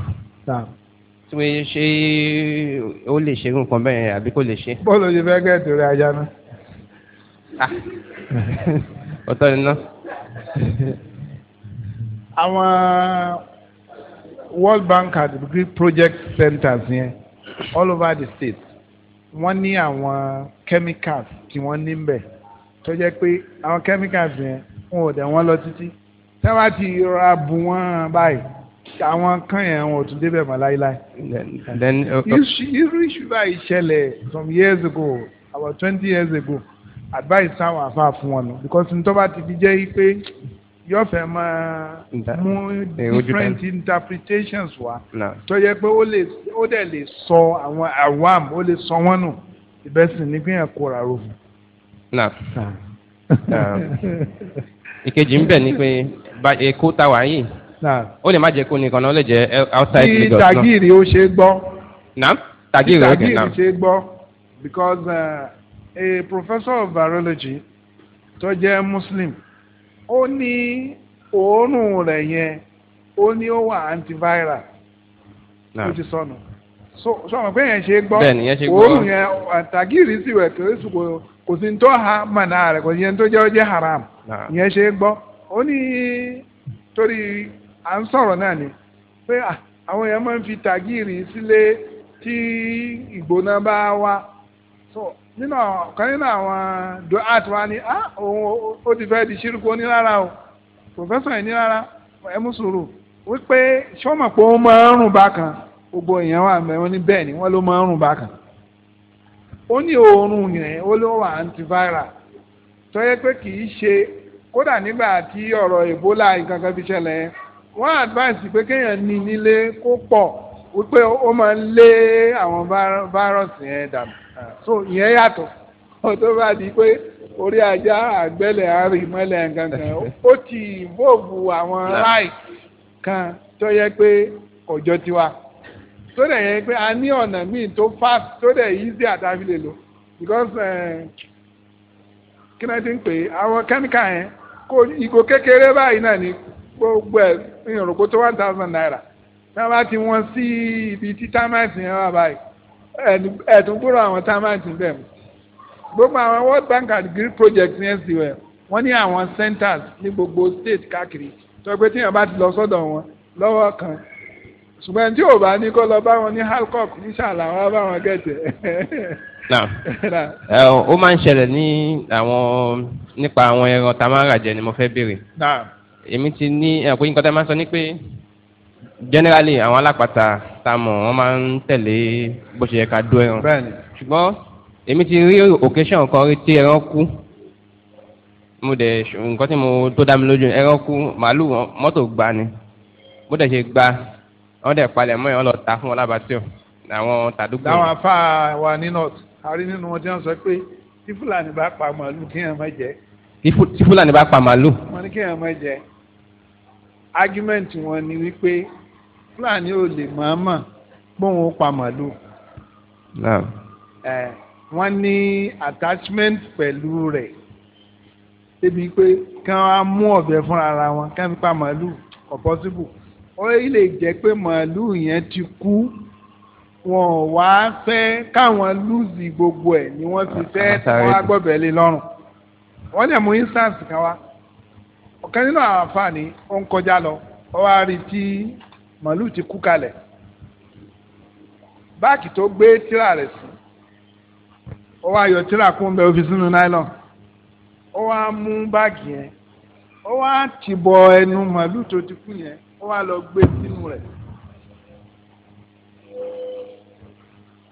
F: tí wọ́n ṣe ó lè ṣe nǹkan bẹ́ẹ̀ yẹn àbí kò lè ṣe.
A: bọ́ọ̀lù yìí fẹ́ gẹ̀ẹ́tì rẹ̀ ajá náà. Ah. ọ̀tọ̀ ni náà. àwọn World Bank and Degree Project Centers yẹn all over the state wọ́n ní àwọn chemicals tí wọ́n ní ń tó jẹ́ pé àwọn chemicals yẹn wọn ò dẹ̀ wọ́n lọ títí tẹ́ wá ti ra bù wọ́n báyìí àwọn kan yẹn wọn ò tún débẹ̀ mọ́ láíláí. Uh, uh, irú ìṣúra ìṣẹ̀lẹ̀ some years ago about twenty years ago advice táwọn afa fún wọn nù because ntọ́ bá ti fi jẹ́ pé yóò fẹ́ máa mú eh, different interpretations wá tó yẹ pé ó dẹ̀ lè sọ àwọn awam ó lè sọ wọn nù ìbẹ́sìn ní pé yẹn kóra ro fún un.
F: Ikeji ìkejì ń bẹ̀ ni pé èkó ta wà yìí ó lè má jẹ́ outside Lagos náà. tagiri ó ṣe gbọ́. naam tagiri ó ṣe
A: naam. because uh, a professor of virology tó jẹ́ muslim ó ní òórùn rẹ̀ yẹn ó ní ó wà antiviral ó ti sọnù so sọ̀rọ̀ pé yẹn ṣe gbọ́ òórùn yẹn tagiri sì wẹ̀ kérésìkò. kò sí ha mma rẹ̀ kò sí jẹ́ haram ìyẹn ṣe é gbọ́ ó ní torí à ń sọ̀rọ̀ náà ni pé àwọn èèyàn máa ń fi tàgìrì sílé tí ìgbóná bá wá so nínú nínú àwọn duat wa ni ah ó ti fẹ́ di o professor ẹ̀ ní rárá mú sùúrù wípé ó máa ń ni wọ́n ló máa ó ní oorun yẹn ó ló wà antiviral tó yẹ pé kì í ṣe kódà nígbà tí ọ̀rọ̀ ebola ìkankan fi ṣẹlẹ̀ wọ́n advice pé kéèyàn ní nílé kó pọ̀ wípé ó máa ń lé àwọn virus yẹn dànù so ìyẹn yàtọ̀ tó bá di pé orí ajá àgbẹ̀lẹ̀ àárín mọ́lẹ̀ kankan ó ti involve àwọn right kan tó yẹ pé kò tiwa tó dẹ̀ yẹn pé a ní ọ̀nà míì tó fast tó dẹ̀ easy àtàfi lè lò because eh, kí náà ti ń pè é àwọn kẹ́míkà yẹn kó ìgò kékeré báyìí náà ni gbogbo ẹ̀ ìrògbò tó one thousand naira tí wọ́n bá ti wọ́n sí ibi tí támáìtì yẹn wà báyìí ẹ̀dùn gbúrò àwọn támáìtì bẹ̀ mú gbogbo àwọn World Bank and Green projects yẹn sì wẹ̀ wọ́n ní àwọn centers ní gbogbo state káàkiri tó pé tíyẹn bá ti lọ sọ́dọ̀ wọn lọ́wọ́ kan ṣùgbọ́n tí ò bá ní kó lọ bá wọn ní halcock níṣàlà wọn bá wọn gẹ̀tẹ̀.
F: ó máa ń ṣẹlẹ̀ ní àwọn nípa àwọn ẹran tá ni mo fẹ́ béèrè. èmi ti ní ẹ̀kọ́ yín kan tá a máa sọ ní pé generally àwọn alápàtà tá a mọ̀ wọ́n máa ń tẹ̀lé bó ṣe yẹ ká dó ẹran. ṣùgbọ́n èmi ti rí occasion kan rí tí ẹran kú mo dẹ̀ nǹkan tí mo tó dá mi lójú ẹran kú màálù mọ́tò gbá ni mo dẹ̀ ṣe gbá wọ́n dẹ̀ palẹ̀ mọ́ yẹn wọ́n lọ ta fún wọn lábàtí o àwọn tàdúgbò. làwọn
A: afa wa ní north àrí nínú wọn tí wọ́n sọ pé tí fúlàní bá pa màálù kí èèyàn má jẹ.
F: tí fúlàní bá pa màálù. wọ́n
A: ní kí èèyàn má jẹ argument wọn ni wípé fúlàní ò lè mọ̀ọ́mọ̀ gbóhùn pa màálù. wọ́n ní attachment pẹ̀lú rẹ̀ débi pé kí wọ́n á mú ọ̀bẹ fúnra wọn kí wọ́n fi pa màálù kò possible ó lè jẹ́ pé màálùú yẹn ti kú wọn ò wá fẹ́ káwọn lùzì gbogbo ẹ̀ ni wọ́n fi fẹ́ ah, ah, wọn á ah, gbọ́bẹ̀ lé lọ́rùn wọ́n lè mú instance kan wá ọ̀kan nínú àwọn àǹfààní ó ń kọjá lọ ó wá rí tí màálùú ti kú kalẹ̀ báàkì tó gbé tírà rẹ̀ sí ó wá yọ tírà kún bẹ́ẹ̀ ó sínú nylon ó wá mú báàgì yẹn ó wá tìbọ̀ ẹnu màálùú tó ti kú yẹn wá lọ gbé sínú rẹ̀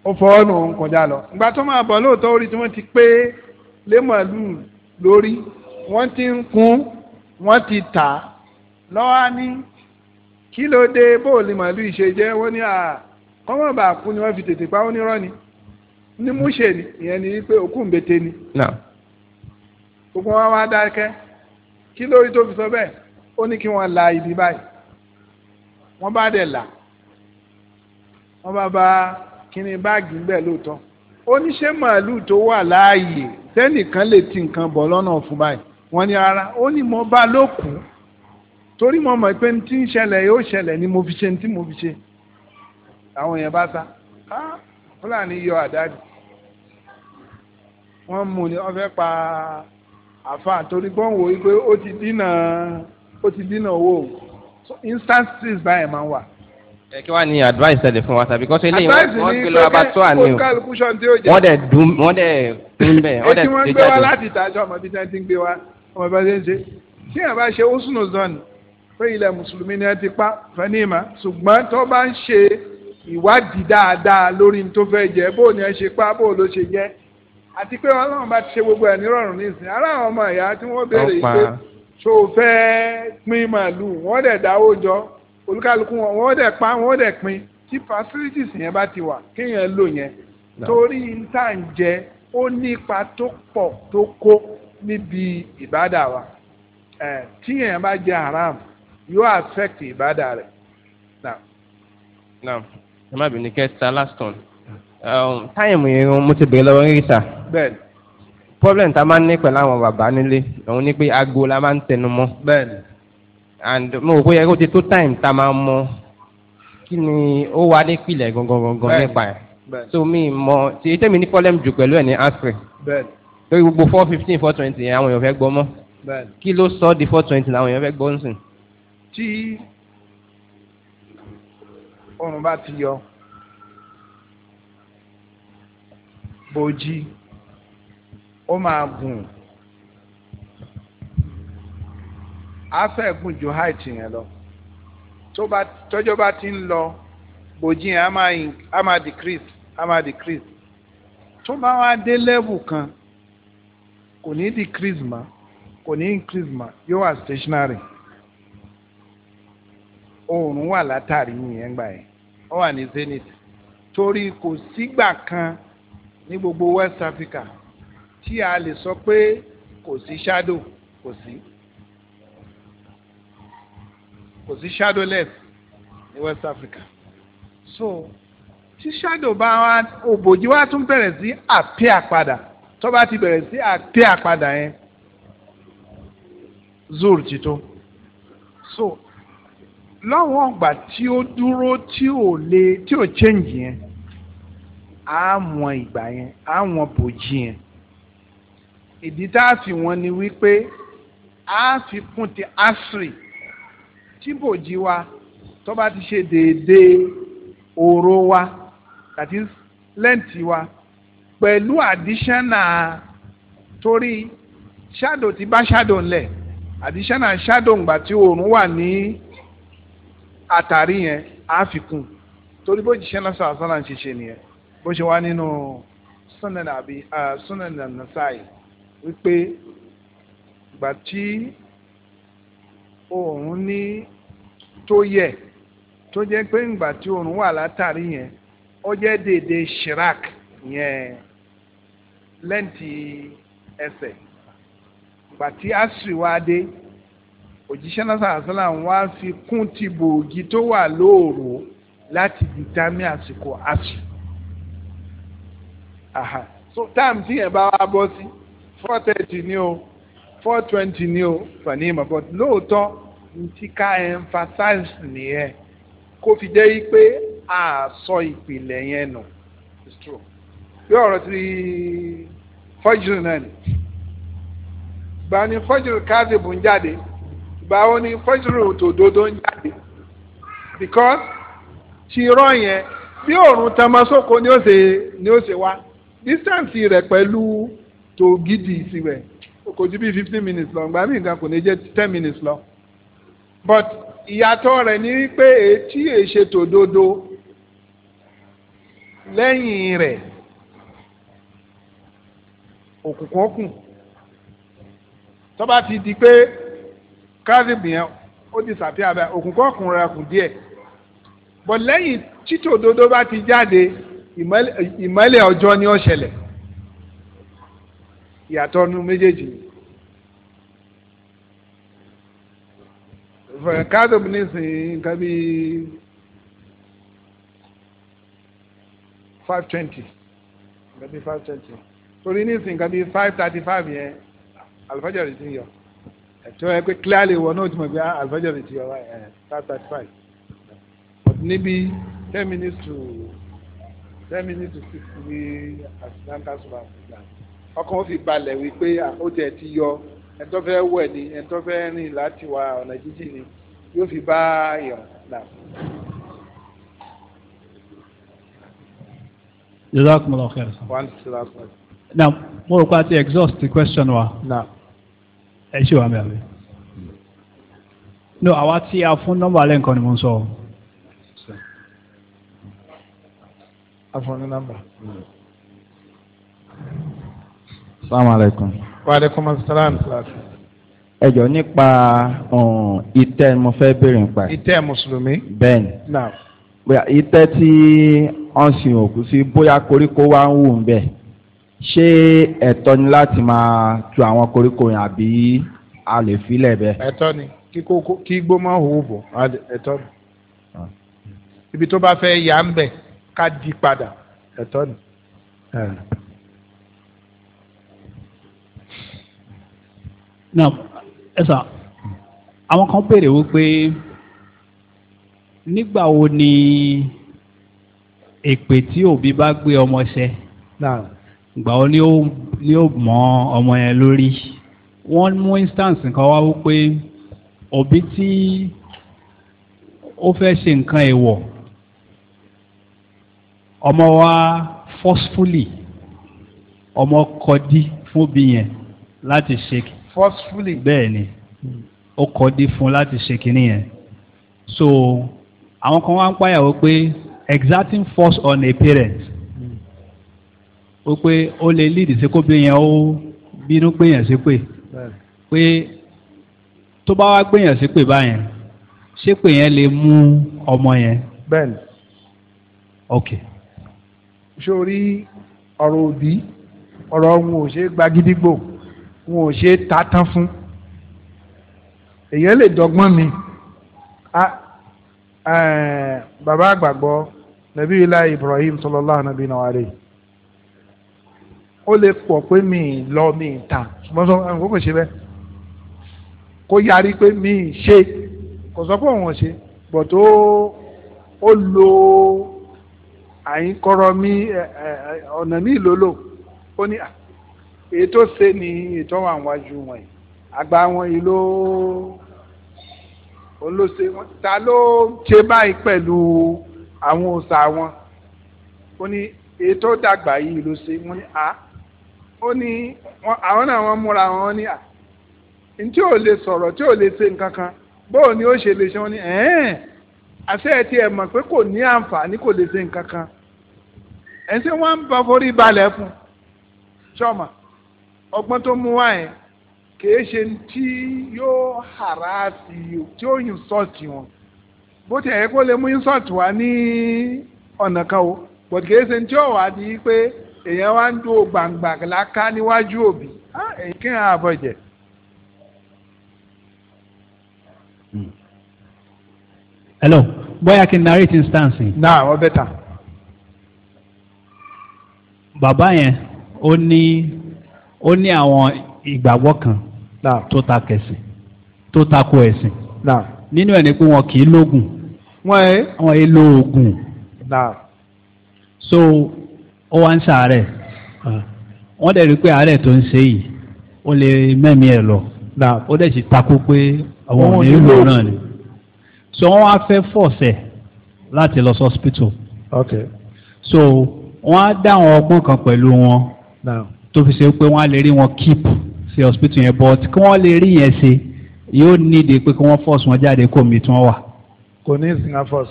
A: ó fọwọ́ òun kọjá lọ ìgbà tó máa bọ̀ lóòótọ́ orí tí wọ́n ti pé lémọ̀lú lórí wọ́n ti ń kún wọ́n ti tà á lọ́wọ́ ní kí ló dé bóòlì màálù ìṣe jẹ́ wọ́n ní kọ́mọ̀ bá kú ni wọ́n fi tètè pa ó ní rọ́ni ní múṣe ni ìyẹn ni òkú ń ni gbogbo wọn wá dákẹ́ kí lórí tó fi sọ bẹ́ẹ̀ ó ní kí wọ́n la ibi báyìí wọ́n bá dẹ̀ là wọ́n bá bá kíni báàgì ńbẹ̀ lóòótọ́ oníṣẹ́ màálù tó wà láàyè tẹ́nìkan lè ti nǹkan bọ̀ lọ́nà fún báyìí wọ́n ní ara ó ní mo bá lókù torí mo mọ̀ pé tí ń ṣẹlẹ̀ yóò ṣẹlẹ̀ ni mo fi ṣe tí mo fi ṣe àwọn èèyàn bá sá fúlàní yọ àdáàdì wọ́n mú ni wọ́n fẹ́ pa àfa torí pé wọ́n pé ó ti dínà ó ti dínà owó òun so instances báyẹn máa ń wà.
F: ẹ kí wàá ní advice tẹ̀lé fún wa tàbí kọ́sọ́ eléyìí wọ́n gbé lọ abatọ́ àní
A: o wọ́n dẹ̀
F: dùn wọ́n dẹ̀ dùn bẹ́ẹ̀ wọ́n dẹ̀ dùn jáde. èyí tí wọ́n gbé wa láti
A: ìtajà ọmọ bíi tẹ́ni tí ń gbé wa ọmọ bá ṣe ń ṣe tí yàrá bá ṣe húsùnù zọ́ọ̀nù pé ilẹ̀ mùsùlùmí ni ẹ ti pa fẹ́nìmá ṣùgbọ́n tó bá ń ṣe ìwádìí dáadáa lórí ní tó fẹ́ jẹ bó ni ẹ ṣe pa bó ló ṣe jẹ àti pé ọlọ́run bá ti ṣe gbogbo ẹ̀ nírọ̀rùn nísìnyí aráàlú ọmọ ìyá tí wọ́n béèrè yìí tó fẹ́ pín màlúù wọ́n dẹ̀ dáwó jọ olúkálukú wọn wọ́n dẹ̀ pa wọ́n dẹ̀ pín tí facilities yẹn bá ti wà kéèyàn lò yẹn torí tá à ń jẹ ó nípa tó pọ̀ tó kó níbi ìbádà wa tíyẹn bá jẹ haram yóò affect ìbádà rẹ̀.
F: naam ẹ má bínú kẹ́ ta last one Time yẹn mo ti bèrè lọ́wọ́ rí sà. bẹ́ẹ̀ni problem tá a máa ń ní pẹ̀lú àwọn bàbá nílé òun ni pé aago la máa ń tẹnu mọ́. bẹ́ẹ̀ni. and mo rò pé yẹ kó ti tó time tá a máa mọ kí ni ó wà ní ìpìlẹ̀ gangan gangan nípa ẹ̀. bẹ́ẹ̀ni. so mi mọ ti ètò mi ní problem jù pẹ̀lú ẹ̀ ní aspirin. bẹ́ẹ̀ni. lórí gbogbo four fifteen four twenty yẹn àwọn èèyàn fẹ́ gbọ́ mọ́.
A: bẹ́ẹ̀ni. kí ló sọ di four
F: twenty làwọn èèyàn fẹ́ gbọ́ ń sìn.
A: tí oòrùn bá ti yọ bòójì. ó máa gùn afẹ́ gùn ju height yẹn lọ tọ́jọ́ bá ti ń lọ bòjì yẹn á máa decrease á máa decrease tó bá wá dé level kan kò ní decrease mọ́ kò ní increase mọ́ yóò wà stationary oòrùn wà látàrí yẹn gbà yẹn ó wà ní zenith torí kò sígbà kan ní gbogbo West Africa tí a lè sọ pé kò sí shadow kò sí kò sí shadowless ní West Africa so tí shadow bá wá òbòjì wá tún bẹ̀rẹ̀ sí àpíà padà tó bá ti bẹ̀rẹ̀ sí àpíà padà yẹn zur ti tó so lọ́wọ́ ọgbà tí ó dúró tí ò lè tí ò change yẹn àmọ́ ìgbà yẹn àmọ́ bòjì yẹn ìdí tá a fi wọn ni wípé a fi kún ti asri tí bòjì wa tó bá ti ṣe déédéé òòró wa that is lẹ́ǹtì wa pẹ̀lú additional torí shadow ti bá shadow ńlẹ̀ additional shadow ńgbà tí oòrùn wà ní àtàrí yẹn àfikún torí bó jíṣẹ́ náà sọ̀rọ̀ sọ́nà ń nìyẹn bó ṣe wá nínú sunan àbí uh, sunan nasai wípé ìgbà tí oòrùn ní tó yẹ tó jẹ́ pé ìgbà tí oòrùn wà látàrí yẹn ó jẹ́ déédé shirak yẹn lẹ́ǹtì ẹsẹ̀ ìgbà tí asiri wá dé òjíṣẹ́ náà sàásìlà wá fi kún ti bòògì tó wà lóòrò láti dìtámì àsìkò asiri. Aha. so táàmù tí yẹn bá wá bọ́ sí. Si, four thirty ni o four twenty ni o fani but lóòótọ́ ntí ká emphasize nìyẹn kó fi jẹ́ pé a sọ ìpìlẹ̀ yẹn nù bí ọ̀rọ̀ ti fọ́jìrì náà ni ìgbà ni fọ́jìrì káàdìbò ń jáde ìgbà wo ni fọ́jìrì òtòdodo ń jáde because ti rọ yẹn bí òòrùn tamasoko ni ó ṣe ni ó ṣe wá distance rẹ̀ pẹ̀lú tó gidi síbẹ̀ kò ju bí fifteen minutes lọ ìgbà míì gan kò ní jẹ́ ten minutes lọ but ìyàtọ̀ rẹ̀ ni wípé etí èṣètò dodo lẹ́yìn rẹ̀ òkùnkùn ọkùn tọ́ba ti di pé kárìbì yẹn ó di sàfihàn abẹ́ òkùnkùn ọkùn rẹ̀ kù díẹ̀ but lẹ́yìn títò dodo bá ti jáde ìmọ́lẹ̀ ọjọ́ ni ó ṣẹlẹ̀ ìyàtọ̀ nu méjèèjì káàdùn nísìnyí nǹkan bíi five twenty nǹkan bíi five twenty torí nísìnyí nǹkan bíi five thirty five yẹn alifajari ti yọ ẹ̀tọ́ ẹ pé clearly wọ náà jùmọ̀ pé ah, alifajari ti yọ eh, five thirty five but níbi ten minutes to ten minutes to six ní asinan kasuba islam ọkàn ó fi balẹ̀ wípé àkójẹ ti yọ ẹ̀ńtọ́ fẹ́ wẹ̀ ni ẹ̀ńtọ́ fẹ́ rìn láti wà ọ̀nà jíjìn ni yóò fi bá yàn nà.
D: jazakumullahu khairan. one na mo rò pé a ti exhaust the question wa. na. ẹ ṣe wà mẹ́rin. no àwa tí a fún nọ́mbà alẹ́ nǹkan ni mo ń sọ. a fún ní nọ́mbà.
B: Hmm
F: salaam aleykum.
A: wa aleykum salaam salaam.
F: ẹ jọ nípa um, ìtẹ́ mo fẹ́ béèrè nípa.
A: ìtẹ́ mùsùlùmí. bẹ́ẹ̀ni. naam. bóyá ìtẹ́ tí wọ́n sin òkú sí bóyá koríko wá ń wù ń bẹ̀ ṣé ẹ̀tọ́ ni láti máa tu àwọn koríko yẹn àbí a lè filẹ̀ bẹ́ẹ̀. ẹ̀tọ́ ni kí igbó máa hù ú bọ̀ ẹ̀tọ́ ni ah. ibi tó bá fẹ́ yà ń bẹ̀ ká di padà ẹ̀tọ́ ni. Eh.
F: náà ẹ̀sà àwọn kan béèrè wípé nígbà wo ni èpè tí òbí bá gbé ọmọ ṣe ìgbà wo ni ó mọ ọmọ yẹn lórí wọ́n mú
A: instance kan wá wípé òbí tí ó fẹ́ ṣe nǹkan èèwọ̀ ọmọ wa forcefully
E: ọmọ kọdí fún bí yẹn láti ṣe kí forcefully.
D: bẹ́ẹ̀ni ó kọ dí fún láti ṣe kinní yẹn so àwọn kan wá ń pàyàwó pé exerting force on a parent
F: ó pé ó lè lead sí kó bí yẹn ó bínú pé yẹn sí pé pé tó bá wá gbé yẹn sí pé báyẹn ṣé pé yẹn lè mú
A: ọmọ yẹn. bẹ́ẹ̀ni. ok. sórí ọ̀rọ̀ òbí ọ̀rọ̀ ọ̀hún ò ṣeé gbagidigbò wọn ò ṣe é ta tán fún èyàn lè dọ́gbọ́n mi bàbá àgbàgbọ́ nàbí ilá Ibrahim sallallahu nàbí náà rè ó lè pọ̀ pé mi lọ mi ta ṣùgbọ́n sọ àwọn kò ṣe bẹ́ẹ̀ kó yarí pé mi ṣe kò sọ pé òun ò ṣe bọ̀ tó ó lo àyínkọ́rọ́ mi ọ̀nà mi ìlólò ó ní à èyí tó ṣe ni ètò àwọn àwájú wọn yìí àgbà wọn yìí ló olóṣè wọn ta ló ṣe báyìí pẹ̀lú àwọn òòṣà wọn ó ní èyí dàgbà yìí ló ṣe wọn ní a ó ní àwọn náà wọn múra wọn ní a tí ò lè sọ̀rọ̀ tí ò lè ṣe nǹkan kan bóò ni ó ṣe lè ṣe wọn ní ẹ̀ẹ́n àṣẹ ẹ̀ tí ẹ mọ̀ pé kò ní àǹfààní kò lè ṣe nǹkan kan ẹ̀ ṣé wọ́n ń bá forí balẹ̀ fún ṣọ́ọ̀mà ọgbọ́n tó mú wá yẹn kìí ṣe tí yóò hàrá sí tí ó yùn sọ́ọ̀tì wọn bó ti ẹ̀yẹ́ kó lè mú sọ́ọ̀tì wá ní ọ̀nà kan o but kìí ṣe tí ó wà ní pé èèyàn wá ń do gbàǹgbà láká níwájú òbí èyí kí n àbọ̀
D: hmm. hello
A: bóyá kí n narrate instance. náà wọ́n bẹ̀ tà. bàbá yẹn ó ní ó ní àwọn ìgbàgbọ́ kan tó ta kẹsìn tó takò ẹ̀sìn nínú ẹ̀ ni pé wọn kì í lóògùn wọn è lo oògùn so ó wá ń ṣàárẹ̀
B: ah.
E: wọ́n dẹ̀ rí pé àárẹ̀ tó ń ṣe yìí ó lè mẹ́mí ẹ̀ lọ ó dẹ̀ sì takò pé àwọn ò ní náà ni so wọ́n wá fẹ́ fọ̀ọ̀sẹ̀
D: láti lọ sí so wọ́n á dá àwọn ọgbọ́n kan pẹ̀lú wọn tó fi ṣe pé wọ́n á lè rí wọn keep sí hospital yẹn but kí wọ́n lè
C: rí yẹn ṣe yóò nídìí pé kí wọ́n force wọn jáde kó mi tí wọ́n wà.
A: kò ní sinna force.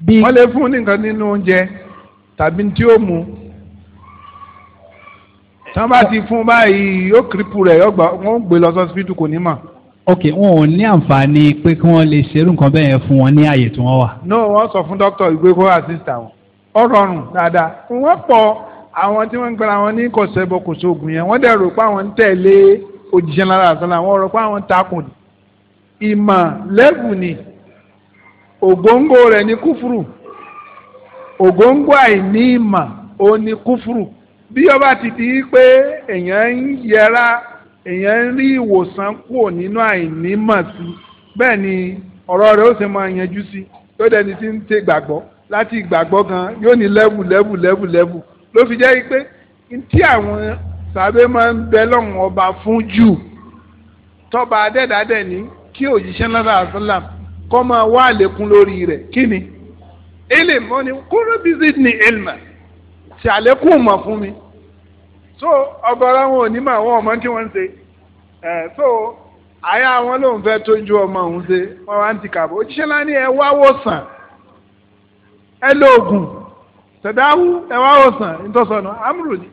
A: bí wọ́n lè fún nìkan nínú oúnjẹ tàbí tí ó mu tí wọ́n bá ti fún báyìí yóò kírípù rẹ̀ wọ́n gbé lọ sọ́sibítù kò ní mà.
F: ok wọn ò ní àǹfààní pé kí wọ́n lè ṣerú nǹkan bẹ́ẹ̀ yẹn fún wọn ní
D: àyè tí wọ́n wà.
A: no wọ́n sọ fún dókítà ìgbé kó assist àwọn dáadáa wọ́n pọ̀ àwọn tí wọ́n ń gbára wọn ní kọ̀sẹ́bọ kò sóògùn yẹn wọ́n dẹ̀ rò pé àwọn ń tẹ̀lé òjíṣẹ́ lára àtàlà àwọn rò pé àwọn ń takùn ìmọ̀ lẹ́bù ni ògóńgó rẹ̀ ní kúfùrù ògóńgó àìní ìmọ̀ ó ní kúfùrù bí ọba ti di pé èèyàn ń yẹra èèyàn ń ni ó sì máa gan yóò ní ló fi jẹ́ pé tí àwọn sàbẹ̀ máa ń bẹ lọ́hùn ọba fún jù tọ́ba adẹ́dàdẹ́ ní kí òjíṣẹ́ náírà àfúlà kọ́ máa wá àlékún lórí rẹ̀ kí ni ilé mọ́ ni kúrò bísí ni elma ṣe àlékún mọ̀ fún mi so ọgọ́rọ̀ wọn ò ní mà wọ́n ọmọ tí wọ́n ṣe ẹ̀ so àyà wọn ló ń fẹ́ tójú ọmọ òun ṣe wọ́n wá ń ti kàbọ̀ òjíṣẹ́ náà ẹ wáwọ̀ sàn ẹ lóògùn sẹdáwù ẹwà òsàn ntọ́sọ̀nà amúrò ni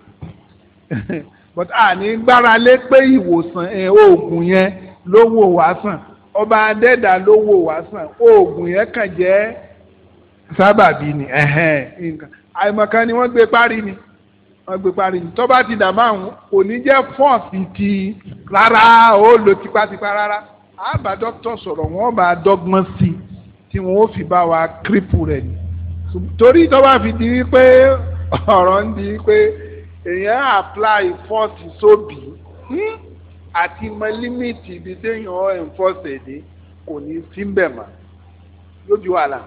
A: but a ní gbára lé pé ìwòsàn ẹ̀ oògùn yẹn ló wò wá sàn ọba adẹ́dà ló wò oògùn yẹn kàn jẹ́ sábàbí ni àìmọ̀kan ni wọ́n gbé parí ni wọ́n gbé parí ni tọ́ba ti dà máàrún kò ní jẹ́ fọ́ọ̀sì ti rárá ó lo tipátipá rárá àbá dókítà sọ̀rọ̀ wọ́n bá dọ́gbọ́n sí i tí wọ́n ó fi bá wa kírípù rẹ̀ ni torí tó bá fi di wípé ọ̀rọ̀ ń di wípé èèyàn apply force sóbì hmm, àti mọ límìtì ibi téèyàn enforce èdè kò ní sí ń bẹ̀ lójú àlà.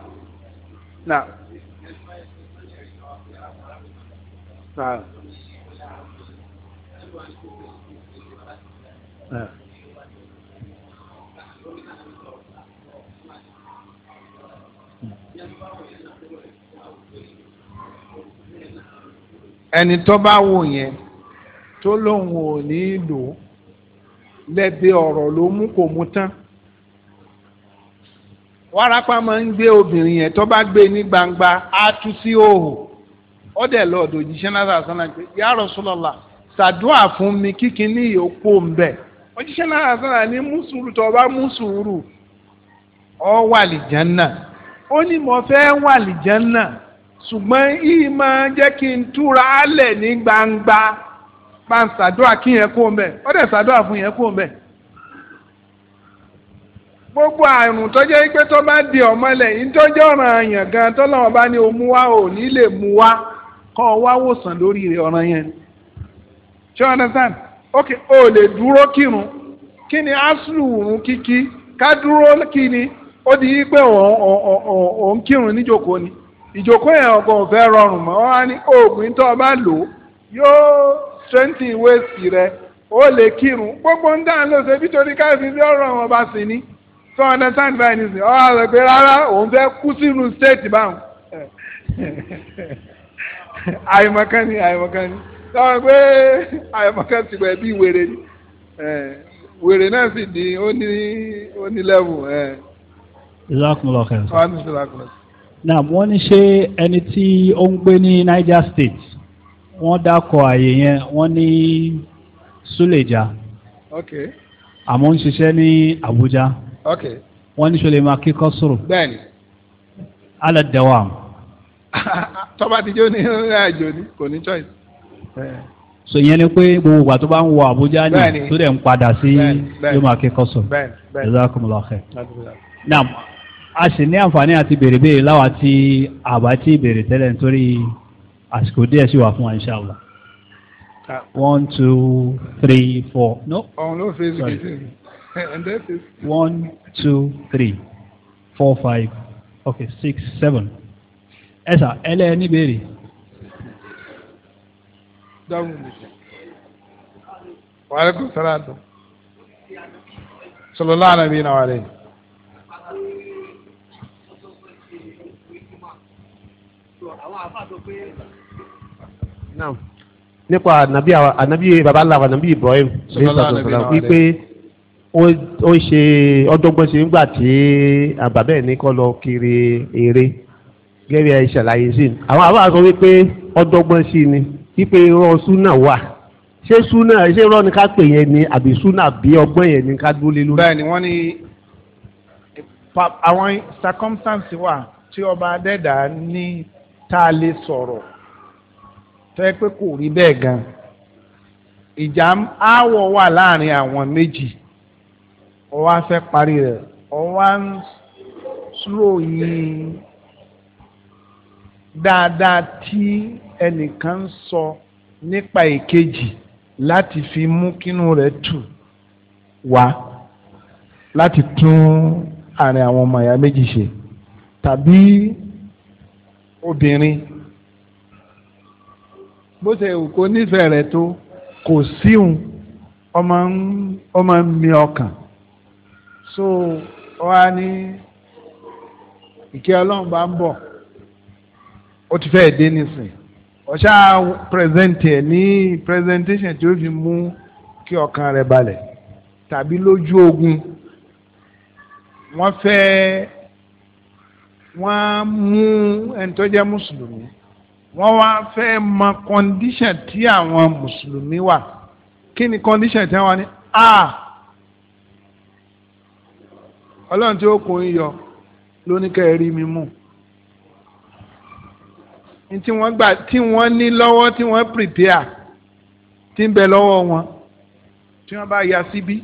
A: Yeah. ẹni tó bá wò yẹn tó lóun ò ní lò lẹ́bi ọ̀rọ̀ ló mú kò mú tán wárápá máa ń gbé obìnrin yẹn tó bá gbé ní gbangba á tú sí òhò ó dẹ̀ òjíṣẹ́ sọ́nà pé ya fún mi ń bẹ̀ òjíṣẹ́ sọ́nà ní tó bá ó ṣùgbọ́n yìí máa jẹ́ kí n túra ní gbangba bá ń ṣàdúrà kí yẹn kó dẹ̀ ṣàdúrà fún yẹn kó mbẹ. gbogbo àrùn tó jẹ́ pé tó bá di ọ̀mọ́lẹ̀ yìí tó jẹ́ ọ̀ràn àyàn gan tó bá ní o wá o ní o understand? ok o lè dúró kírun kí ni kíkí ká dúró kí ni ó ni. ìjókòó yẹn ọgbọ́n ò fẹ́ rọrùn mọ́ wá ní oògùn tó o bá lò ó yóò strengthen waist rẹ ó lè kírun gbogbo ń dáhùn ló ṣe bí torí káyọ̀sí sí ọ̀rọ̀ wọn bá sì ní tó understand by ní sìn ọ́ àlọ́ pé rárá òun fẹ́ kú sínú state báwọn àìmọ̀kan ni àìmọ̀kan ni sọ pé àìmọ̀kan ti gbẹ̀ bí wèrè ni eh, wèrè náà sì ní ó ní ó ní level. ìlà kùnlọ̀ kẹsàn-án
D: náà wọ́n ní ṣe ẹni tí ó ń gbé ní Niger State wọ́n dákọ̀ àyè yẹn wọ́n ní Suleja
A: okay
E: àmọ́ ń ṣiṣẹ́ ní Abuja okay wọ́n ní ṣe lè máa kíkọ́ sòrò bẹ́ẹ̀ni aládẹ́wà.
A: tọ́ba ti ní ìrìn ni kò ní
B: choice.
E: so ìyẹn ni pé gbogbo ìgbà tó bá ń wọ Abuja ni tó dẹ̀ ń padà sí yóò máa kíkọ́ sòrò. bẹ́ẹ̀ni bẹ́ẹ̀ni
B: jazakumullahu
E: a sì ní àǹfààní àti béèrè béèrè láwa tí àbá tí béèrè tẹ́lẹ̀ nítorí àsìkò díẹ̀ sì wà fún wa inṣàlá. one two three four.
A: no sorry
D: one two three four five okay six seven. ẹ sà ẹ lẹ́ẹ̀ ní béèrè.
A: dáhùn mi sẹ́ wàhálà kò sára dùn sọlọ́lá àná bíi náà wà lẹ́yìn.
B: naam
C: nípa ànábì ànábì baba ńlá ànábì Ibrahim wípé ó ṣe ọdọ́gbọ́n ṣe nígbà tí àbàbẹ́ ẹ̀ ní kọ́ lọ kiri eré gẹ́gẹ́ ẹ ṣàlàyé sí i àwọn àbá sọ wípé ọdọ́gbọ́n sí ni wípé irọ́ súnà wà ṣé súnà ṣé irọ́ ni ká pè yẹn ni àbí súnà bí ọgbọ́n yẹn ni
A: ká dúró lé lórí. bẹ́ẹ̀ni wọn ní àwọn circumstance wà tí ọba adẹ́dà ní tá a lè sọ̀rọ̀ tó yẹ pé kò rí bẹ́ẹ̀ gan ìjà aáwọ̀ wà láàrin àwọn méjì ó wá fẹ́ parí rẹ̀ ó wá ń ròyìn dáadáa tí ẹnìkan ń sọ nípa èkejì láti fi mú kínú rẹ̀ tù wá láti tún àárín àwọn ọmọ ìyá méjì ṣe tàbí obìnrin bó ṣe wù kó nífẹ̀ẹ́ rẹ̀ tó kò síhun ọmọ ń ọmọ ń mi ọkàn so wá ní ìkẹ́ ọlọ́run bá ń bọ̀ ó ti fẹ́ dé nísìn ọ̀ṣà pírẹsẹ̀ntì ẹ̀ ní pírẹsẹ̀ntéṣàn tí ó fi mú kí ọkàn rẹ̀ balẹ̀ tàbí lójú ogun wọ́n fẹ́ẹ́ wọ́n mú ẹni tó jẹ́ mùsùlùmí wọ́n wá fẹ́ mọ kọ́ndíṣàn tí àwọn mùsùlùmí wà kí ni kọ́ndíṣàn tí wọ́n ní a ọlọ́run tí ó kò ń yọ lóníkẹ́ rí mi mú tí wọ́n gbà tí wọ́n ní lọ́wọ́ tí wọ́n prepare tí ń bẹ lọ́wọ́ wọn tí wọ́n bá ya síbí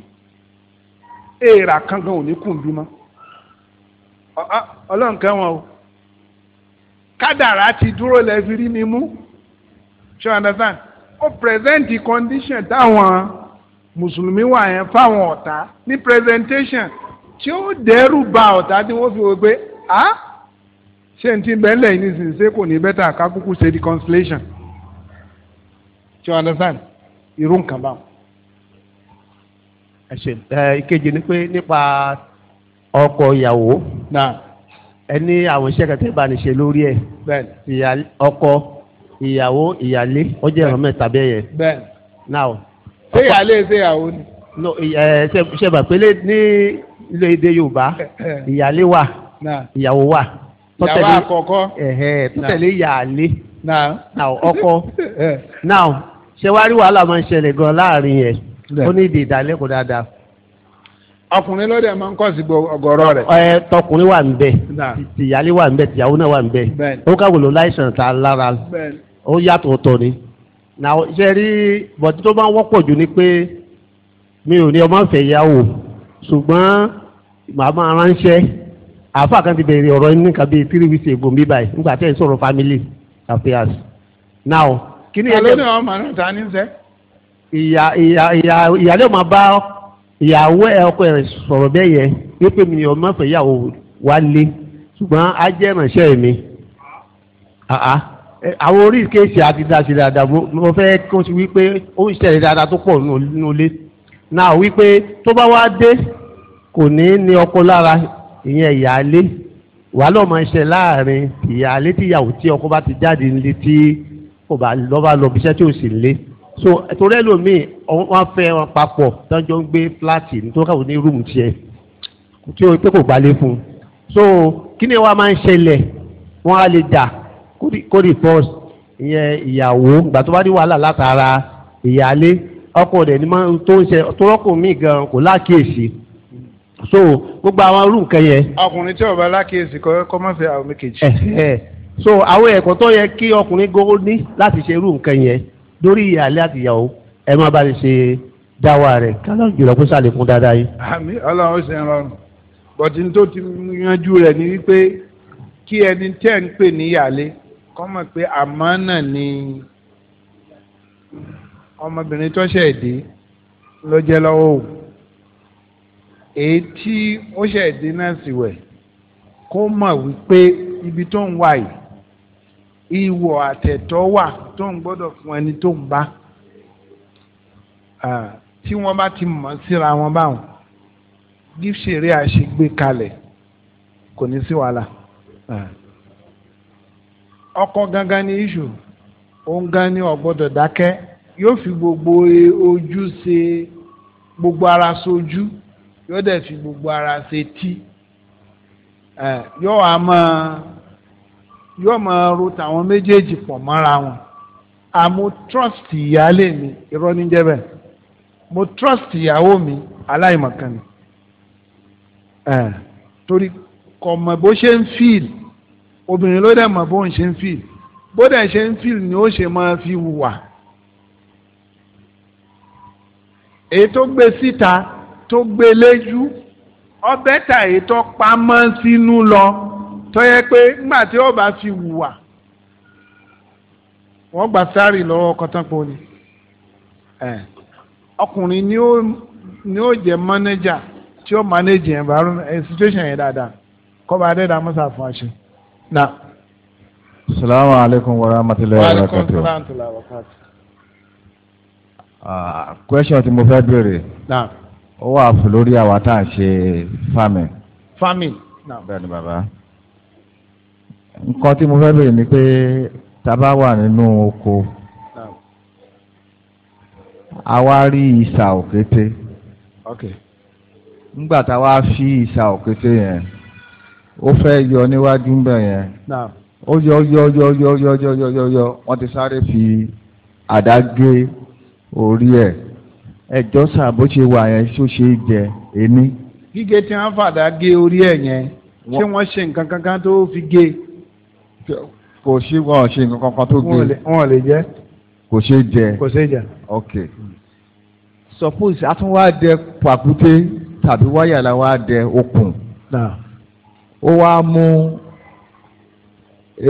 A: èèrà kankan ò ní kùn bímọ ọlọ́run kẹ́ wọn o kádàrá ti dúró lẹ́fi rí mi mú ṣé o understand ó present the condition táwọn mùsùlùmí wà yẹn fáwọn ọ̀tá ní presentation tí ó dẹ́rù ba ọ̀tá tí wọ́n fi wọ́n pé á ṣé n ti bẹ́ẹ̀ lẹ́yìn nísinsìnyí ṣé kò ní bẹ́tà kákúkú ṣe the constellation ṣé o understand irú nǹkan báwọn. ẹ
C: ṣe ẹ ìkejì ni pé nípa ọkọ ìyàwó ẹni àwọn iṣẹ́ kẹtẹ́ bá ní ṣe lórí ọkọ ìyàwó ìyàlé ó jẹ́ ìrànmọ́ ẹ̀ta bẹ́ẹ̀ ṣé ṣe ìyàwó ni. ṣe ní ilé èdè Yorùbá ìyàlé wà ìyàwó wà tọ́tẹ̀lé ọkọ rí wàhálà máa ń ṣẹlẹ̀ gan láàrin yẹn ó ní ìdálẹ́kọ̀ọ́ dáadáa.
A: ọkùnrin lọ́dẹ̀ máa ń kọ́ sí ọgọ́rọ́ rẹ̀.
C: ẹ tọkùnrin wà nbẹ tìyálé wà nbẹ tìyàwó náà wà nbẹ ó káwé ló láìsàn tá a lára ó yàtọ̀ ọ̀tọ̀ ni. náà ṣe rí bọ̀dí tó máa ń wọ́pọ̀ jù ni pé mi ò ní ọmọ fẹ́ yàwó ṣùgbọ́n màá máa ránṣẹ́ àáfà kan ti bẹ̀rẹ̀ ọ̀rọ̀ inú nǹkan bíi three weeks ago mi báyìí nígbà tẹ́ ẹ̀ sọ̀rọ̀ family affairs. now
A: kí ni ẹ̀ lọ́dẹ̀ ọmọ náà ta ní sẹ́.
C: ìyá ìyá ìyá ìyálé ò máa bá ìyàwó ẹ ọkọ ẹ sọ̀rọ̀ bẹ́ẹ̀ yẹ wípé mi ò má fẹ́ ìyàwó wa lé ṣùgbọ́n á jẹ́ ìrànṣẹ́ mi àwọn orí kéèsì àti dáṣe dáadáa mo fẹ́ kó sí wípé ó ń ṣẹlẹ̀ dáadáa tó pọ̀ nínú ilé náà wípé tó bá wá dé kò ní ní ọkọ lára ìyẹn ìyáálé wàá lọ́ọ́ máa ṣe láàrin ìyáálé tíyàwó tí ọkọ bá ti jáde nílé tí kò bá lọ́ba lọ bíṣẹ́ tí ò sì lé so torí ẹlòmíì wọn fẹ́ wọn papọ̀ tọ́jọ́ ń gbé fúláàtì nítorí káwọn ní rúùmù tiẹ̀ tí o pé kò gbalé fún un so kí ni wàá máa ń ṣẹlẹ̀ wọn á lè dà kó di first ìyẹn ìyàwó ìgbà tó bá ní wàhálà látara ìyáálé ọkọ rẹ̀ ni máa tó ń ṣe tó rọ́kùn mí gan kò láàkíyèsí so gbogbo àwọn irú nǹkan yẹn.
A: ọkùnrin tí ó bá lákèésí kọ kọ má fẹ́ àwọn méjèèjì.
C: so àwọn ẹ̀kọ́ tó yẹ kí ọkùnrin gbogbo ní láti ṣe irú nǹkan yẹn dórí ìyàlẹ́ àtìyàwó ẹ má bá ní ṣe dáwà rẹ̀ kálọ̀ jùlọ kó sàlékún dáadáa yín.
A: àmì ọlọ́run ṣe ń rọrùn bọ̀tí tó ti yanjú rẹ̀ ni wípé kí ẹni tẹ́ ń pè ní ìyàlẹ́ kó mọ̀ pé àmọ́ náà ni ọmọbìnrin tó ṣẹ̀ dé ló jẹ́ lọ́wọ́ òun èyí tí ó ṣẹ̀ dé náà sì wẹ̀ kó mọ̀ wípé ibi tó ń wà yìí ìwọ àtẹ̀tọ́ wà tó ń gbọ́dọ̀ fún ẹni tó ń bá tí wọ́n bá ti mọ̀ síra wọn báwọn gíṣèré àṣegbè kalẹ̀ kò ní sí wàhálà ọkọ gangan ni iṣu òun gan ni ọ̀gbọ́dọ̀ dákẹ́ yóò fi gbogbo ojú ṣe gbogbo ara ṣojú yóò dẹ̀ fi gbogbo ara ṣe tí yóò wá máa yóò máa ro tàwọn méjèèjì pọ̀ mọ́ra wọn àmú trust ìyáálé mi irọ́ ní jẹ́ bẹ́ẹ̀ mo trust ìyàwó mi aláìmọ̀kan ni torí kò mọ̀ bó ṣe ń feel obìnrin ló dẹ̀ mọ̀ bó ń ṣe ń feel bó dẹ̀ ṣe ń feel ni ó ṣe máa fi wùwà èyí tó gbé síta tó gbé léjú ọbẹ̀ tà èyí tó pamọ́ sínú lọ. tó yẹ pé nígbà tí ó fi wùwà wọ́n gbà sáré lọ́wọ́ kọ́tánpọ̀ ni ọkùnrin ni ó jẹ́ mọ́nẹ́jà tí ó eh, situation yẹn dáadáa kọ́ba adéda musa fún ọṣẹ.
D: salaamu aleykum wa rahmatulahi wa
A: barakatuh. question ti mo fẹ́ ó
F: wà
D: lórí àwa tá ṣe farming.
A: farming. ni bàbá.
D: nǹkan tí mo fẹ́ bèrè ni pé wà nínú oko
A: a ìsà òkété nígbà tá a wá fi ìsà òkété yẹn ó fẹ́ yọ níwájú yẹn ó yọ yọ yọ yọ yọ yọ yọ yọ yọ fi
C: àdá gé orí ẹ̀ ẹjọ́ sà bó ṣe wà yẹn ṣó ṣe
A: jẹ èmi. gígé tí wọ́n fàdá gé orí ẹ̀ yẹn ṣé wọ́n ṣe nǹkan kankan tó fi gé kò ṣe wọn ṣe nǹkan kan tó gbé wọn lè jẹ
D: kò ṣe jẹ kò
A: ṣe jẹ ok suppose atúnwá dẹ pàkúté tàbí wáyà la wá dẹ okùn ó wá mú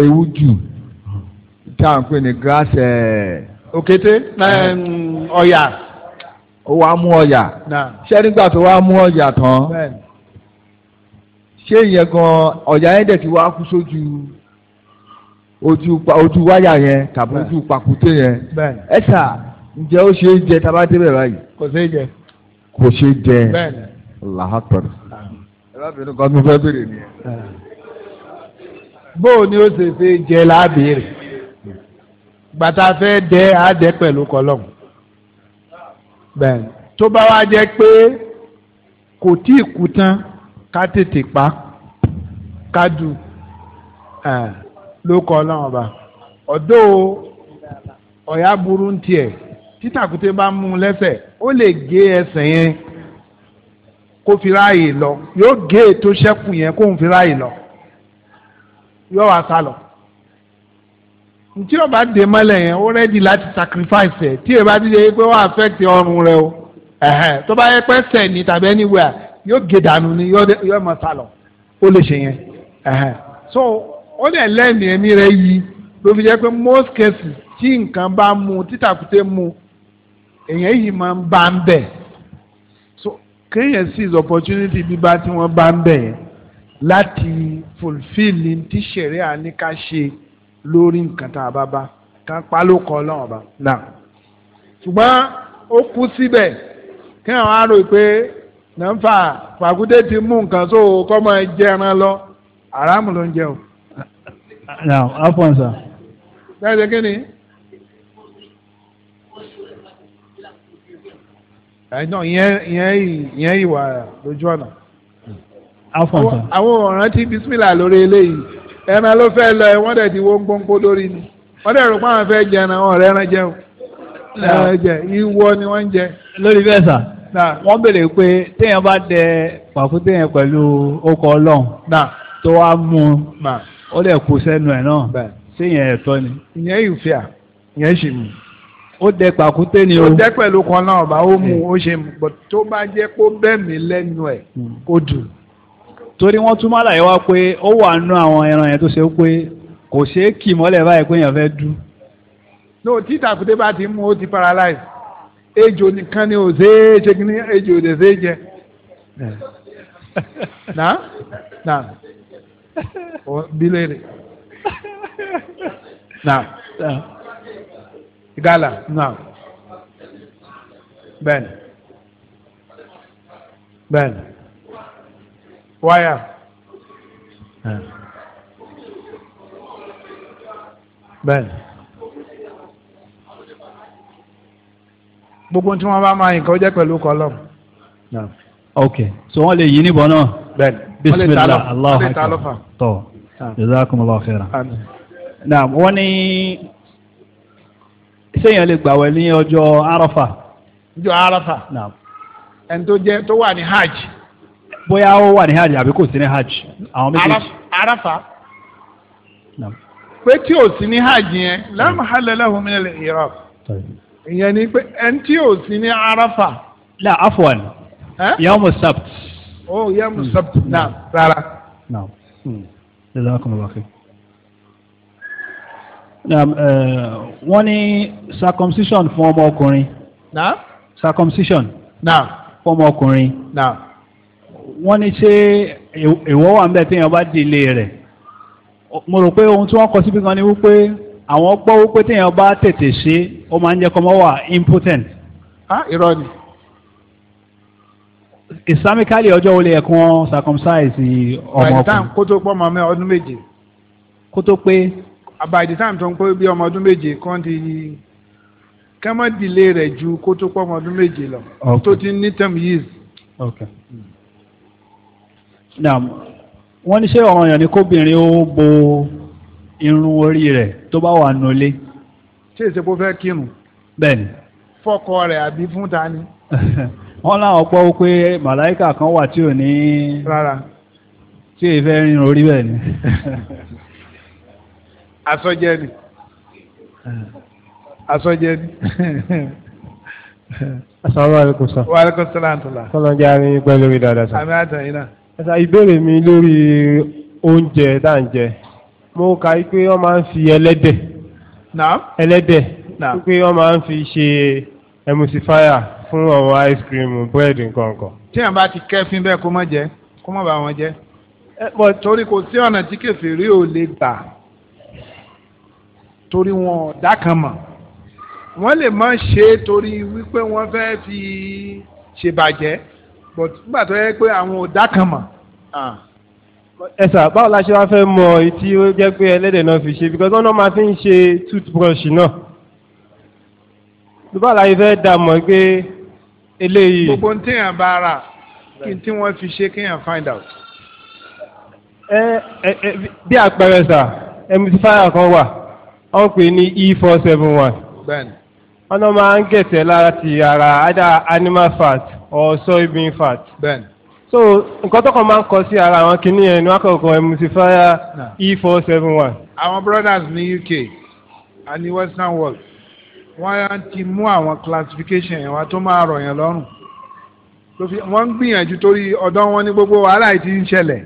A: ewu jù tá à ń pè ní grass eh, òkété eh, ọ̀yà ó wá mú ọ̀yà ṣé nígbà tó wá mú ọ̀yà tán ṣé ìyẹn gan ọ̀yà yẹn dẹ̀ ti wá kú sójú ojú ojú wáyà yẹn tàbí ojú pàkúté yẹn ẹ sà ǹjẹ́ ó ṣe é jẹ tá a bá débẹ̀ báyìí. kò ṣe é jẹ. kò ṣe é jẹ làákọ̀rọ̀. arábìnrin kan tó fẹ́ béèrè nìyẹn. bó o ní o ṣe fẹ́ jẹ láàbìrì gbàtà fẹ́ dẹ́ á dẹ́ pẹ̀lú kọlọ́m bẹ́ẹ̀ tó bá wá jẹ́ pé kò tí ì kú tán ká tètè pa ká dù ló kọ ọlọ́run ọba ọ̀dọ́ ọ̀yá burú ń tiẹ̀ títàkùté bá mú un lẹ́sẹ̀ ó lè gé ẹsẹ̀ yẹn kó fi ráàyè lọ yóò gé ètò ṣẹ́kù yẹn kó fi ráàyè lọ yóò wá sálọ ntí ọba dè mọ́lẹ̀ yẹn ó rẹ́dí láti sacrifice ẹ̀ tí èèbá dídé pé wọ́n affect ọrùn rẹ o tó bá yẹ pé sẹ̀ ní tàbí anywhere yóò gé dànù ni yóò mọ̀ sálọ ó lè ṣe yẹn so ó dẹ̀ lẹ́nu ẹ̀mí rẹ̀ yí ló fi jẹ́ pé most cases tí nǹkan bá mu títàkùté mu èèyàn yìí máa ń bá ń bẹ̀ so kéèyàn seize opportunity bíbá tí wọ́n bá ń bẹ̀ yẹn láti fulfil ti ṣẹ̀rẹ́ àníká ṣe lórí nǹkan tá a bá bá kan pálókọ ọlọ́run ọba náà ṣùgbọ́n ó kú síbẹ̀ kí àwọn arò pé nàǹfà pàkúté ti mú nǹkan tó kọ́ máa jẹran lọ àràmù ló ń jẹun
D: now afọn sa.
A: dáadáa kí ni. àìdán ìyẹn ìwà lójú ọ̀nà. afọn sa. àwọn ọ̀ràn tí bisimilà lórí eléyìí ẹran ló fẹ́ lọ ẹ wọ́n dẹ̀ ti wó gbóngbó lórí ni wọ́n dẹ̀ rò pé àwọn fẹ́ jẹ ẹran ọ̀rẹ́ ẹran jẹun ẹran jẹ ìwọ ni wọ́n ń jẹ. lórí bẹ́ẹ̀ sà wọ́n béèrè pé téèyàn bá dẹ pàkúté yẹn pẹ̀lú ọkọ̀ ọlọ́run tó wá mú un ó lè kó sẹ́nu ẹ̀ náà ṣé ìyẹn ẹ̀tọ́ ni. ìyẹn ìfìyà ìyẹn ṣì mú. ó dẹ pàkúté ni o. ó dẹ pẹ̀lú kan náà ọba ó mú hmm. ó ṣe mú bọ̀ tó bá jẹ́ kó bẹ́ẹ̀mí lẹ́nu ẹ̀
D: kó hmm. dùn. torí wọ́n tún mọ́lá yẹn wá pé ó wà nú àwọn ẹran yẹn tó ṣe pé kò ṣeé kì mọ́lẹ̀ báyìí pé èèyàn fẹ́ dú.
A: no tí tàkúté bá ti mú ó ti paralyze ejò nìkan ni ò ṣeé ṣe kí ni ejò ò
B: na na bilere naam gala naam bẹ́ẹ̀ni
A: bẹ́ẹ̀ni wáyà bẹ́ẹ̀ni gbogbo tí wọn bá máa yìn kọjá pẹ̀lú kọlọm.
D: ok so wọn lè yí níbọn náà. bẹ́ẹ̀ni bisimilah alahu akbar tọ jazakumullahu khairan. naam wọ́n ní sẹ́yìn lè gbàwẹ̀ ní ọjọ́ arafa.
A: ọjọ́ arafa. naam.
D: ẹni tó jẹ́ tó wà
A: ní hajj.
E: bóyá ó wà ní hajj àbí kò sí ní hajj. àwọn méjèèjì.
A: arafa. naam. pé tí ò sí ní hajj yẹn la mahalla lahu min al-i'rab. ìyẹn ni pé ẹni tí ò sí ní arafa. la afwan. yawm sabt Oh yẹ mu sọ́ọ̀tù náà rárá.
D: wọ́n ní circumcision fún ọmọ ọkùnrin. circumcision fún ọmọ ọkùnrin. wọ́n ní ṣé ìwọ wà níbẹ̀ téèyàn bá di ilé rẹ̀ mo rò pé ohun tí wọ́n kọ síbi kan ni wípé àwọn gbọ́ wípé téèyàn bá tètè ṣe ó máa ń jẹ́ kọ́mọ́ wà impotent. Ah, irọ́ ni islamically ọjọ́ wo lè yẹ kí wọ́n circumcise ọmọ ọkùnrin. by the time
A: kó tó pọ́ ọmọ mi ọdún méje. kó tó pé. Uh, by the time tó ń pé bí ọmọ ọdún méje kan ti kí wọ́n delay rẹ̀ ju kó tó pọ́ ọmọ ọdún méje lọ. ok tó ti ní term years.
D: ok. naam wọ́n ní ṣé ọ̀ràn yàn ni kóbìnrin ó bo irun orí rẹ̀ tó bá wà nulẹ̀.
A: ṣé ìṣèpò fẹ́ kírun. bẹ́ẹ̀ni. fọkọ rẹ̀ àbí fún ni.
D: wọ́n láwọn gbọ́ pé màláìkà kan wà tí ò ní. efe tí èyí fẹ́ rin orí ni.
A: asọjẹ ni Asọjẹ ni.
D: asalaamualeykum sir. wa
A: aleykum salaam tula.
D: kọ́lọ́njẹ́ àmì pẹ́ lórí ìbéèrè mi lórí oúnjẹ tá à ń jẹ mo ka í pé wọ́n máa ń fi ẹlẹ́dẹ̀. naa ẹlẹ́dẹ̀. náà. pé wọ́n máa ń fi ṣe fún àwọn ice cream búrẹ́dì nkankan.
A: tí èèyàn bá ti kẹ́fín bẹ́ẹ̀ kó má jẹ kó má bà wọn jẹ bọ̀ torí kò sí ọ̀nà tí kèfèrí ò lè gbà torí wọn ọ̀dà kan mọ̀ wọ́n lè má ṣe é torí wípé wọ́n fẹ́ fi ṣèbàjẹ́ nígbà tó yẹ pé àwọn ọ̀dà kan mọ̀.
D: ẹ sà báwo la ṣe wá fẹ́ mọ èyí tí ó jẹ́ pé ẹlẹ́dẹ̀ náà fi ṣe because wọ́n náà máa fi ń ṣe toothbrush náà báwo la ṣe fẹ́ dà mọ̀ eléyìí. gbogbo ní bá
A: kí fi ṣe kéèyàn find out. ẹ ẹ
D: bí àpẹẹrẹ sà mt fire kan wà wọ́n pè ní e four seven one. bẹ́ẹ̀ni. wọ́n náà máa ń gẹ̀tẹ̀ láti ara either animal fat or soybean fat. bẹ́ẹ̀ni. so nǹkan tó kàn máa ń kọ sí ara àwọn kìíní e four seven one.
A: àwọn brothers ní UK and ní western world wọ́n ti mú àwọn classification yẹn wá tó máa rọ̀ yẹn lọ́rùn wọ́n ń gbìyànjú torí ọ̀dọ́ wọn ní gbogbo wàhálà yìí ti ń ṣẹlẹ̀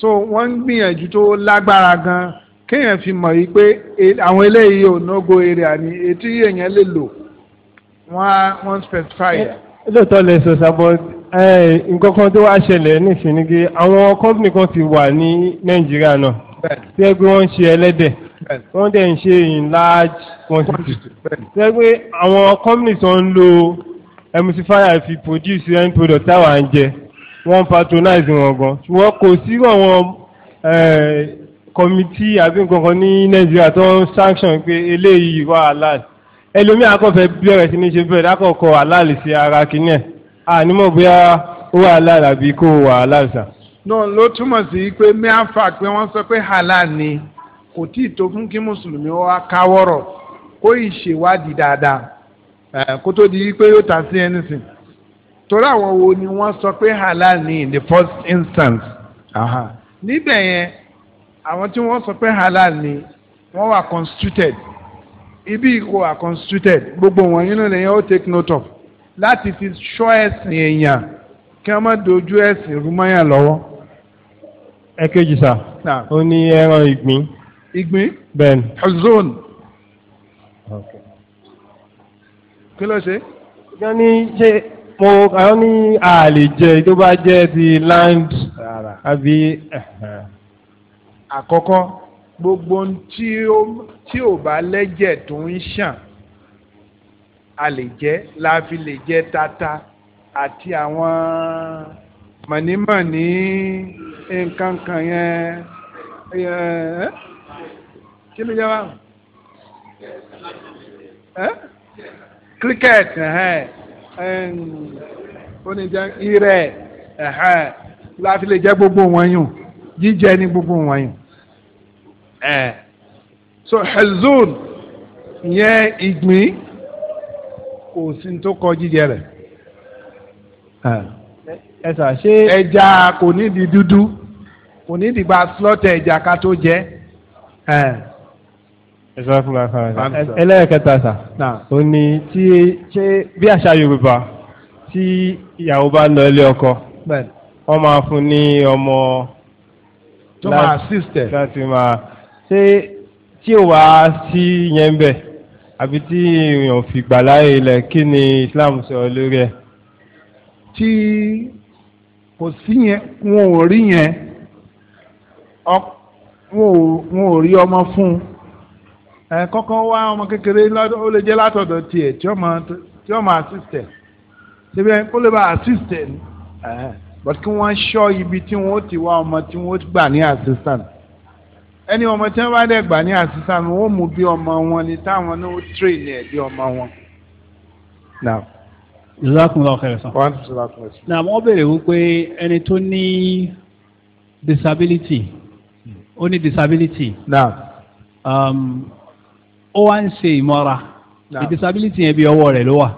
A: so wọ́n ń gbìyànjú tó lágbára gan kéèyàn fi mọ̀ yìí pé e, àwọn eléyìí ò nógo èrè àní etí èèyàn lè lò wọ́n wọ́n specify.
D: lóòótọ́ lè sọ sábọ́ nǹkan kan tó wá ṣẹlẹ̀ nísìnyí àwọn kọ́mpìnì kan ti wà ní nàìjíríà náà tí ẹgbẹ́ wọn ń ṣe ẹlẹ́dẹ̀ wọ́n dẹ̀ ń ṣe in large quantity ṣe pé àwọn companies tó ń lo emulsifier fi produce end product táwa ń jẹ wọ́n patronize wọn gan ṣùgbọ́n kò sí àwọn eh, committee àbí nǹkan kan ní Nàìjíríà tó ń sanction pé eléyìí wà halal ẹlòmíì akọ́fẹ́ bẹ̀rẹ̀ sí ní ṣe bẹ̀rẹ̀ lákọ̀ọ́kọ́ halal sí ara kìíní ẹ̀ ànímọ̀ bóyá ó wà halal àbí kò wà halal sà.
A: náà ló túmọ̀ sí pé mẹ́àfà pé wọ́n sọ pé halal ni kò tí ì tó fún kí mùsùlùmí wá káwọ́rọ̀ kó ìṣèwádìí dáadáa kó tó di pé yóò ta sí ẹni sìn torí àwọn wo ni wọ́n sọ pé halal ni in the first instance aha níbẹ̀ yẹn àwọn tí wọ́n sọ pé halal ni wọ́n wà constituted ibi ìkó wà constituted gbogbo wọn yín lónìí yẹn ó take note of láti fi ṣọ́ ẹ̀sìn èèyàn kí wọ́n má
D: dojú ẹ̀sìn rúmọ́yà lọ́wọ́. ẹ̀kejì sá ó ní ẹran ìgbín ìgbín ben huzun kí ló ṣe. wọ́n ní ṣe mo àwọn ní àlè jẹ tó bá jẹ́ ti land àbí. àkọ́kọ́
A: gbogbo tí ò bá lẹ́jẹ̀ tó ń ṣàn a jẹ la fi lè jẹ tata àti àwọn mọ̀nímọ̀ní nǹkan kan yẹn kí ló jẹ́ wá? cricket oníjẹ irẹ̀ láti lè jẹ́ gbogbo wọn yùn jíjẹ ní gbogbo wọn yùn. so hezun yẹn ìgbín kò sí tó kọ jíjẹ rẹ̀. ẹ sà ṣé. ẹja kò nídìí dúdú kò nídìí gba slọ́tẹ̀ ẹja ká tó jẹ
D: ẹlẹ́ẹ̀kẹta sà ó ní tí ṣé bí àṣà Yorùbá tí ìyàwó bá ń lọ ilé ọkọ wọ́n máa fún ní ọmọ tó máa sísẹ̀ láti máa ṣé tí ò wá sí yẹn bẹ̀ àbí tí èèyàn fi gbà láàyè ilẹ̀ kí ni Islam sọ lórí ẹ̀. tí kò sí yẹn wọn ò rí yẹn
A: wọn ò rí ọmọ fún un ẹ kọ́kọ́ wá ọmọ kékeré ó lè jẹ́ látọ̀dọ̀ tiẹ̀ tí ọmọ tí ọmọ assistant ṣebí ẹ lè bá assistant ẹ but kí wọ́n ṣọ́ ibi tí wọ́n ti wá ọmọ tí wọ́n gbà ní assistant ẹni ọmọ tí wọ́n bá dẹ̀ gbà ní assistant wọ́n mú bí ọmọ wọn ni táwọn ní ó train ẹ̀ bí ọmọ wọn.
D: now ìlúwàkùnrin ọ̀kẹ́ rẹ̀ sàn. wọ́n ti sọ̀rọ̀
A: àkùnrin sàn. na wọ́n béèrè wípé ẹni tó ní disability ó ní disability. now. Um, ó wá ń ṣe ìmọ́ra the
F: yẹn bí ọwọ́ rẹ̀ ló wà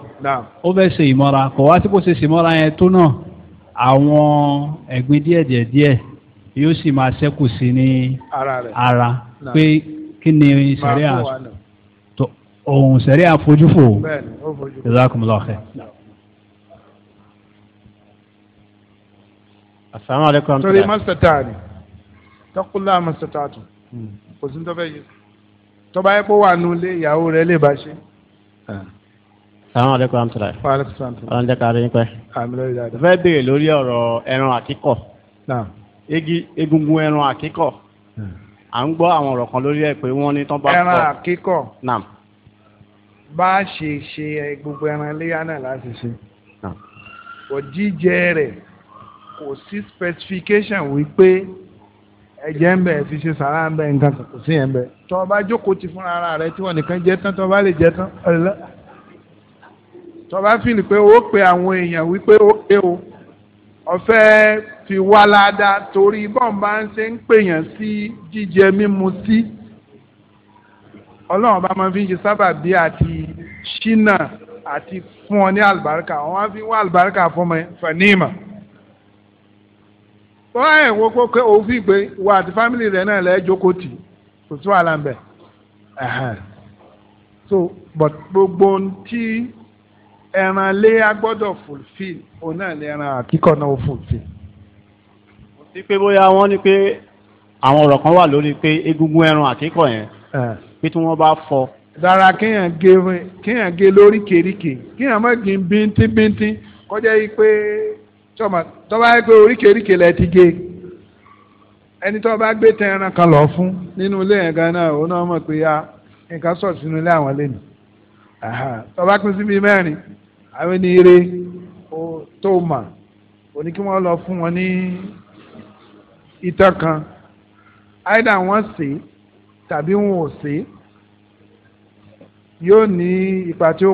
F: ó fẹ́ ṣe ìmọ́ra kò wá tí kò ṣe ìmọ́ra yẹn tó náà àwọn ẹ̀gbin díẹ̀díẹ̀ díẹ̀ yóò sì máa ṣẹ́kù sí ní
A: ara
D: pé kí ni sẹ̀ríà ohun sẹ̀ríà fojúfò ìzákùnmọ́lá ọ̀kẹ́.
C: asalaamualeykum. torí
A: masata ni takunla masata tun hmm. kò sí ní tọ́fẹ́ yìí tọ́ba yẹ kó wà nù lé ìyàwó rẹ̀ lè bá ṣe.
C: sàmúlò aleykum amtala.
A: ọlọ́run jẹ́ ká rí pẹ́. fẹ́ béèrè lórí
C: ọ̀rọ̀ ẹran àkíkọ̀. egungun ẹran àkíkọ̀. à ń gbọ́ àwọn ọ̀rọ̀ kan lórí ẹ̀ pé wọ́n ní tán bá kọ́. ẹran
A: àkíkọ̀. naam. bá a ṣe ṣe gbogbo ẹran léyà náà láti ṣe. kò jíjẹ rẹ̀ kò sí specification wípé ẹ̀jẹ̀ ń bẹ fi ṣe sàrà ń bẹ nǹkan kan kò sí yẹn bẹ tó o bá jókòó ti fúnra ara rẹ tí wọn nìkan jẹ tán tó o bá lè jẹ tán tó o bá fìlì pé o pe àwọn èèyàn wípé o pé o ọ̀fẹ́ fi wá ládàá torí bọ́ọ̀n ń ṣe ń pèèyàn sí jíjẹ mímu sí ọlọ́run bá máa fi ń ṣe sábà bí àti ṣínà àti fún ọ ní àlùbáríkà wọn á fi wá àlùbáríkà fún ọ fẹ̀ ní ìmọ̀ bọ́wá ẹ̀ ń wọ́pọ̀ pé òun fi gbé wa àti fámìlì rẹ̀ náà lẹ́ẹ́ jókòó tì kò sí wàhálà ń bẹ̀ so but gbogbo tí ẹran lé agbọ́dọ̀ fulfil òun náà lè ẹran àkíkọ̀ náà ó fulfil. mo ti pé bóyá wọ́n ní pé
C: àwọn ọ̀rọ̀ kan wà lórí pé egungun ẹran àkíkọ̀ yẹn pé tí wọ́n bá fọ́
A: dára kéèyàn gé kéèyàn gé lóríkèéríkèé kéèyàn má gbin bíntín bíntín kọjá yìí pé tọ́ba bá yẹ pé lẹ ti gé ẹni bá gbé tẹ ẹran kan lọ fún nínú ilé yẹn gan náà òun náà ya ah, nǹkan sọ̀ sínú ilé àwọn lẹ́nu tọ́ba pín sí bíi mẹ́rin àwọn ẹni eré tó mà òní kí wọ́n lọ fún wọn ní ìtàn kan àìdá wọn sè tàbí wọn ò sè yóò ní ipa tí ó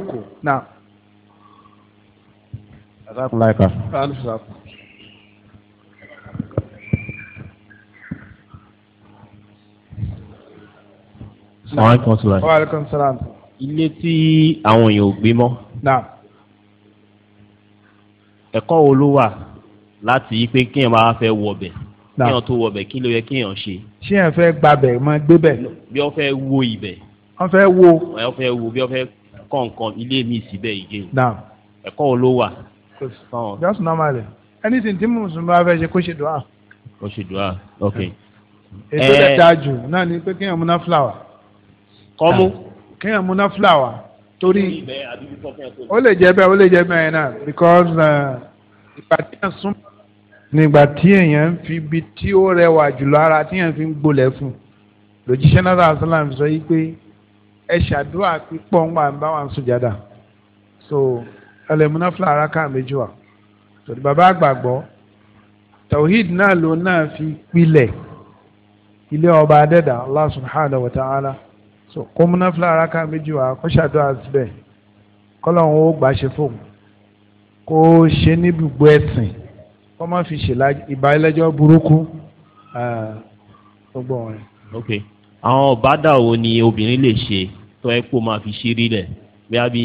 A: Wàhálàkùn sàlám.
E: Ilé tí àwọn èèyàn ò gbé mọ́. Ẹ̀kọ́ wo ló wà láti yí pé kéèyàn bá fẹ́ wọbẹ̀? Kéèyàn tó wọbẹ̀ kí ló yẹ kéèyàn ṣe?
A: Ṣé ẹ fẹ́ gbabẹ̀ mọ́ gbébẹ̀?
E: Bí wọ́n fẹ́ wo ibẹ̀. Wọ́n fẹ́ wo. Wọ́n fẹ́ wo bí wọ́n fẹ́ kọ́ nǹkan ilé mi síbẹ̀ ìgé. Ẹ̀kọ́ wo ló wà
A: just normally anything tí mùsùlùmí bá fẹ́ ṣe kó ṣe dùá.
E: kó ṣe dùá ok.
A: ètò ẹ̀ eh. dáa jù náà ni pé kéèyàn múná fúláwà. kọ́mú. kéèyàn múná fúláwà torí ó lè jẹ bẹ́ẹ̀ ó lè jẹ bẹ́ẹ̀ náà because uh, ìgbà tí èèyàn sún nígbà tí èèyàn fi ibi tí ó rẹwà jùlọ ara tí èèyàn fi ń gbolẹ̀ fún lójíṣẹ́ náà sàlám sọ yìí pé ẹ ṣàdúrà pípọ̀ ń bá wa ń sùn jáda so ẹlẹ́ múnáfìlà araka méjì wà torí bàbá àgbàgbọ́ tawhid náà ló náà fi pilẹ̀ ilé ọba adẹ́dà Allah subhanahu wa ta'ala so kó múnáfìlà araka méjì wà kó ṣàdúrà síbẹ̀ kọ́lọ́hún ó gbà ṣe fóun kó ṣe ní gbogbo ẹ̀sìn kó má fi ṣe ìbálẹ́jọ́ burúkú gbogbo wọn. ok
E: àwọn ọ̀bádà wo ni obìnrin lè ṣe tó ẹ kó máa fi ṣírí lẹ̀ bí a bí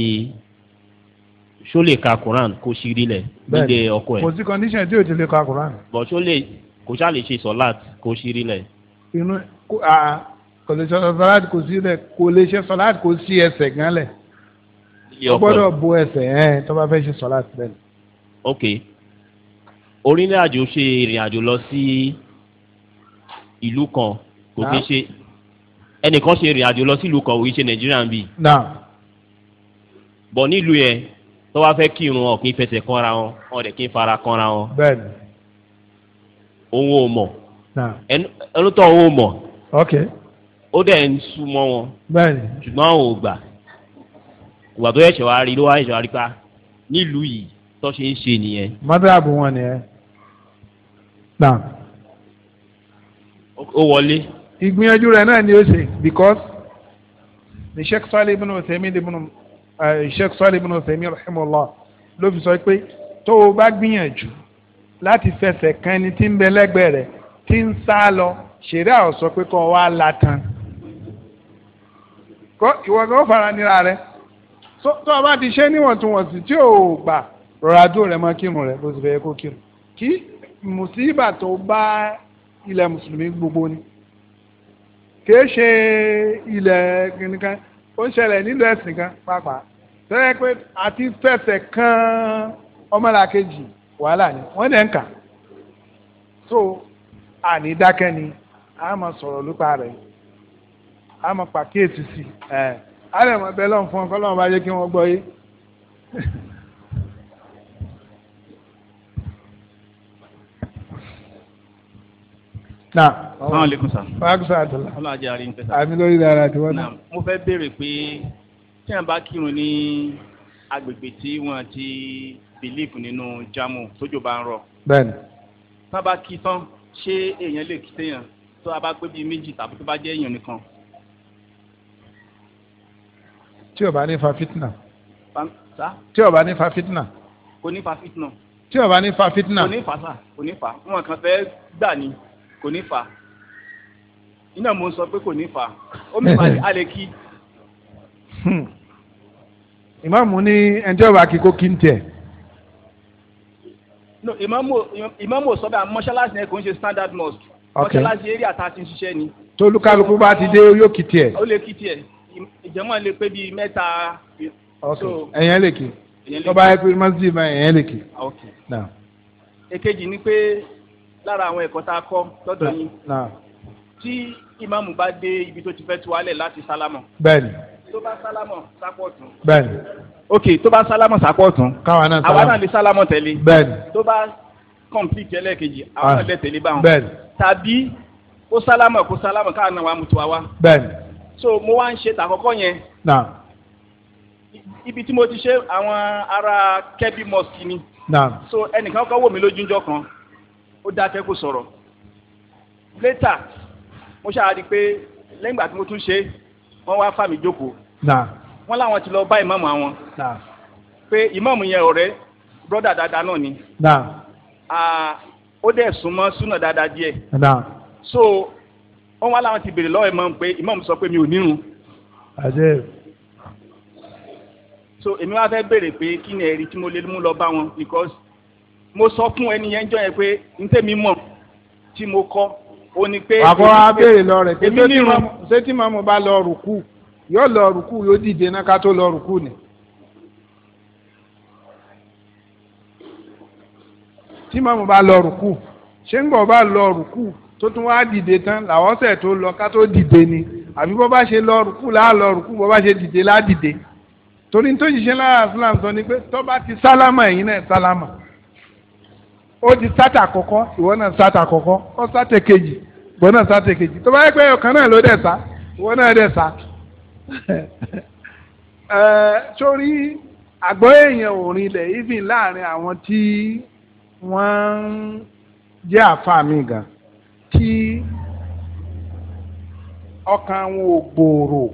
E: ṣó lè ka Quran kó ṣírí lẹ̀ nílé ọkọ ẹ̀. kò
A: sí condition tí o ti lè ka Quran.
E: bọ̀ ṣó lè kò ṣáà lè ṣe sọ́láàt kó ṣírí lẹ̀.
A: inú kò lè ṣe sọ́láàt kó ṣírí lẹ̀ kò lè ṣe sọ́láàt kó ṣí ẹsẹ̀ gan lẹ̀. ó gbọ́dọ̀ bo ẹsẹ̀ ẹ̀ tó bá fẹ́ ṣe sọ́láàt bẹ́ẹ̀. ok orílẹ̀
E: àjò ṣe ìrìn àjò lọ sí ìlú kan kò kí ṣe ẹnìkan ṣe ìrìn àjò lọ sí ìlú kan kò kí ṣe Nàìjíríà ń bì. bọ̀ nílùú yẹn tó wá fẹ́ kírun wọn kì í fẹsẹ̀ kọ́ra wọn wọn dẹ̀ kì í fara kọ́ra wọn.
A: bẹ́ẹ̀ni.
C: òun ò mọ̀. ẹnu tó òun ò mọ̀. ok.
E: ó dẹ̀ ń sú mọ́ wọn. bẹ́ẹ̀ni. ṣùgbọ́n ò gbà. ìgbà tó yẹ̀ṣẹ̀ wá rí ló wá yẹ̀ṣẹ̀ wá rí pa ah, nílùú yìí tó ṣe é ṣe nìyẹn.
A: mọ́tàbù wọn nìyẹn. náà. ó wọlé. ìgbìyànjú rẹ̀ náà ni ó ṣe because the sheikh salih ibn uthaymeen ibn. Eh, sheikh Salih ibn Uthaymeen rahimahullah ló fi sọ pé tó o bá gbìyànjú láti fẹsẹ̀ kan ẹni tí ń bẹ lẹ́gbẹ̀ẹ́ rẹ̀ tí ń sá lọ ṣeré àwọn sọ pé kọ́ wa la tan kọ́ ìwọ kan fara nira rẹ tó o bá ti ṣe níwọ̀ntúnwọ̀nsì tí o gbà rọra dúró rẹ mọ kírun rẹ bó ti fẹ́ kó kírun kí mùsíbà tó bá ilẹ̀ mùsùlùmí gbogbo ni kì í ṣe ilẹ̀ kìnnìkan o ń ṣẹlẹ̀ nílùú ẹ̀sìn kan pàápàá tẹ́lẹ̀ pé àti fẹsẹ̀ kan ọmọlàkejì wàhálà ni wọ́n dẹ̀ ń kà so àní dákẹ́ ni a máa sọ̀rọ̀ lópa rẹ̀ a máa pàkíyèsí sí ẹ̀ á lè mọ̀ bẹ́ẹ̀ lọ́n kọ́ bá yẹ
D: náà. sàmà aleykum sa. fàákùsà
A: àdùlà. ọlọ́run ajé àárín tẹ̀sán. àmì lórí dára ti wọ́n náà.
E: mo agbègbè tí wọ́n ti belief nínú jamu tójò bá ń rọ. bẹ́ẹ̀ni. tá a bá kí tán ṣé èèyàn lè kí téèyàn tó a bá pé bíi méjì tàbí tó bá jẹ́ èèyàn
A: nìkan. tí o bá ní fa fitna. tí o bá ní fa fitna.
C: kò ní fa fitna.
A: tí o bá ní fa fitna. kò ní fa
C: sa
E: kò ní fa wọn kàn fẹ́ gbà ni kò ní fà iná mo ń sọ pé kò ní fà ó mi fà á lè kí.
A: ìmáàmù ní ẹnjọ́ ìwà kíkó kí n tẹ̀.
E: no ìmáàmù ò sọ bẹ́ẹ̀ mọ́ṣáláṣí yẹn kò ń ṣe standard mosque mọ́ṣáláṣí eré àtàtì ṣiṣẹ́ ni.
D: tolúkálukú bá ti dé yóò kí tiẹ̀. ó lè
E: kí tiẹ̀ ìjẹ́mọ̀ lè pé bíi mẹ́ta. ẹ̀yẹ́ lè kí tọ́ba ẹ̀kú
A: mọ́sídìí ẹ̀yẹ́ lè kí.
E: èkejì ni pé lára àwọn ẹ̀kọ́ tá a kọ́ lọ́dọ̀ yín tí ìmáàmù bá dé ibi tó ti fẹ́ tu wálẹ̀ láti sálámọ̀. bẹ́ẹ̀ni. tó bá sálámọ̀ sápọ̀tún. bẹ́ẹ̀ni.
C: ok tó bá sálámọ̀ sápọ̀tún. káwa náà sálámọ̀ àwa náà lè sálámọ̀ tẹ̀lé. bẹ́ẹ̀ni.
E: tó bá kọ̀m̀pìtì ẹlẹ́ẹ̀kejì àwa náà lè tẹ̀lé báwọn. bẹ́ẹ̀ni. tàbí kó sálámọ̀ kó sálámọ̀ káà náà wà á mutu wa. bẹ́ẹ̀ni. so mo wá ń
A: so ẹnìkan kọ́ wò mí lójújọ́ ó dákẹ́ kó sọ̀rọ̀ létà mo ṣáà rí i pé
E: lẹ́yìn ìgbà tí mo tún ṣe wọ́n wá fà mí jókòó wọ́n láwọn ti lọ bá ìmáàmù àwọn pé ìmáàmù yẹn ọ̀rẹ́ brọ́dà dáadáa náà ni ó dẹ̀ súnmọ́ súnà dáadáa díẹ̀ so wọ́n wá láwọn ti béèrè lọ́wọ́ ìmáàmù pé ìmáàmù sọ pé mi ò nírun so èmi wá fẹ́ béèrè pé kí ni ẹ̀rí tí mo lè mú lọ bá wọn because mo sọ fún ẹni yẹn jọ yẹn pé
D: ntẹ́mi mọ̀ tí mo kọ́ ó ní pé. àbọ̀wá béèrè lọ rẹ̀ pé
A: ṣé tí màmú bá lọ rùkú yóò lọ rùkú yóò dìde náà ká tó lọ rùkú ni. tí màmú bá lọ rùkú ṣé ń bọ̀ bá lọ rùkú tó tún wá dìde tán làwọn ọ̀sẹ̀ tó lọ ká tó dìde ni àbí bó bá ṣe lọ rùkú láà lọ rùkú bó bá ṣe dìde láà dìde torí tó ṣiṣẹ́ lára fúlàǹtọ́ ni pé tó bá ti sálámà ẹ̀yin náà sálámà ó di sátà àkọ́kọ́ ìwọ náà sátà àkọ́kọ́ ó sátà kejì ìwọ náà sátà kejì tó bá yẹ pé ọ̀kan náà ló dẹ̀ sá ìwọ náà dẹ̀ sá sórí àgbọ̀ èèyàn ò rinlẹ̀ even láàrin àwọn tí wọ́n ń jẹ́ àfa mi gan tí ọkàn wọn ò gbòòrò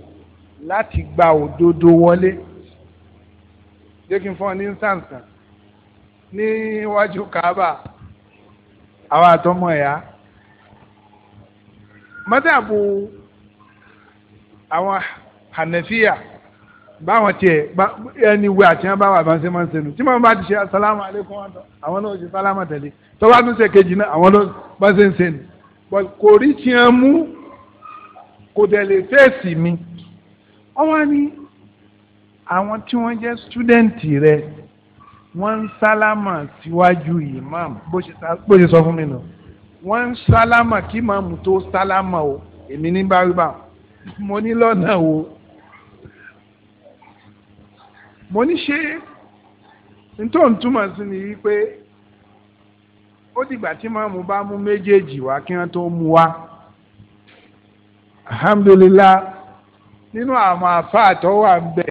A: láti gba òdodo wọlé jẹ́ kí n fún ọ ní instance kan níwájú kaaba àwa àtọmọ ẹ̀yà mọ́tàbù àwọn hànàfíà báwọn tiẹ̀ ẹni wẹ àti ẹ̀ báwọn àbáńsẹ́ máa ń sẹ́nu tí wọ́n bá ti ṣe asalaamu aleykum àwọn náà ṣe sálámà tẹ̀lé tọ́wọ́ tún ṣe kejì náà àwọn náà bá ṣe ń sẹ́nu kò rí tiẹ̀ mú kò dẹ̀ lè mi wọ́n wá ní àwọn tí wọ́n jẹ́ stúdẹ̀ǹtì rẹ̀ wọ́n ń sálámà síwájú ìmáàmù bó ṣe sọ fún mi nù wọ́n ń sálámà kí màmù tó sálámà o èmi ní báríbà mo ní lọ́nà o mo ní ṣe nítorí túmọ̀ sí ni wípé ó dìgbà tí màmù bá mú méjèèjì wá kí wọ́n tó mú wá alhamdulillah nínú àwọn àfa àtọwà ń bẹ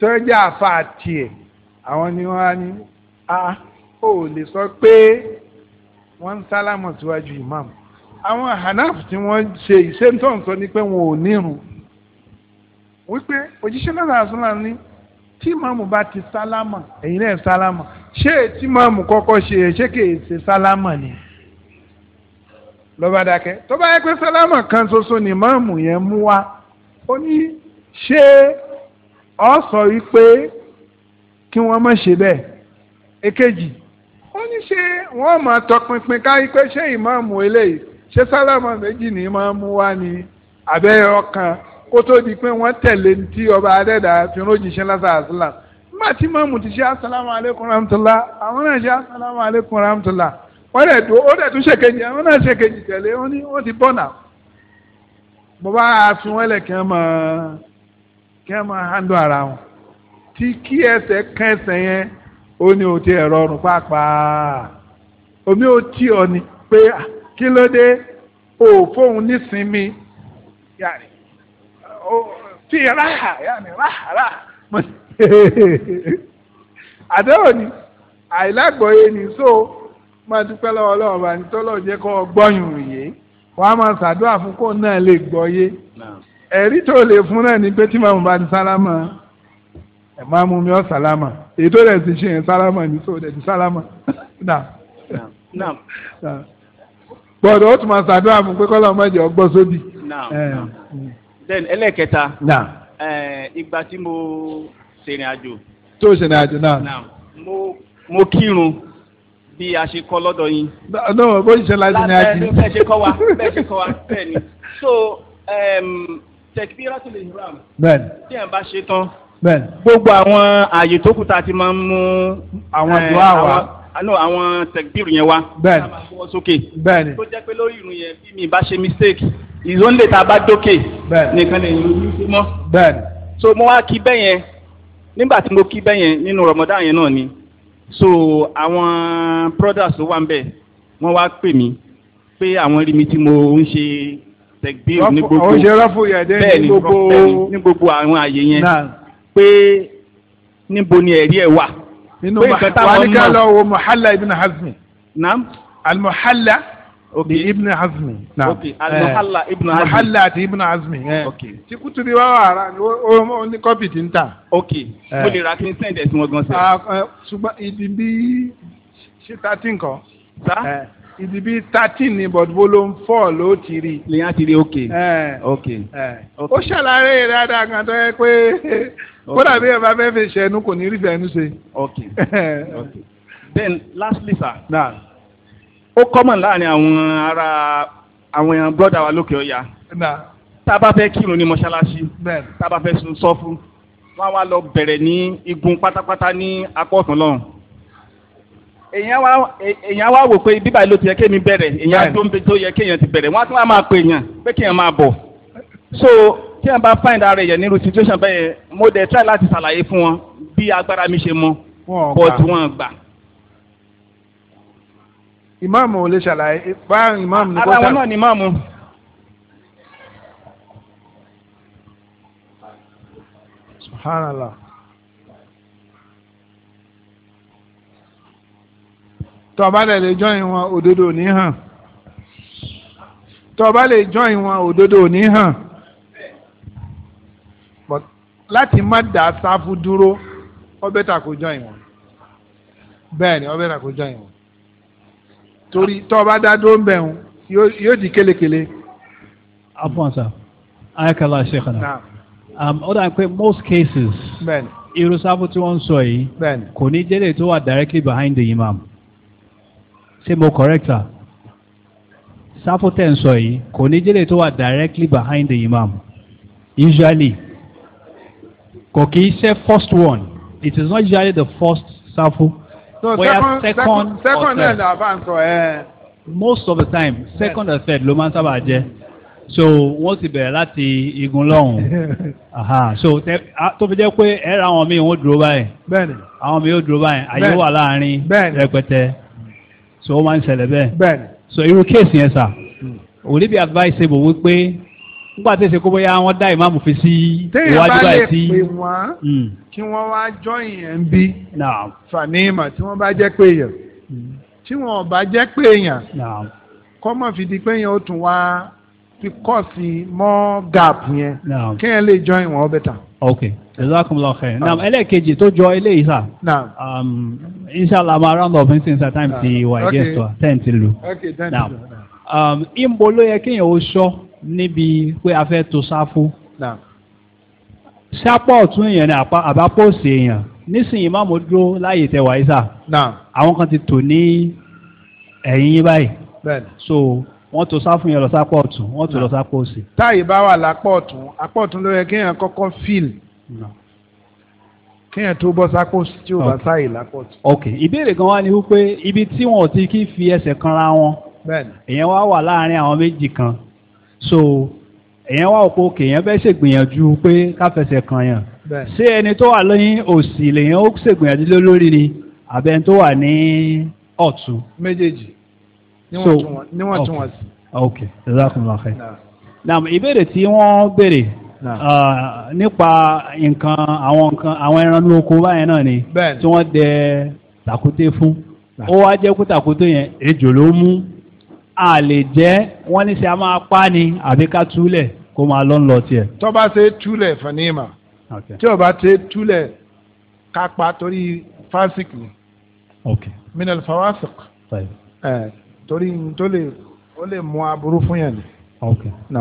A: tó jẹ́ àfa àtiẹ̀ àwọn ni wọ́n á ní a ò lè sọ pé wọ́n ń sálámọ̀ síwájú imam àwọn hanaf tí wọ́n ṣe ìṣèǹtọ̀ sọ ni pé wọn ò nírun wípé òjíṣẹ́ náà sàásùnà ní tí màmù bá ti sálámà ẹ̀yin náà sálámà ṣé tí màmù kọ́kọ́ ṣe é ṣé kì ṣe sálámà ni lọ́ba dákẹ́ tó bá yẹ pé sálámà kan ṣoṣo ni màmù yẹn mú wá ó ní ṣé ọ sọ wípé kí wọ́n má ṣe bẹ́ẹ̀ èkejì ó ní ṣe wọ́n máa tọpinpin káyí pé ṣé ìmáàmù eléyìí ṣé sálámà méjì ní máa mú wá ní abẹ́ ọkàn kó tó di pé wọ́n tẹ̀lé tí ọba adẹ́dà fi rójìṣẹ́ lásàásílà nígbà tí máàmù ti ṣe asàlámù aleykum ramtula àwọn náà ṣe asàlámù aleykum ramtula wọ́n dẹ̀ tó ó dẹ̀ tún ṣèkejì àwọn náà ṣèkejì tẹ̀lé ó ní ó ti bọ́nà bọ́bá àfihàn ẹlẹ́kẹ́ máa kẹ́ máa handle ara wọn tí kí ẹsẹ̀ kẹsẹ̀ yẹn ó ní o ti ẹ̀rọ ọrùn pàápàá omi ó tí ọ ni pé ah, kí ló dé o fóun nísinmi yàrá tí ráhà yàrá ráhà ráhà àdéhùn ni àìlágbọ̀ọ́yé ni so máa dúpẹ́ lọ́wọ́ ọlọ́run bá ní tọ́lọ́ jẹ́ kó gbọ́yùn yé wàá máa ṣàdúrà fún kóun náà lè gbọ́yé ẹ̀rí tó lè fún náà ni pé tí màmú bá ti sálámà ẹ̀mọ́mú mi ọ́ sálámà èyí tó dẹ̀ ti ṣe yẹn sálámà ní so dẹ̀ ti sálámà náà. gbọ́dọ̀ ó tún máa ṣàdúrà mú pé kọ́lá ọmọ ìjọ gbọ́ sódì. then ẹlẹ́kẹta
E: ìgbà tí mo ṣèrìn àjò.
A: tó ṣèrìn àjò náà. mo kírun
E: bí a ṣe kọ́ lọ́dọ̀ yín.
A: no bó ṣe láti ní ají. bẹ́ẹ̀ ṣe kọ́ wa bẹ́ẹ̀ ṣe kọ́ wa
E: bẹ́ẹ̀ ni so tẹkbiratul ihram. bẹ́ẹ̀ ni. tí ẹ̀ bá ṣe tán
A: bẹ́ẹ̀ gbogbo àwọn ààyè
E: tó kù a ti máa ń mú àwọn dùá wa àná àwọn tẹ̀gbìrì yẹn wa bẹ́ẹ̀ tó jẹ́ pé lórí ìrùn yẹn bí mi bá ṣe mistake ìzóńdè tá a bá dókè nìkan lè yọ sí mọ́ bẹ́ẹ̀ so mo wá kí bẹ́ẹ̀ yẹn nígbà tí mo kí bẹ́ẹ̀ yẹn nínú Ramadan yẹn náà ni so àwọn brothers tó wà ń bẹ̀
A: wọ́n wá pè mí pé àwọn rí mi tí mo ń ṣe tẹ̀gbìrì ní gbogbo bẹ́ẹ̀ ni ní gbogbo àwọn ààyè yẹn. pé níbo ni ẹ̀rí ẹ̀ wà. nínú wàhálíkà lọ wo ibn hazmi. naam. almuhalla. ok ibn hazmi. naam ok almuhalla ibn hazmi. muhalla àti ibn hazmi. ok tí kutubi wa wà ra o ní kọ́pì ń tà. ok eh. mo lè ra kí n gan sẹ́. Ah, eh, ṣùgbọ́n ibi ṣe ta ibi bíi thirteen ni but volume four ló ti rí. lèyàn ti rí okay. Eh, eh. okay. ó ṣàlàyé dáadáa kan tó yẹ pé kódà bí ọba fẹ́ fi ṣẹ́nu kò ní rí fẹ́nu ṣe. okay. okay. then lastly sir. na. ó common láàrin àwọn ará àwọn brother wa lókè ọ̀yà. na. tá a bá
E: fẹ́ kírun ní mọ́ṣáláṣí. bẹ́ẹ̀ tá a bá fẹ́ sun sọ́fún. wọ́n á wá lọ bẹ̀rẹ̀ ní igun pátápátá ní apá ọ̀tún lọ́hùn èèyàn wá wò pé bíbá ló ti yẹ kéèyàn bẹ̀rẹ̀ èèyàn tó ń bẹ tó yẹ kéèyàn ti bẹ̀rẹ̀ wọ́n á tún wá máa pè yàn pé kéèyàn máa bọ̀ so tí wọ́n bá find ara yẹn nírú situation bẹ́ẹ̀ mo dẹ̀ try láti ṣàlàyé fún wọn bí agbára
A: mi ṣe mọ but wọn gbà. ìmáàmù ò lè ṣàlàyé bá ìmáàmù ní kọ́tà. ara wọn náà ni ìmáàmù. subhanallah. tó o bá lè lè jọyìn wọn òdodo ò ní hàn tó o bá lè jọyìn wọn òdodo ò ní hàn láti má dà sáfù dúró ọbẹ̀ tà kó jọyìn wọn bẹ́ẹ̀ ni ọbẹ̀ tà kó jọyìn wọn torí tó o bá dá dúró ń bẹ̀rù yóò di kélekèle.
D: afwan ayakala sheikhana um, ó dà pé most cases irú sáfù tí wọ́n ń sọ yìí kò ní jẹ́lẹ̀ tó wà directly behind the imam ṣé mo correct her sáfù tẹ̀ ń sọ yìí kò ní jẹ́lẹ̀ tó wà directly behind the imam usually kò kì í ṣe first one it is not usually the first sáfù so bóyá second, second second third the advance sọ most of the time second yes. or third ló máa ń sábà jẹ so wọ́n ti bẹ̀rẹ̀ láti igun lọ́hùn so tó fi jẹ́ pé ẹ̀rọ àwọn míì wọ́n dúró báyìí àwọn míì ó dúró báyìí àyè wà láàrin rẹpẹtẹ so ó máa ń ṣẹlẹ̀ bẹ́ẹ̀. bẹ́ẹ̀ni. so irú kéèsì yẹn sà òní hmm. bí advisable wípé nígbà tí ó ṣe kó
F: bóyá wọ́n dá ìmáàmù fi sí iwájú báyìí sí. téèyàn bá
A: lè pè wọ́n hmm. kí wọ́n wá jọyìn ẹ̀ ń bí. fàníìmọ̀ tí wọ́n bá jẹ́ pé èèyàn hmm. tí wọ́n bá jẹ́ pé èèyàn kọ́ mọ̀ fi di pé èèyàn ó tún wá fi kọ́ sí mọ́ gap yẹn kéèyàn lè jọyìn wọn better. okay jazakumullahu khairan naam ẹlẹ́ẹ̀kejì
E: tó jọ eléyìí sà naam um, inshallah ma round of instance at time ti wà against wa
D: ten ti lu naam um, ìmbo ló yẹ kéèyàn ó sọ níbi pé a fẹ́ to sáfù sápọ̀ ọ̀tún èèyàn ni àbápọ̀sì èèyàn nísìnyí máàmù dúró láàyè tẹwàá yìí sà àwọn kan ti tò ní ẹ̀yìn yín
E: báyìí so wọ́n tó sáfù yẹn lọ sápọ̀ ọ̀tún wọ́n tó lọ sápọ̀ òsì.
A: táyì bá wà lápọ̀ ọ̀tún apọ̀ ọ̀tún ló yẹ kéèyàn kọ́kọ́ fíìlì kíyàn tó bọ́ sákòsí tí ò bá sáyè lákòtù.
D: ok ìbéèrè kan wá ní wípé ibi tí wọn ò ti kí fi ẹsẹ̀ kanra wọn èèyàn wá wà láàárín àwọn méjì kan so èèyàn wá òkú òkè èèyàn fẹ́ ṣègbìyànjú pé ká fẹsẹ̀ kan yàn ṣé ẹni tó wà lẹ́yìn òsì lèèyàn ó ṣègbìyànjú lórí ni àbẹ̀ tó wà ní ọ̀tún. méjèèjì níwọ̀ntúnwọ̀nsì. ok ẹ dákun lọ́kẹ́. naam ìbéèrè tí wọ́n béèrè Ah, nípa nǹkan àwọn nǹkan àwọn ẹran lóko báyẹn náà ni
E: tí wọ́n dẹ tàkúté fún ó wá jẹ́ kó tàkúté yẹn ejò ló mú
A: a lè jẹ́ wọ́n ní sẹ́ a máa pa ni àbí ká túlẹ̀ kó máa lọ́n lọ tiẹ̀. tó bá ṣe túlẹ̀ fanima tí o bá ṣe túlẹ̀ ká pa torí fásik ni minal fawasik torí tó lè mú aburú fún yẹn ni.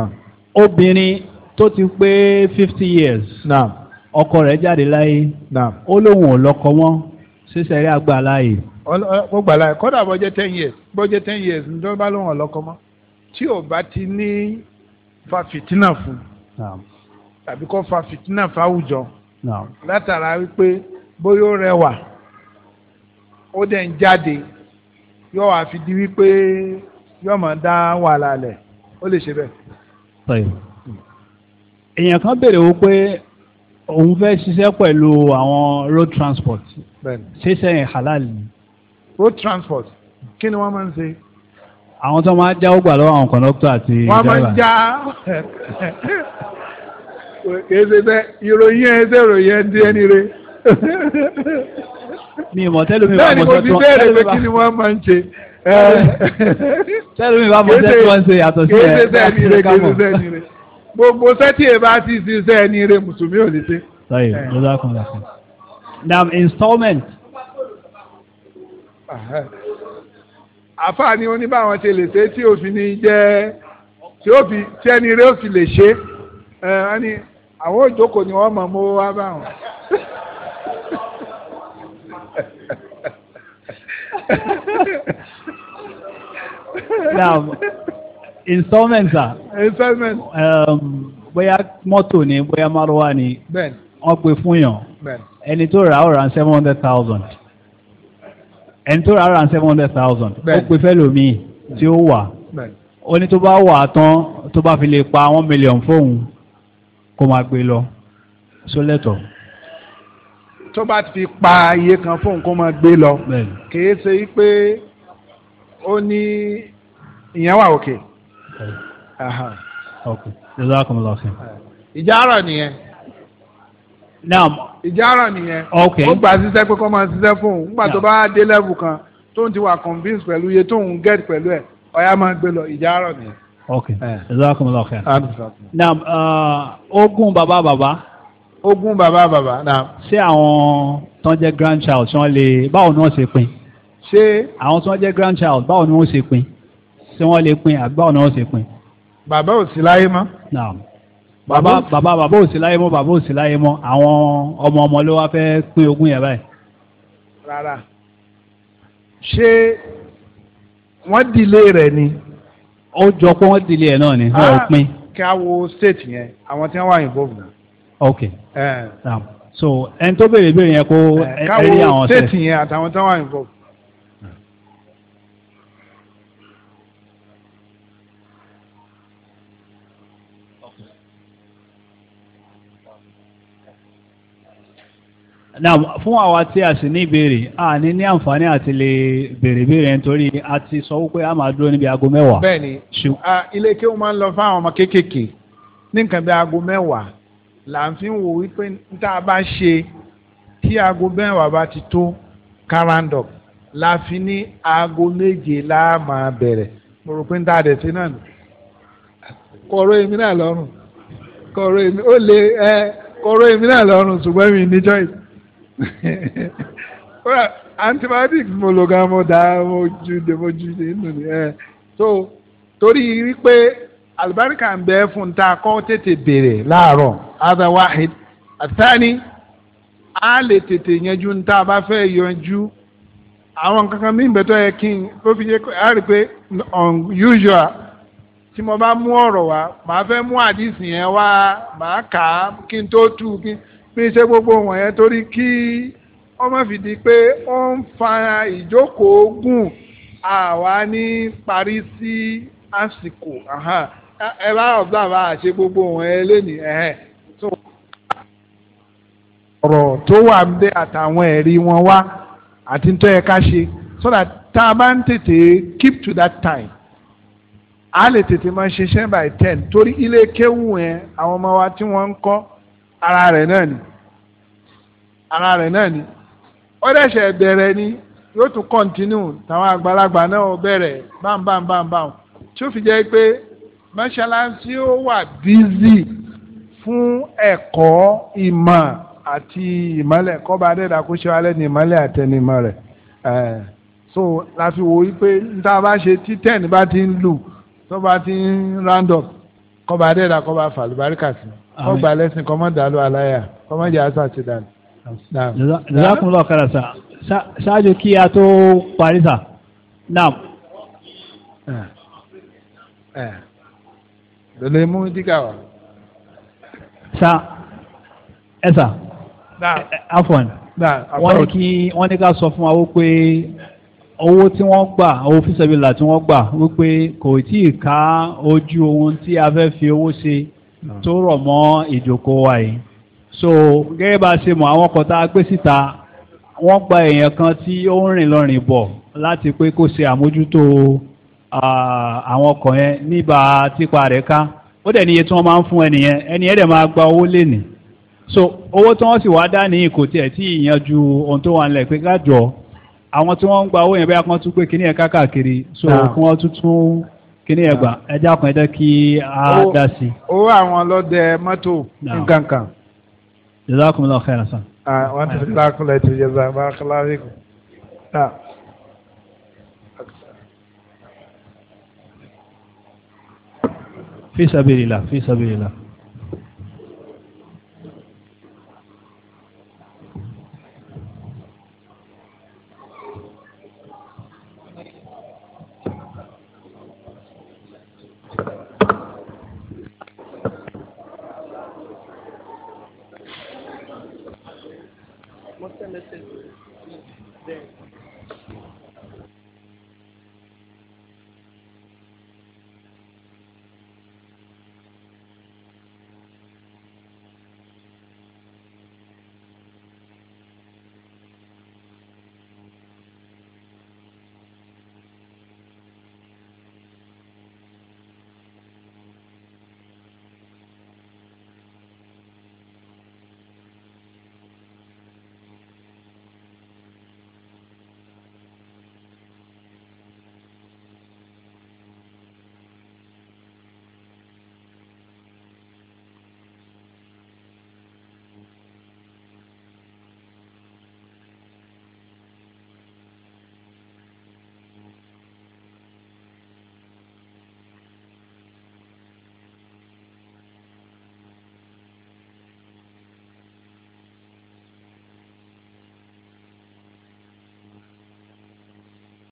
D: obìnrin tó ti pé fifty years. naam ọkọ rẹ̀ jáde láyé. naam ó lóun ò lọ́kọ mọ́ ṣíṣe rí àgbà láàyè.
A: ó gbà láàyè kódà bó jẹ́ ten years bó jẹ́ ten years ní tó bá lóun ò lọ́kọ mọ́ tí ò bá ti ní fa fìtínà fún un tàbí kó fa fìtínà fáwùjọ látara wípé bóyá ó rẹwà ó dẹ̀ ń jáde yóò wá fi di wípé yóò máa dá wàhálà lẹ̀ ó lè ṣe
D: bẹ́ẹ̀ èèyàn kan béèrè wo pé òun fẹ́ ṣiṣẹ́ pẹ̀lú àwọn road transport ṣiṣẹ́ yẹn halal ni.
A: road transport kí ni wọ́n máa ń ṣe.
D: àwọn tó máa ń já ọgbà lọ́wọ́ àwọn kọ̀ńdọ́kítọ̀ àti ìjọba. wọ́n máa ń
A: já kéde bẹ́ẹ̀ ìròyìn ẹ̀ ṣe ìròyìn ẹ̀ ń di
D: mi ìmọ̀ tẹ́lẹ̀ mi bá mọ̀ tó tó bẹ́ẹ̀ ni mo ti bẹ̀rẹ̀ pé kí ni
A: wọ́n máa ń ṣe. tẹ́lẹ̀ mi bá mọ̀ tẹ́lẹ̀ tó ń ṣe yàtọ̀ sí ẹ̀ kéde bẹ́ẹ̀ gbogbo sẹ́tì èbá ti ṣiṣẹ́ ẹni rẹ mùsùlùmí ò lè ṣe. sorry lọ́dọ̀ kan lọ́dọ̀ kan. now installment. àfààní oníbàwọn ṣe lè ṣe tí òfin ní jẹ́ tí ó fi tí ẹni rẹ ó fi lè ṣe ẹ wọ́n ní àwọn ìjókòó ni wọ́n mọ̀ mọ́ wá báwọn.
B: now
E: installment sa.
A: installment.
E: bóyá
D: mọ́tò ni bóyá márùwá ni. bẹ́ẹ̀ni. wọ́n pe fún yàn. bẹ́ẹ̀ni. ẹni tó rà ó rà seven hundred thousand. ẹni tó rà ó rà seven hundred thousand. bẹ́ẹ̀ni. ó pe fẹ́ lòmíì tí ó wà. bẹ́ẹ̀ni. ó ní tó bá wà tán tó bá fi lè pa one million fóun kó máa gbé lọ sólẹ́tọ̀.
A: tó bá ti pa iye kan fóun kó máa gbé lọ. bẹ́ẹ̀ni. kì í ṣe pé ó ní
D: ìyẹn wà òkè. Okay okay jazakumullahu khair.
A: ìjára nìyẹn. naam. ìjára nìyẹn. okay ó gbà ṣiṣẹ́ pé kó máa ṣiṣẹ́ fún un nígbà tó bá dé level kan tó ń ti wà convince pẹ̀lú iye tó ń get pẹ̀lú ẹ̀ ọ̀yá máa gbé lọ ìjára nìyẹn.
D: okay jazakumullahu khair. naam
A: ah, ogún bàbá bàbá.
D: ogún bàbá bàbá naam. ṣé àwọn tó ń jẹ́ grandchild ṣé wọ́n lè báwo ni wọ́n ṣe pín. ṣé. àwọn tó ń jẹ́ grandchild báwo ni wọ́n ṣe pín ṣé wọ́n lè pín àgbà ọ̀nà ó sì pín.
A: bàbá ò sí láyé mọ́.
D: naam bàbá bàbá bàbá ò sí láyé mọ́ bàbá ò sí láyé mọ́ àwọn ọmọ ọmọ ló wá fẹ́ pín ogún yẹn báyìí. rárá ṣé wọ́n dìlé rẹ̀ ni. ó jọ pé wọ́n dìlé ẹ̀ náà ni wọ́n ò ah, pín.
A: kí a wo state yẹn àwọn tí wọ́n wà involved náà. ok eh. naam
D: so ẹni tó béèrè béèrè yẹn kó eh,
A: ẹ̀rí àwọn ọ̀sẹ̀. káwo state yẹn àtàwọn tí wọ́n wà involved.
D: na fún àwa tí a sì ní ìbéèrè a ní ní àǹfààní àti lè béèrè béèrè nítorí a ti sọ wípé a máa dúró níbi aago mẹ́wàá. bẹ́ẹ̀ni ilé kí wọn máa ń lọ fún àwọn ọmọ kéékèèké ní nǹkan bí aago
A: mẹ́wàá là ń fi wò wípé tá a bá ṣe tí aago mẹ́wàá bá ti tó karandọ la fi ní aago méje la máa bẹ̀rẹ̀ mo rò pé ń tá a dẹ̀ sí náà nù. kọrọ èmi náà lọ́rùn kọ̀ọ̀rọ̀ èmi ó lè ẹ kọ̀ọ̀rọ̀ èmi náà lọ́rùn ṣùgbọ́n mi ní choice antibiotics mo lò gan mo mo mo ni a lè tètè yanjú ń bá fẹ́ yanjú àwọn kankan bẹ a rí pé unusual. tí mo bá mú ọ̀rọ̀ wá màá fẹ́ mú àdìsí yẹn wá màá kà á kí n tó tú kí bí ṣe gbogbo wọ̀nyẹn torí kí ọmọ fìdí pé ó ń fa ìjókòó gùn àwa ní parí sí àsìkò ẹ bá ọ̀gbà bá gbogbo wọ̀nyẹn lénìí ọ̀rọ̀ tó wà ń àtàwọn ẹ̀rí wọn wá àti tó yẹ ká ṣe so that tá a bá ń tètè keep to that time a lè tètè máa ṣiṣẹ́ by ten torí ilé kéwù yẹn àwọn ọmọ wa tí wọ́n ń kọ́ ara rẹ̀ náà ni ara rẹ̀ náà ni ó dẹ̀ṣẹ̀ bẹ̀rẹ̀ ni yóò tún kọ́ntínú táwọn àgbàlagbà náà ó bẹ̀rẹ̀ bámbámbámbám tí ó fi jẹ́ pé mọ́ṣáláṣí ó wà bízì fún ẹ̀kọ́ ìmọ̀ àti ìmọ̀lẹ̀ kọ́ba adẹ́dà kó ṣe wa lẹ́nu ìmọ̀lẹ̀ àtẹnumọ̀ rẹ̀ so la fi wò wípé níta bá ṣe tí ten bá ti ń lù tọ́ba ti ń round up kọba adẹ́dà kọba fàlùbáríkà sí kọba lẹ́sìn kọ́mọ́ dàlú alaya kọ́mọ́ jẹ́ àṣà ti dàlú. jazakumullahu
E: khairan sà ṣáájú kí a tó parí sà naam.
A: lọ́lẹ̀ mú díkà wá.
D: sa ẹ sà afọn wọ́n ní ká sọ fún wa wó pé owó tí wọ́n gbà owó fíṣẹ́bílà tí wọ́n gbà wípé kò tí ì ká ojú ohun tí a fẹ́ fi owó ṣe tó rọ̀ mọ́ ìjókòó wa yìí so gẹ́gẹ́ bá a ṣe mọ̀ àwọn ọkọ̀ tá a gbé síta wọ́n gba èèyàn kan tí ó ń rìn lọ́rìn bọ̀ láti pé kó ṣe àmójútó
E: àwọn ọkọ̀ yẹn níbà tipa rẹ̀ ká ó dẹ̀ níye tí wọ́n máa ń fún ẹnìyẹn ẹnìyẹn
D: dẹ̀ máa gba owó lénìí so owó tí wọ́n sì wá dá nìyí kò tiẹ̀ tí ì yanjú ohun tó wà nílẹ̀ pé ká àwọn tí wọ́n ń gba owó yẹn bẹ́ẹ̀ kan tún gbé kíní yẹn káàkiri so fún wọn tuntun kíní yẹn gbà ẹja kan ẹjẹ kí a dá sí i.
A: owó àwọn ọlọ́dẹ mọ́tò
D: nǹkan kan. jazakumullahu khairan san.
A: wọ́n ti fi lákùlẹ̀ tó yẹ zan bá kíláàsì kù.
D: fi sabilillah fi sabilillah.
C: listen to it. There.